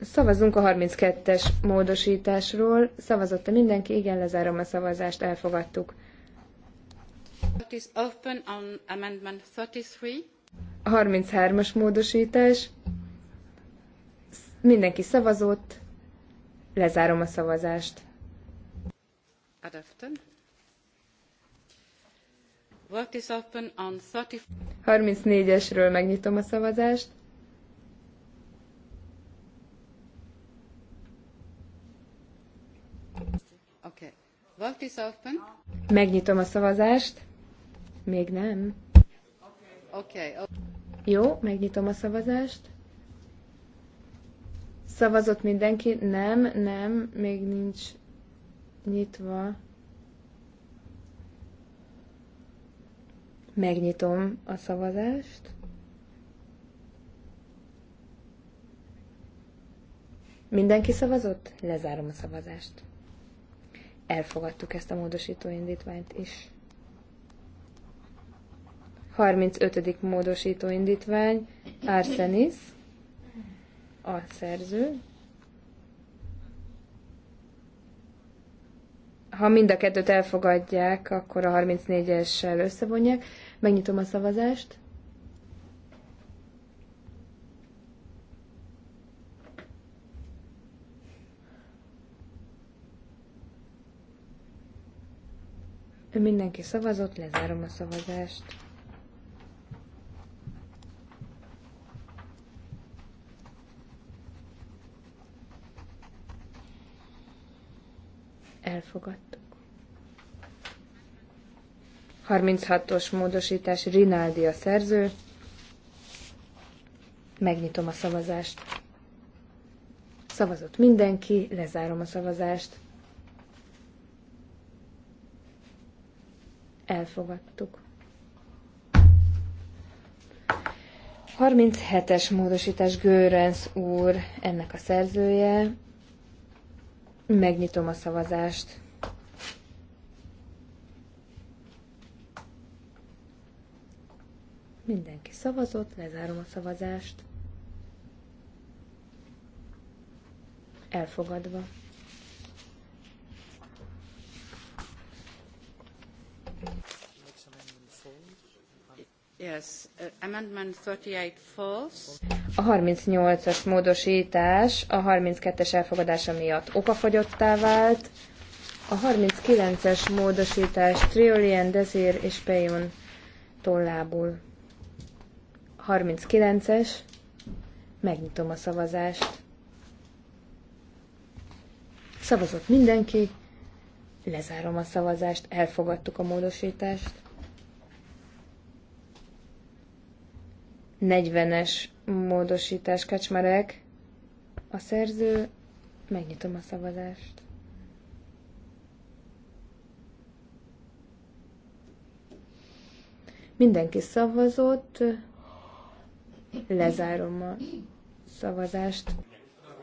szavazunk a 32-es módosításról. Szavazott -e mindenki? Igen, lezárom a szavazást, elfogadtuk. A 33-as módosítás. Mindenki szavazott, lezárom a szavazást. 34-esről megnyitom a szavazást. is open. Megnyitom a szavazást. Még nem. Jó, megnyitom a szavazást. Szavazott mindenki? Nem, nem, még nincs nyitva. Megnyitom a szavazást. Mindenki szavazott? Lezárom a szavazást. Elfogadtuk ezt a módosító indítványt is. 35. módosító indítvány, Arsenis, a szerző, Ha mind a kettőt elfogadják, akkor a 34-essel összevonják. Megnyitom a szavazást. Mindenki szavazott, lezárom a szavazást. Elfogadt. 36-os módosítás Rinaldi a szerző. Megnyitom a szavazást. Szavazott mindenki, lezárom a szavazást. Elfogadtuk. 37-es módosítás Görens úr, ennek a szerzője. Megnyitom a szavazást. Mindenki szavazott, lezárom a szavazást. Elfogadva. Yes, uh, amendment 38 falls. A 38-as módosítás a 32-es elfogadása miatt okafogyottá vált. A 39-es módosítás Triolien, Desir és Pejon tollából 39-es, megnyitom a szavazást. Szavazott mindenki, lezárom a szavazást, elfogadtuk a módosítást. 40-es módosítás Kacsmarek, a szerző, megnyitom a szavazást. Mindenki szavazott, Lezárom a szavazást.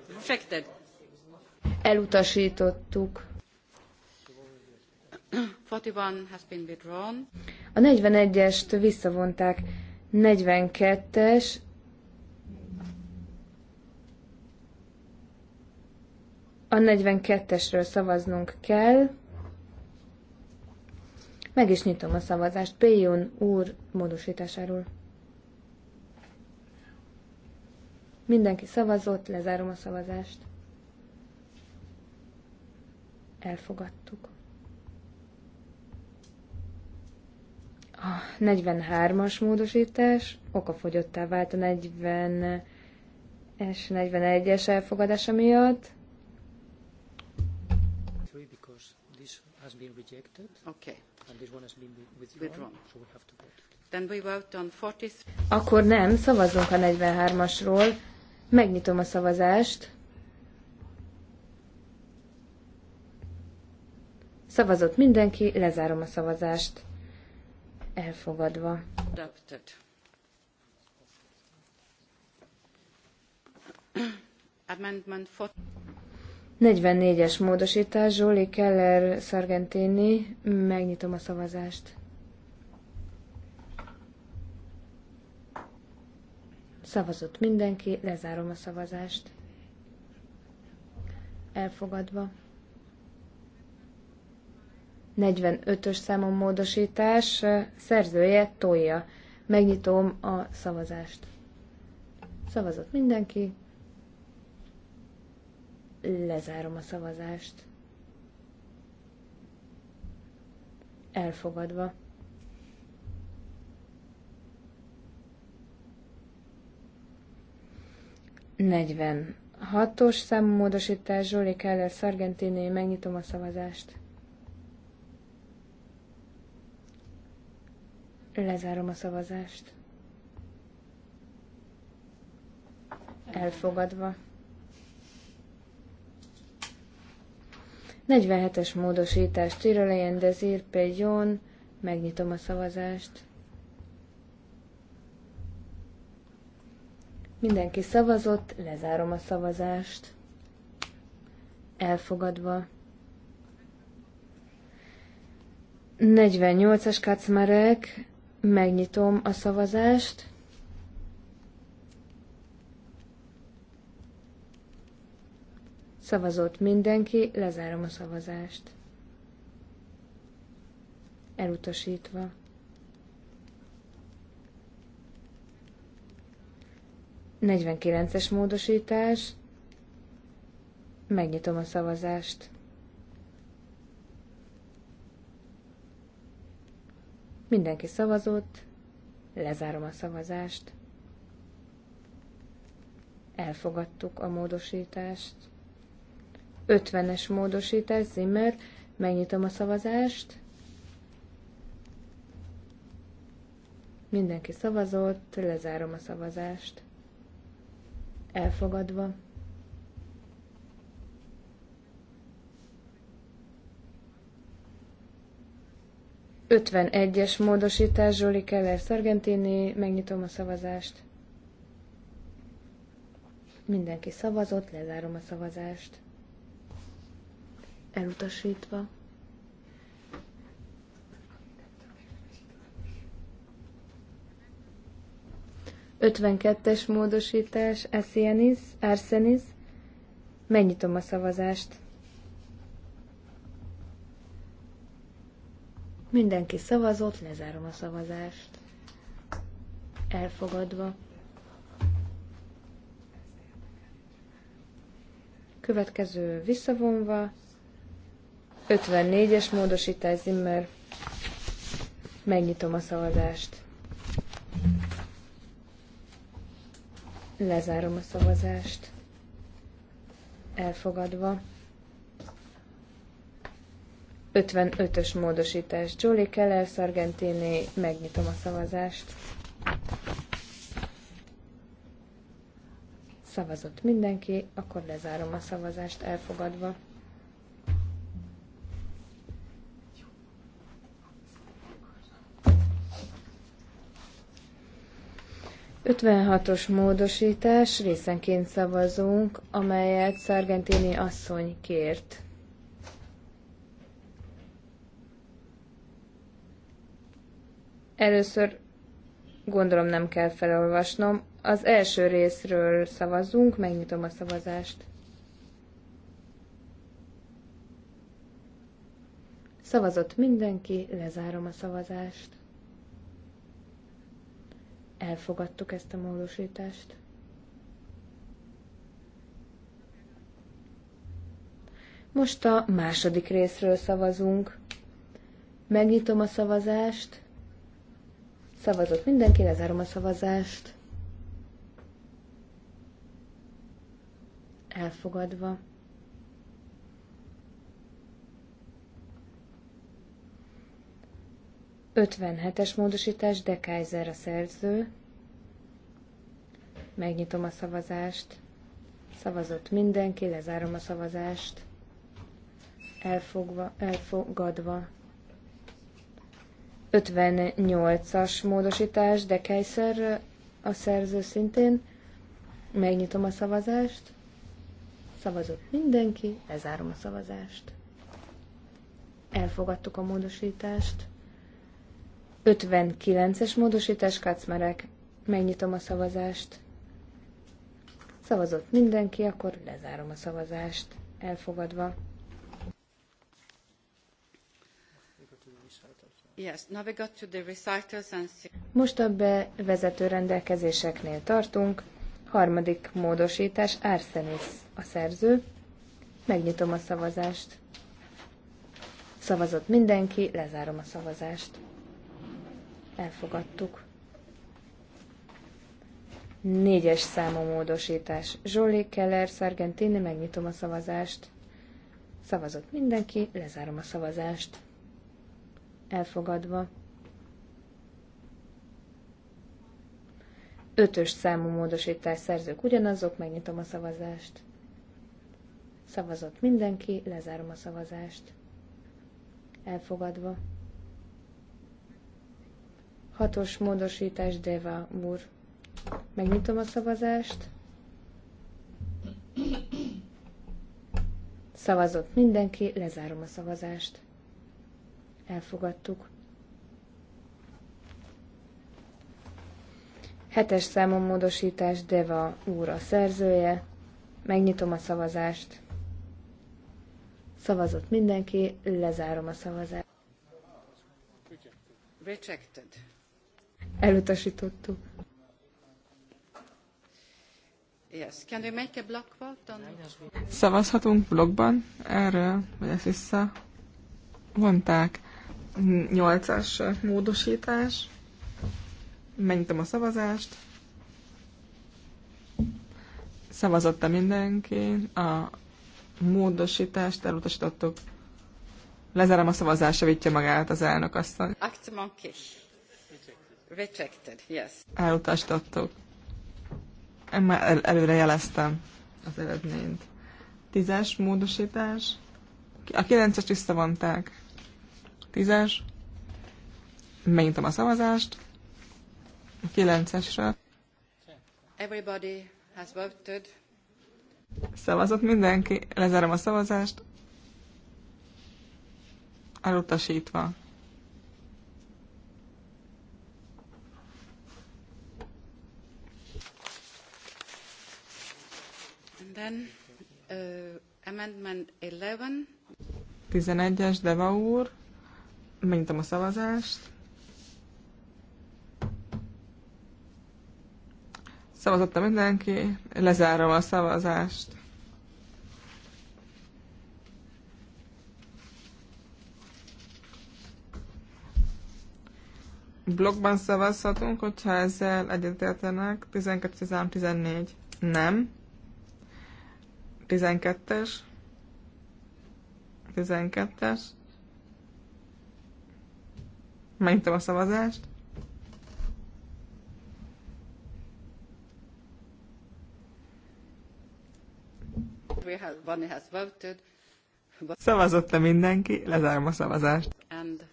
Fekted. Elutasítottuk. has been withdrawn. A 41-est visszavonták. 42-es a 42-esről szavaznunk kell. Meg is nyitom a szavazást Péjon úr módosításáról. Mindenki szavazott, lezárom a szavazást. Elfogadtuk. A 43-as módosítás okafogyottá vált a 40 és 41-es elfogadása miatt. Akkor nem, szavazzunk a 43-asról Megnyitom a szavazást. Szavazott mindenki, lezárom a szavazást. Elfogadva. Adopted. Amendment 44-es módosítás, Zsóli Keller Sargentini, megnyitom a szavazást. Szavazott mindenki, lezárom a szavazást. Elfogadva. 45-ös számom módosítás, szerzője tolja. Megnyitom a szavazást. Szavazott mindenki. Lezárom a szavazást. Elfogadva. 46-os számú módosítás Zsoli Keller Szargentini, megnyitom a szavazást. Lezárom a szavazást. Elfogadva. 47-es módosítás Tirolejen, Dezir, Pejon, megnyitom a szavazást. Mindenki szavazott, lezárom a szavazást. Elfogadva. 48-as kacmarek, megnyitom a szavazást. Szavazott mindenki, lezárom a szavazást. Elutasítva. 49-es módosítás. Megnyitom a szavazást. Mindenki szavazott. Lezárom a szavazást. Elfogadtuk a módosítást. 50-es módosítás, Zimmer. Megnyitom a szavazást. Mindenki szavazott, lezárom a szavazást elfogadva. Ötven egyes módosítás Zsoli Keller Szargentini, megnyitom a szavazást. Mindenki szavazott, lezárom a szavazást. Elutasítva. 52-es módosítás, Essienis, Arsenis. Megnyitom a szavazást. Mindenki szavazott, lezárom a szavazást. Elfogadva. Következő visszavonva. 54-es módosítás Zimmer. Megnyitom a szavazást. Lezárom a szavazást. Elfogadva. 55-ös módosítás. Jolie Keller, Sargentini, megnyitom a szavazást. Szavazott mindenki, akkor lezárom a szavazást elfogadva. 56-os módosítás, részenként szavazunk, amelyet Szargentini asszony kért. Először gondolom nem kell felolvasnom. Az első részről szavazunk, megnyitom a szavazást. Szavazott mindenki, lezárom a szavazást. Elfogadtuk ezt a módosítást. Most a második részről szavazunk. Megnyitom a szavazást. Szavazott mindenki, lezárom a szavazást. Elfogadva. 57-es módosítás, de Kaiser a szerző. Megnyitom a szavazást. Szavazott mindenki, lezárom a szavazást. Elfogva, elfogadva. 58-as módosítás, de Kaiser a szerző szintén. Megnyitom a szavazást. Szavazott mindenki, lezárom a szavazást. Elfogadtuk a módosítást. 59-es módosítás Kacmerek. Megnyitom a szavazást. Szavazott mindenki, akkor lezárom a szavazást. Elfogadva. Most a bevezető rendelkezéseknél tartunk. Harmadik módosítás, Arsenis a szerző. Megnyitom a szavazást. Szavazott mindenki, lezárom a szavazást elfogadtuk. Négyes számú módosítás. Zsolé Keller, Sargentini, megnyitom a szavazást. Szavazott mindenki, lezárom a szavazást. Elfogadva. Ötös számú módosítás szerzők ugyanazok, megnyitom a szavazást. Szavazott mindenki, lezárom a szavazást. Elfogadva. Hatos módosítás Deva úr. Megnyitom a szavazást. Szavazott mindenki, lezárom a szavazást. Elfogadtuk. Hetes számom módosítás Deva úr a szerzője. Megnyitom a szavazást. Szavazott mindenki, lezárom a szavazást. Rejected. Elutasítottuk. Yes. Can we make a block vote on... Szavazhatunk blogban erről, vagy ezt vissza vonták. 8-as módosítás. Megnyitom a szavazást. Szavazotta mindenki. A módosítást elutasítottuk. Lezárom a szavazást, javítja magát az elnök asszony. kis. Rejected, yes. Elutasítottuk. Én már el, előre jeleztem az eredményt. Tízes módosítás. A kilences visszavonták. Tízes. Megnyitom a szavazást. A kilencesre. Everybody has voted. Szavazott mindenki. Lezárom a szavazást. Elutasítva. Then, uh, amendment 11. 11-es, Deva úr. Megnyitom a szavazást. Szavazotta mindenki, lezárom a szavazást. Blogban szavazhatunk, hogyha ezzel egyetértenek. 12, 13, 14. Nem. 12-es, 12-es, megnyitom a szavazást, Szavazott -e mindenki? Lezárom a szavazást. And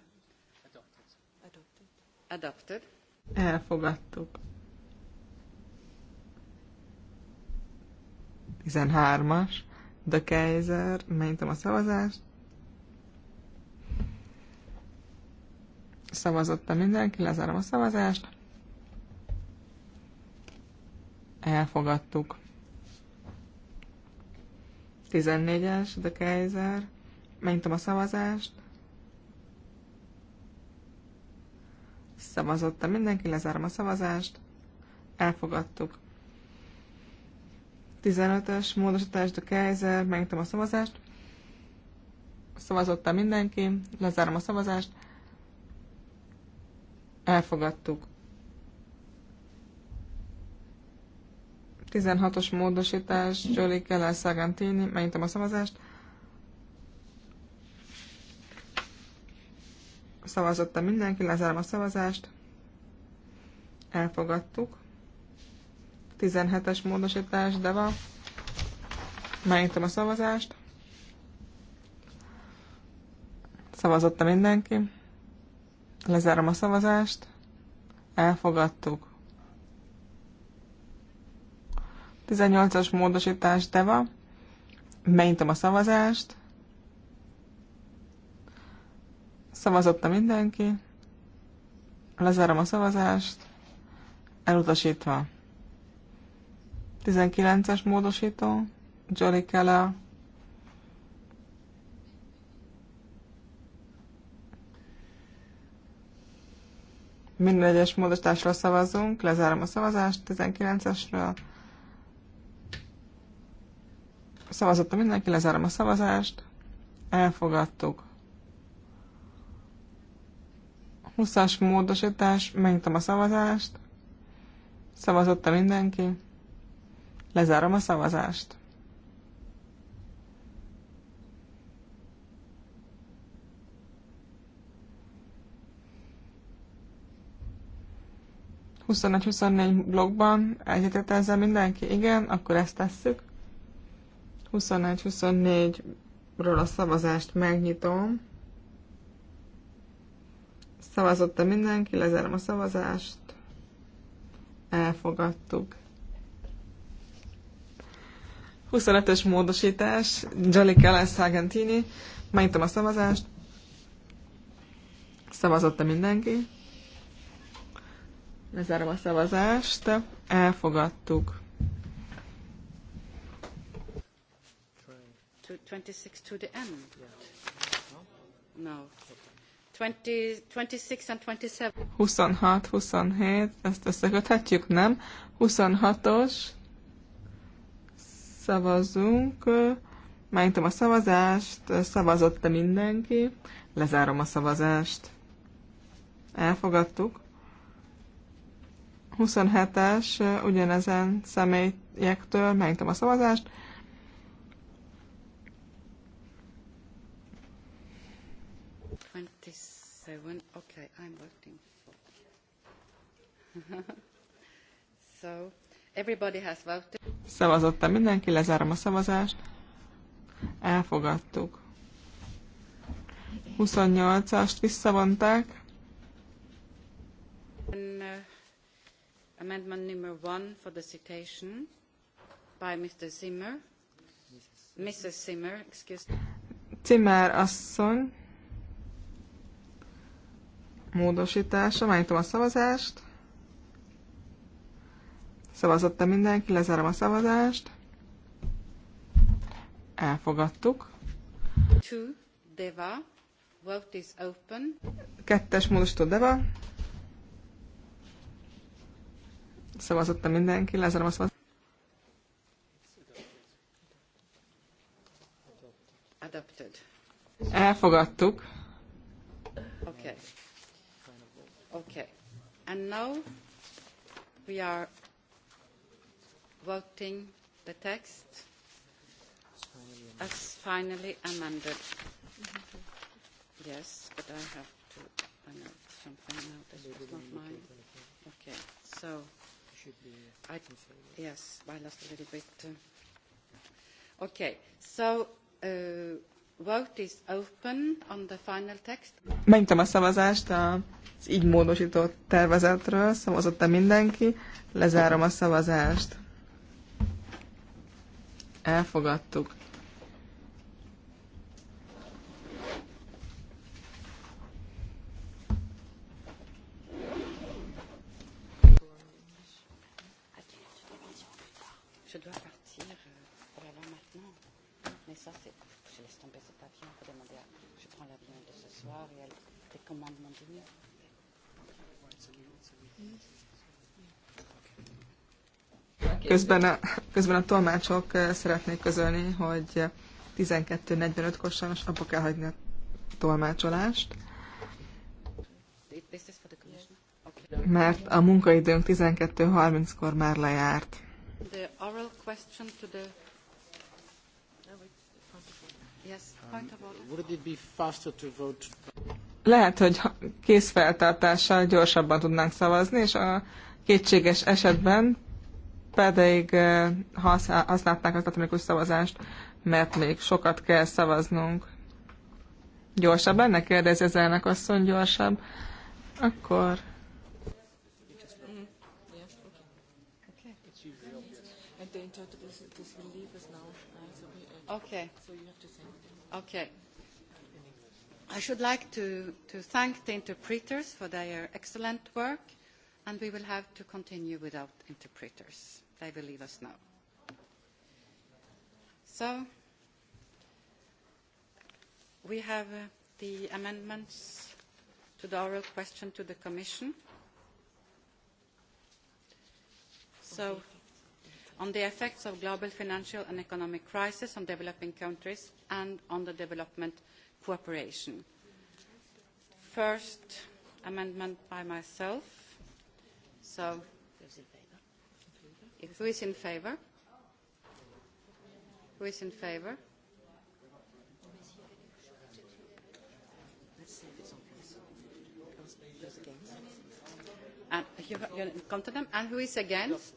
adopted. Elfogadtuk. 13-as, de Kaiser, megnyitom a szavazást. szavazott a mindenki? Lezárom a szavazást. Elfogadtuk. 14-es, de Kaiser, megnyitom a szavazást. szavazott a mindenki? Lezárom a szavazást. Elfogadtuk. 15-ös módosítás, de Kaiser, megnyitom a szavazást. Szavazottam mindenki, lezárom a szavazást. Elfogadtuk. 16-os módosítás, Jolie Keller Sargentini, megnyitom a szavazást. Szavazottam mindenki, lezárom a szavazást. Elfogadtuk. 17-es módosítás, de van. Megnyitom a szavazást. Szavazott -e mindenki. Lezárom a szavazást. Elfogadtuk. 18-as módosítás Deva. Megnyitom a szavazást. Szavazotta mindenki. Lezárom a szavazást. Elutasítva. 19-es módosító, Jolly Keller, minden egyes módosításra szavazunk, lezárom a szavazást 19-esről. Szavazott mindenki, lezárom a szavazást, elfogadtuk. 20-as módosítás, megnyitom a szavazást, a mindenki, Lezárom a szavazást. Huszonegy, 24 blogban egyetért ezzel mindenki? Igen, akkor ezt tesszük. 21-24-ről a szavazást megnyitom. Szavazott-e mindenki? Lezárom a szavazást. Elfogadtuk. 25-ös módosítás, Jolly Keller Sargentini. Megnyitom a szavazást. Szavazott mindenki? Lezárom a szavazást. Elfogadtuk. 26 26 27. 26, 27, ezt összeköthetjük, nem? 26-os, Szavazzunk. Megnyitom a szavazást. Szavazott-e mindenki? Lezárom a szavazást. Elfogadtuk. 27-es ugyanezen személyektől megnyitom a szavazást. Okay, I'm voting for. *laughs* so Everybody has mindenki, lezárom a szavazást. Elfogadtuk. 28-ast visszavonták. Uh, amendment number one for the citation by Mr. Zimmer. Mrs. Zimmer, excuse me. Zimmer asszony módosítása, megnyitom a szavazást. Szavazott-e mindenki? Lezárom a szavazást. Elfogadtuk. Two, Deva. Vote is open. Kettes módosító Deva. Szavazott-e mindenki? Lezárom a szavazást. Adopted. Elfogadtuk. Okay. Okay. And now we are voting the text as finally amended. Yes, but I have to amend something now. This was not mine. Okay, so I, yes, I lost a little bit. Uh, okay, so uh, vote is open on the final text. Megnyitom a szavazást az így módosított tervezetről, szavazott -e mindenki, lezárom a szavazást elfogadtuk. Közben a, közben a tolmácsok eh, szeretnék közölni, hogy 12.45-kor sajnos abba kell hagyni a tolmácsolást. Mert a munkaidőnk 12.30-kor már lejárt. lehet, hogy készfeltartással gyorsabban tudnánk szavazni, és a kétséges esetben pedig használták az elektronikus szavazást, mert még sokat kell szavaznunk. Gyorsabb benne Kérdezi az elnök asszony gyorsabb. Akkor... Okay. Okay. I should like to, to thank the interpreters for their excellent work, and we will have to continue without interpreters they will us now. So we have uh, the amendments to the oral question to the Commission. So on the effects of global financial and economic crisis on developing countries and on the development cooperation. First amendment by myself. So Who is in favor? Who is in favor? And you, you come to them. And who is against?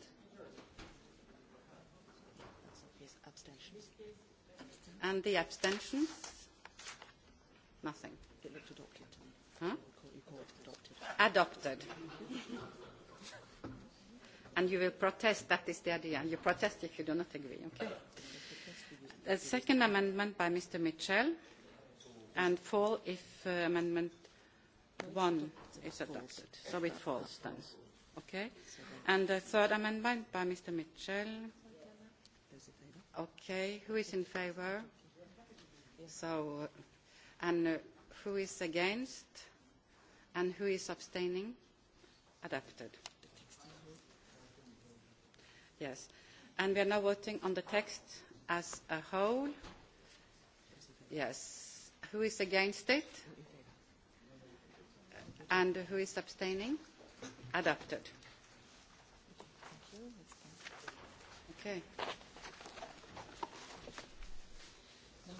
And the abstentions? Nothing. Huh? adopted. Adopted and you will protest. That is the idea. You protest if you do not agree. Okay. The second amendment by Mr. Mitchell, and fall if uh, amendment one is adopted. So it falls then. Okay. And the third amendment by Mr. Mitchell. Okay. Who is in favour? So, uh, and uh, who is against? And who is abstaining? Adopted. Yes. And we are now voting on the text as a whole. Yes. Who is against it? And who is abstaining? Adopted. Okay. Now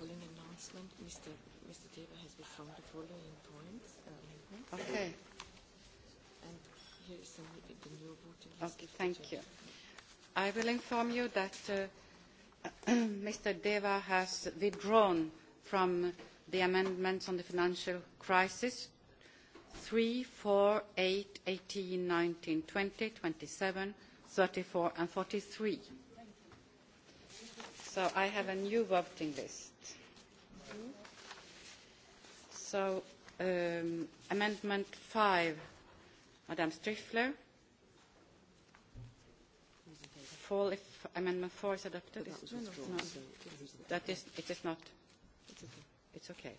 we have a announcement. Mr. Mr. Deva has withdrawn the following points. Um, okay. Okay, thank you. I will inform you that uh, *clears throat* Mr. Deva has withdrawn from the amendments on the financial crisis 3, 4, 8, 18, 19, 20, 27, 34 and 43. So I have a new voting list. So um, amendment 5 Madame Striffler. Fall if Amendment 4 is adopted. Is, no, no. That is, it is not. It's okay.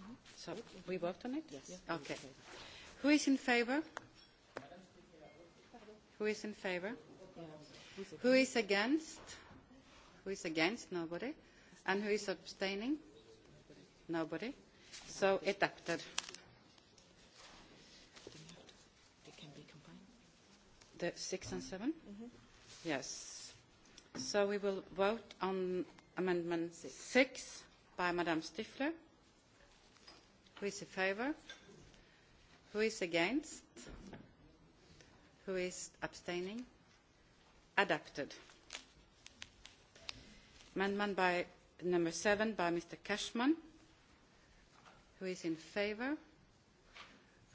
Mm-hmm. So we vote on it? Yes. Okay. Who is in favor? Who is in favor? Who is against? Who is against? Nobody. And who is abstaining? Nobody. So adopted. the six and seven? Mm-hmm. Yes. So we will vote on amendment six, six by Madame Stifler. Who is in favour? Who is against? Who is abstaining? Adopted. Amendment by number seven by Mr. Cashman. Who is in favour?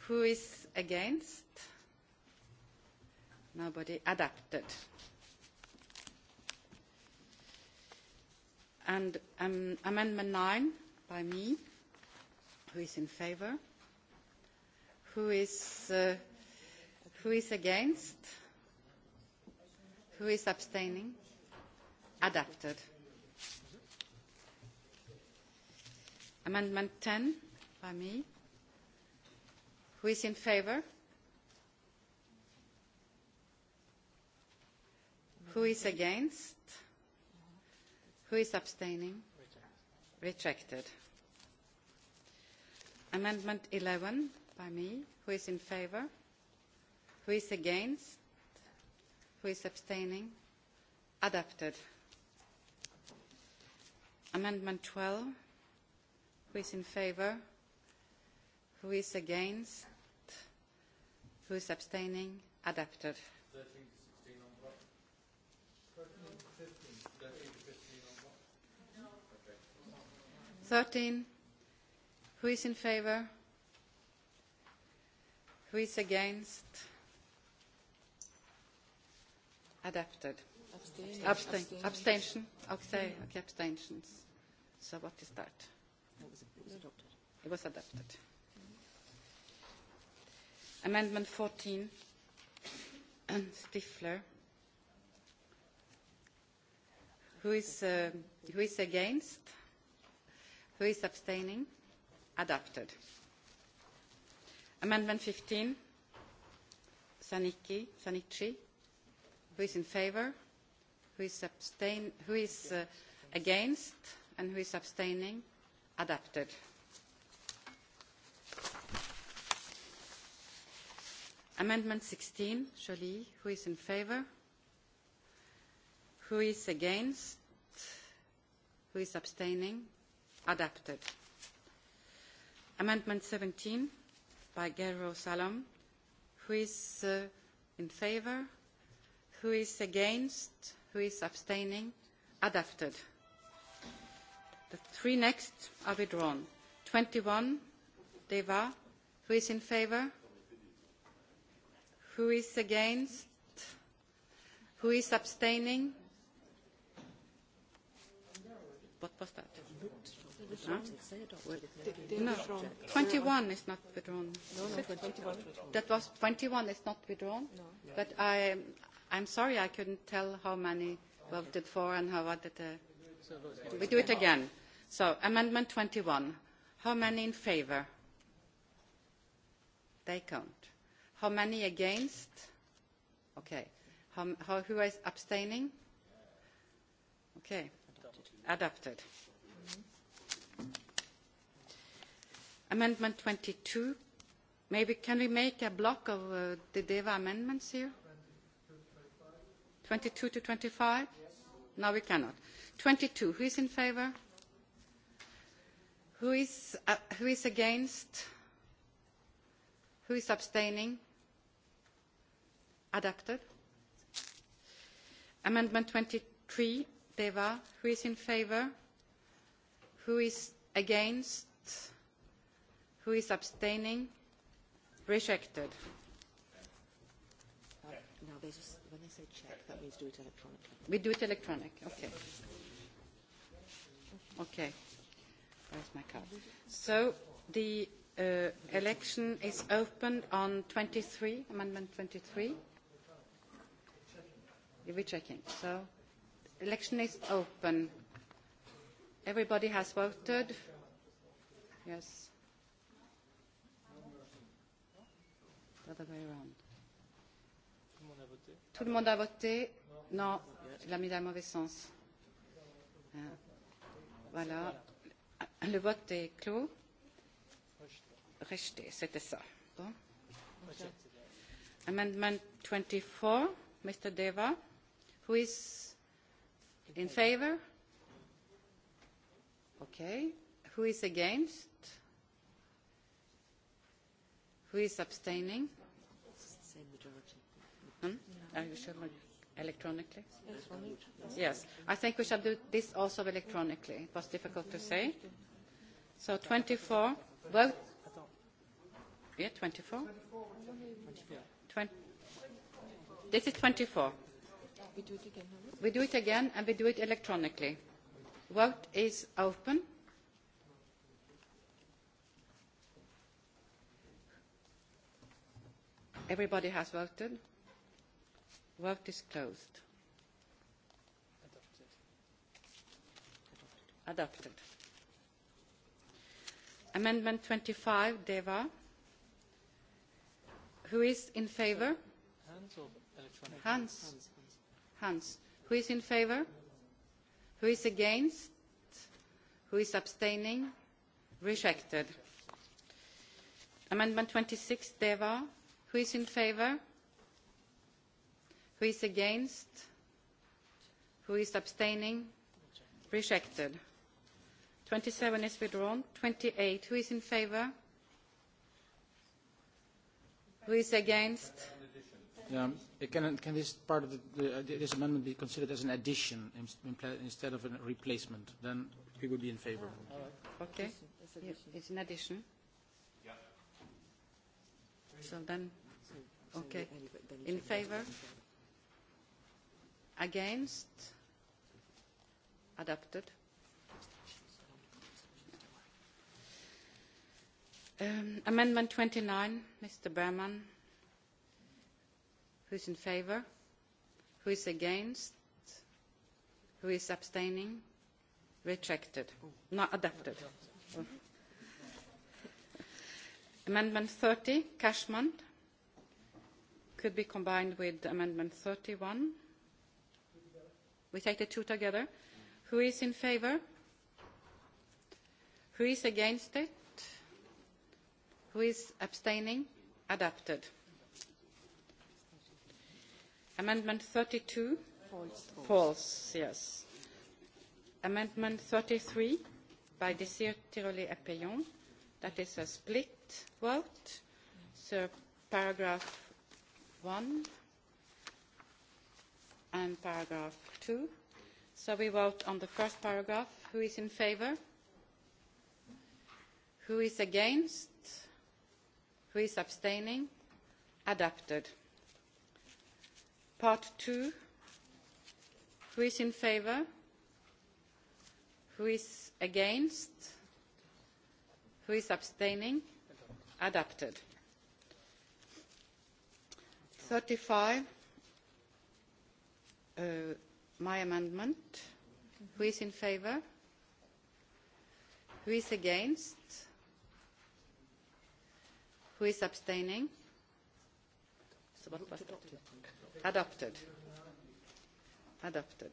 Who is against? nobody adapted. And um, Amendment 9 by me, who is in favour, who is, uh, who is against, who is abstaining, adapted. Amendment 10 by me, who is in favour, Who is against? Who is abstaining? Rejected. Amendment 11 by me. Who is in favor? Who is against? Who is abstaining? Adopted. Amendment 12. Who is in favor? Who is against? Who is abstaining? Adopted. 13 13. Who is in favor? Who is against? Adapted. Abstain. Abstain. Abstain. Abstention. Okay. Okay. Abstentions. So what is that? It was, adopted. It was adopted. Mm-hmm. Amendment 14. And Stifler. Who is, uh, who is against? who is abstaining adopted amendment 15 saniki sanichi who is in favor who is abstain who is uh, against and who is abstaining adopted amendment 16 joly who is in favor who is against who is abstaining adopted. Amendment 17 by Gero Salom. Who is uh, in favour? Who is against? Who is abstaining? Adopted. The three next are withdrawn. 21, Deva. Who is in favour? Who is against? Who is abstaining? What was that? 21 is not withdrawn. No, 21. That was 21 is not withdrawn. No. But I, I'm sorry I couldn't tell how many voted for and how voted. Uh, we do it again. So amendment 21. How many in favour? They count. How many against? Okay. How, how, who is abstaining? Okay. Adopted. Adopted. Amendment 22. Maybe can we make a block of uh, the DEVA amendments here? 22 to 25? Yes. No, we cannot. 22. Who is in favour? Who is, uh, who is against? Who is abstaining? Adopted. Amendment 23, DEVA. Who is in favour? Who is against? who is abstaining rejected uh, now there's when they say check that means do it electronically we do it electronic okay okay where's my card so the uh, election is open on 23 amendment 23 we're checking so election is open everybody has voted yes Other way around. Tout le monde a voté Non, il a mis dans le mauvais sens. Voilà. Le vote est clos. Rejeté, c'était ça. Bon. Amendment 24, Mr. Deva. Who is in favor? Okay. Who is against? Who is abstaining? Same majority. Hmm? Are you sure? Electronically? Yes. I think we shall do this also electronically. It was difficult to say. So 24. Vote. Yeah, 24. 20. This is 24. We do it again, and we do it electronically. Vote is open. Everybody has voted. Vote is closed. Adopted. Amendment 25, Deva. Who is in favour? Hands or electronic? Hands. Hands. Hands. Who is in favour? Who is against? Who is abstaining? Rejected. Amendment 26, Deva. Who is in favour? Who is against? Who is abstaining? Rejected. 27 is withdrawn. 28. Who is in favour? Who is against? Yeah, um, can, can this part of the, uh, the, this amendment be considered as an addition instead of a replacement? Then we would be in favour. Okay. It's an addition. So then. Okay. In favor? Against? Adopted. Um, amendment 29, Mr. Berman. Who is in favor? Who is against? Who is abstaining? Rejected. Oh. Not adopted. Amendment 30, Cashman could be combined with Amendment 31. We take the two together. Who is in favour? Who is against it? Who is abstaining? Adapted. Amendment 32? False. False, False yes. Amendment 33 by Desir Tiroli Epeyon. That is a split vote. So paragraph 1 and paragraph 2. So we vote on the first paragraph. Who is in favour? Who is against? Who is abstaining? Adapted. Part 2. Who is in favour? Who is against? Who is abstaining? Adapted. 35, uh, my amendment. Who is in favour? Who is against? Who is abstaining? So what was adopted? Adopted. Adopted.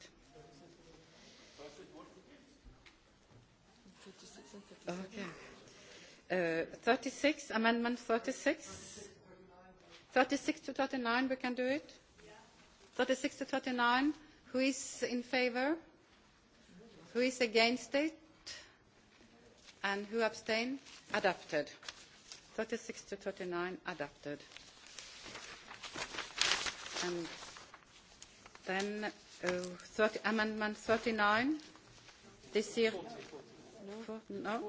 Okay. Uh, 36, amendment 36. 36 to 39, we can do it? 36 to 39, who is in favor? Who is against it? And who abstain? Adopted. 36 to 39, adopted. And then uh, 30, amendment 39, this year, 40, 40. no,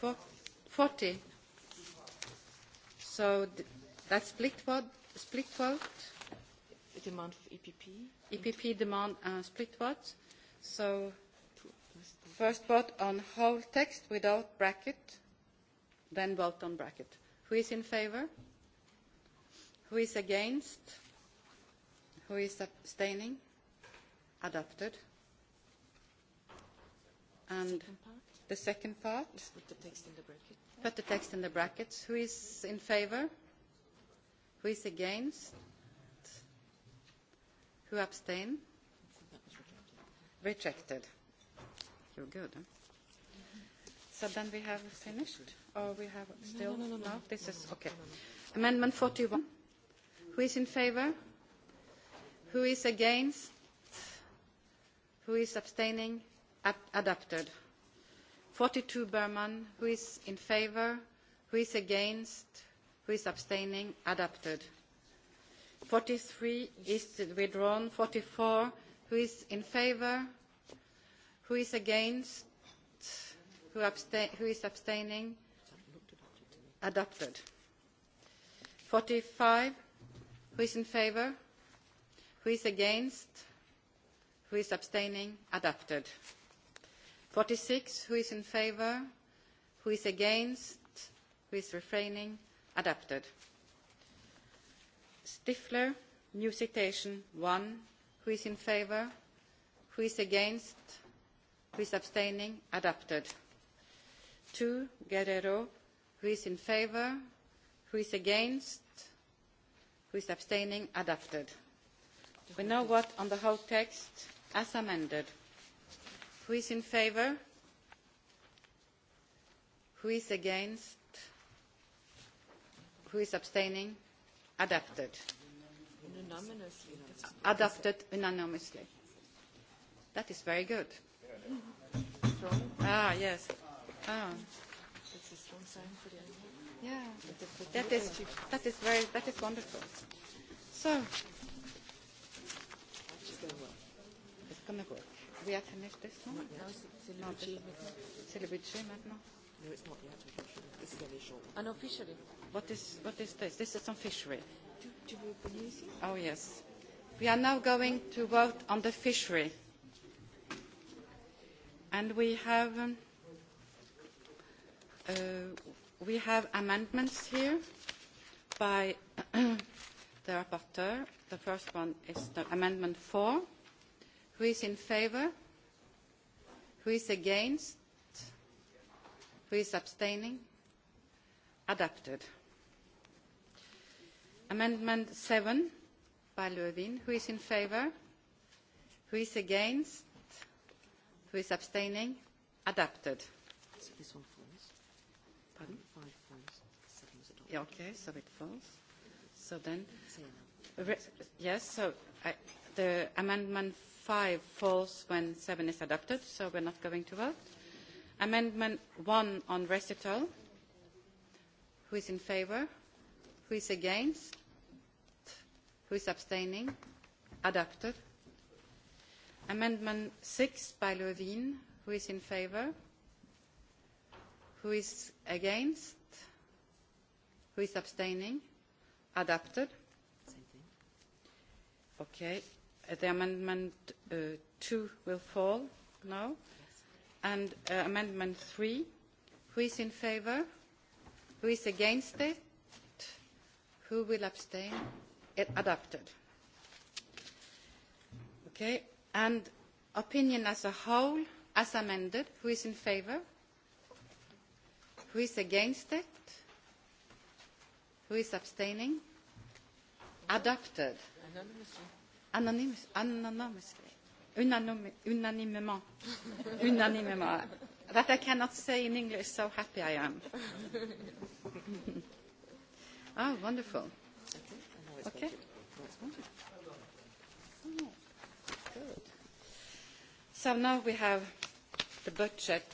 40. 40. So That split vote? Split vote? Demand of EPP. EPP demand uh, split vote. So first vote on whole text without bracket, then vote on bracket. Who is in favour? Who is against? Who is abstaining? Adopted. And the second part? Put the text in the brackets. Put the text in the brackets. Who is in favour? Who is against? Who abstain? Rejected. You're good. Huh? So then we have finished, or we have still no? no, no, no. This is okay. Amendment 41. Who is in favour? Who is against? Who is abstaining? Ab adopted. 42 Berman. Who is in favour? Who is against? who is abstaining adopted 43 is withdrawn 44 who is in favour? who is against who, abstain, who is abstaining adopted 45 who is in favour? who is against who is abstaining adopted 46 who is in favour? who is against who is refraining adapted. stifler new citation one who is in favour who is against who is abstaining Adapted. two guerrero who is in favour who is against who is abstaining Adapted. we now vote on the whole text as amended. who is in favour? who is against? who is abstaining adopted adopted unanimously that is very good ah yes ah yeah that is that is very that is wonderful so it's going to work we have finished this one no, c'est maintenant no, it's not yet. Unofficially. What is, what is this? This is some fishery. Oh, yes. We are now going to vote on the fishery. And we have, um, uh, we have amendments here by *clears throat* the rapporteur. The first one is the amendment four. Who is in favour? Who is against? Who is abstaining? adopted. Amendment 7 by Lövin. Who is in favour? Who is against? Who is abstaining? Adopted. this one falls. Pardon? Five falls. Seven is adopted. Yeah, okay, so it falls. So then, re, yes, so I, the amendment 5 falls when 7 is adopted, so we're not going to vote. Amendment 1 on recital. Who is in favour? Who is against? Who is abstaining? Adopted. Amendment 6 by Levin. Who is in favour? Who is against? Who is abstaining? Adopted. Okay. Uh, the amendment uh, 2 will fall now. And uh, amendment 3. Who is in favour? Who is against it? Who will abstain? It adopted. Okay, and opinion as a whole, as amended, who is in favour? Who is against it? Who is abstaining? Adopted. Anonymously. anonymously. Unanimously. unanimement. unanimement that I cannot say in English, so happy I am. oh, *laughs* wonderful. Okay. Good. So now we have the budget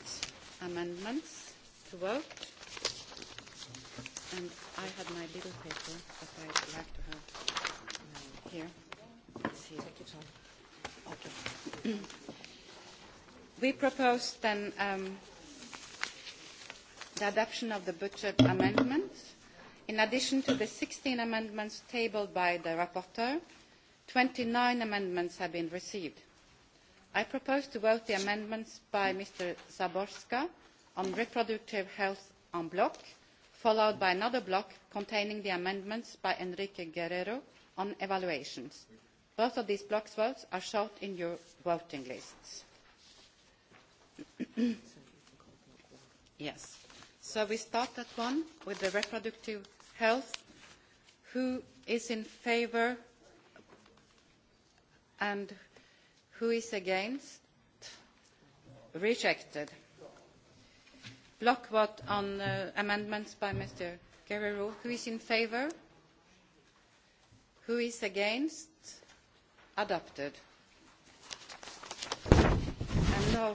amendments to vote. And I had my little paper that I would like to have here. It's here. Take your time. Okay. Mm. We proposed then um, the adoption of the budget amendments. In addition to the 16 amendments tabled by the rapporteur, 29 amendments have been received. I propose to vote the amendments by Mr. Zaborska on reproductive health en bloc, followed by another block containing the amendments by Enrique Guerrero on evaluations. Both of these blocks votes are short in your voting lists. *coughs* yes. So we start that one with the reproductive health. Who is in favor and who is against? Rejected. Block vote on uh, amendments by Mr. Guerrero. Who is in favor? Who is against? Adopted. And now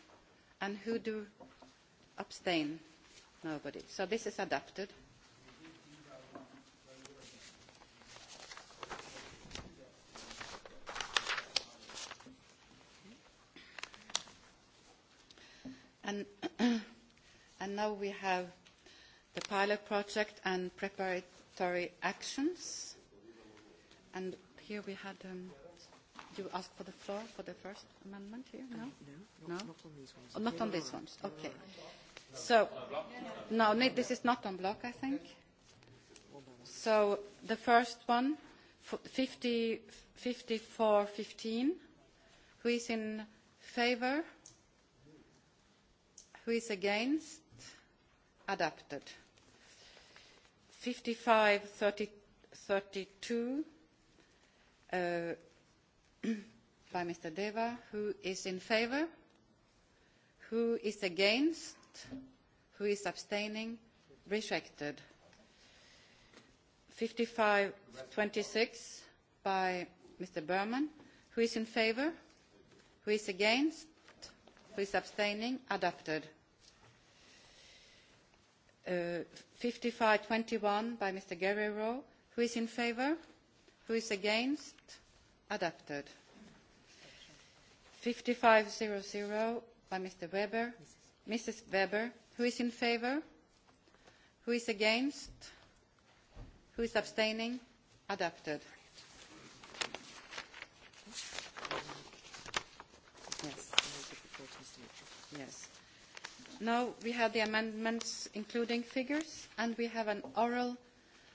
and who do abstain? Nobody. So this is adopted. And, *clears throat* and now we have the pilot project and preparatory actions. And here we had um, Do you ask for the floor for the first amendment here? No? Um, no? Not, no? not on these ones. Oh, not on these ones. Okay. So, no, this is not on block, I think. So, the first one, 54-15. Who is in favor? Who is against? Adapted. 55-32. Uh, by Mr. Deva. Who is in favour, Who is against? Who is abstaining? Rejected. 5526 by Mr. Berman. Who is in favour, Who is against? Who is abstaining? Adopted. Uh, 5521 by Mr. Guerrero. Who is in favour, Who is against? adopted. 5500 by Mr. Weber. Mrs. Weber, who is in favor? Who is against? Who is abstaining? Adopted. Yes. Yes. Now we have the amendments including figures, and we have an oral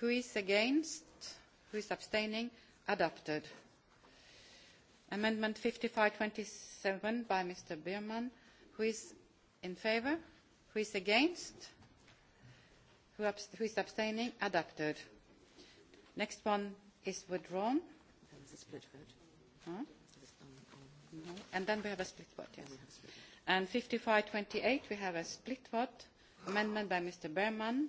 who is against who is abstaining adopted amendment 5527 by mr biermann who is in favour who is against who, who is abstaining adopted next one is withdrawn and then we have a split vote yes and fifty five we have a split vote amendment by mr berman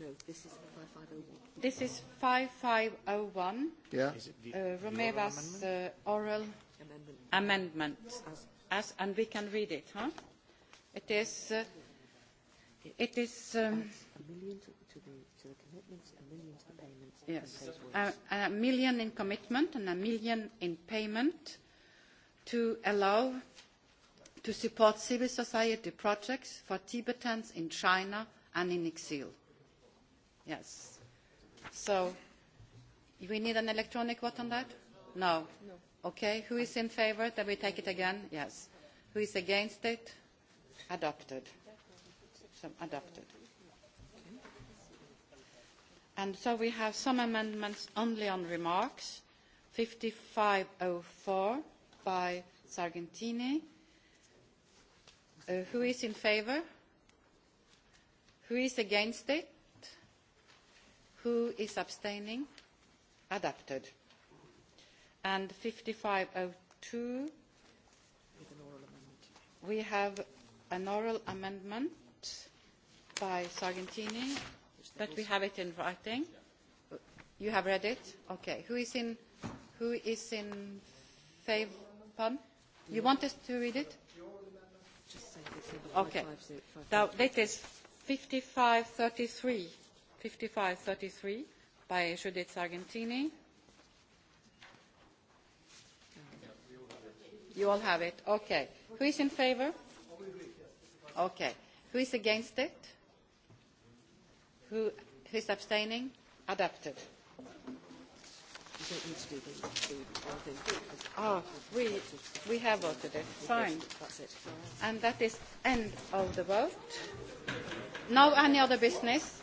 No, this is 5501. This is 5501. Yeah. Is it the, uh, Romeva's uh, oral amendment, amendment as, and we can read it, huh? It is. Uh, it is um, a million to, to, the, to the commitments, a million to the payments. Yes, a, a million in commitment and a million in payment to allow to support civil society projects for Tibetans in China and in exile. Yes. So we need an electronic vote on that? No. no. Okay. Who is in favor that we take it again? Yes. Who is against it? Adopted. So adopted. And so we have some amendments only on remarks. 5504 by Sargentini. Uh, who is in favor? Who is against it? who is abstaining adopted and 5502 we have an oral amendment by Sargentini but we have it in writing you have read it okay who is in who is in favor pardon you want us to read it okay now that is 5533 5533 by Judith Sargentini. You all have it. Okay. Who is in favor? Okay. Who is against it? Who, who is abstaining? Adopted. Ah, we, we have voted it. Fine. And that is end of the vote. No any other business?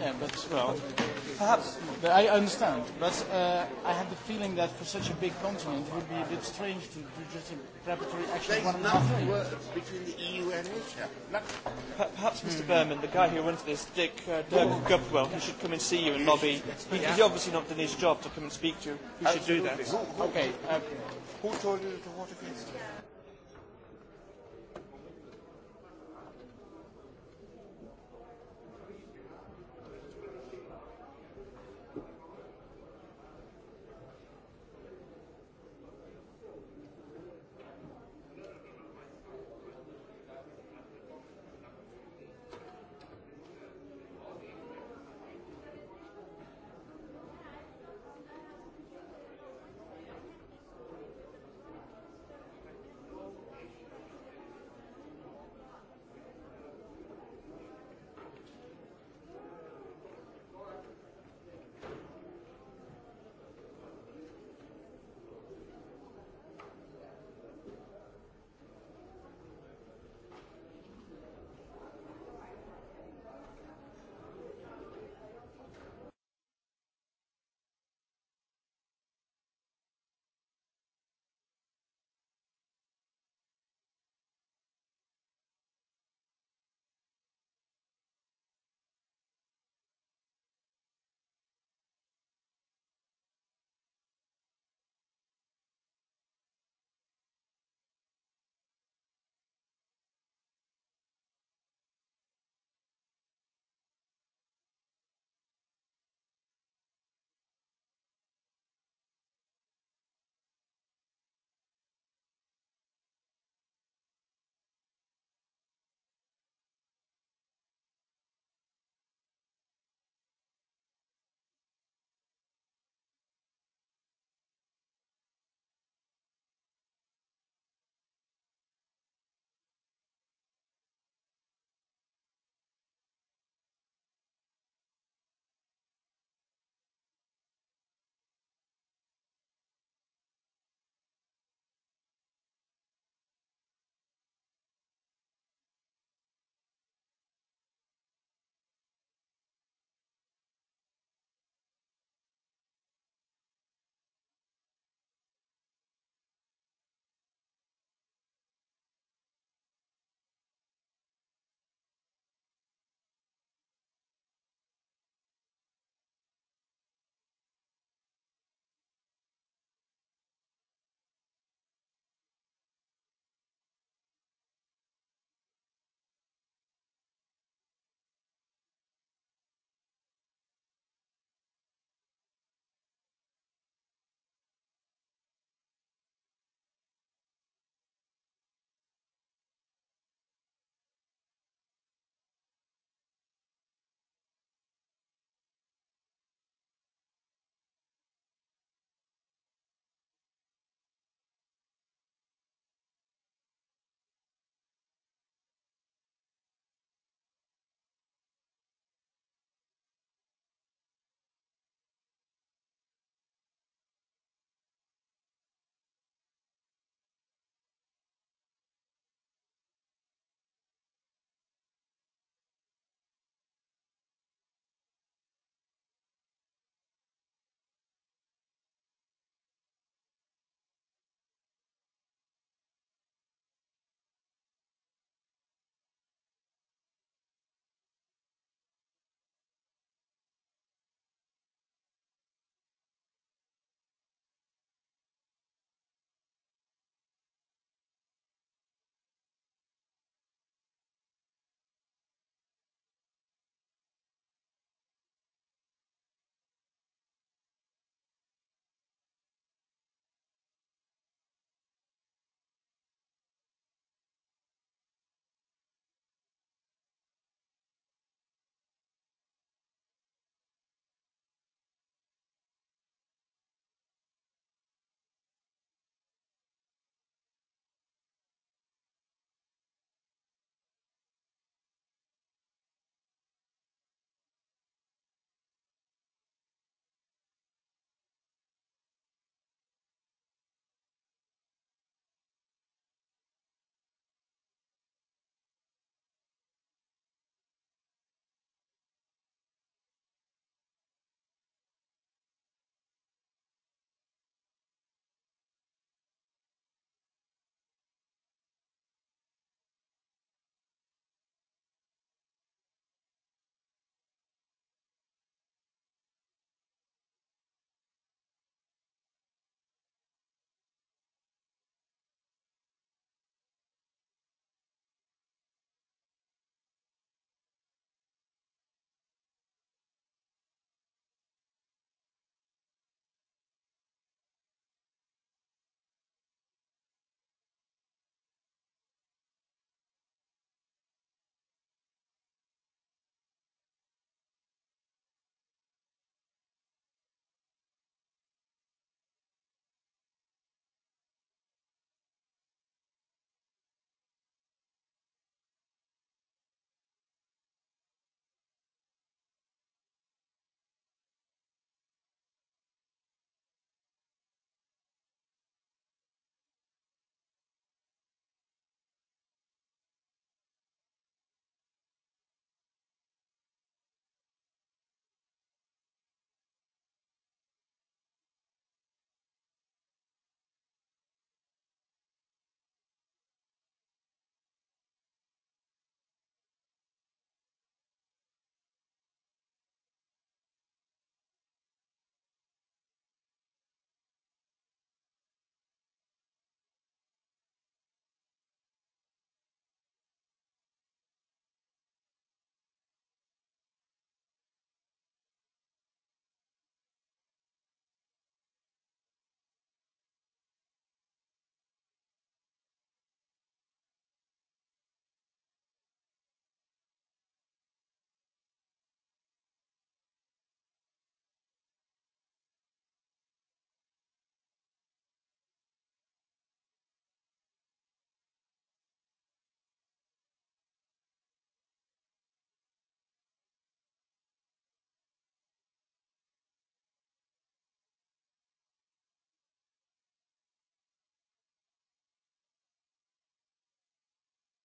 Yeah, but well, perhaps. But I understand. But uh, I had the feeling that for such a big continent, it would be a bit strange to do just a preparatory action. There's one and nothing works between the EU and Asia. No. Perhaps, Mr. Berman, the guy who runs this, Dick uh, Dirk oh. Gupwell, he should come and see you and lobby. He, yeah. He's obviously not done his job to come and speak to you. Who Absolutely. should do that? Who, who, okay. Uh, who told you to vote against?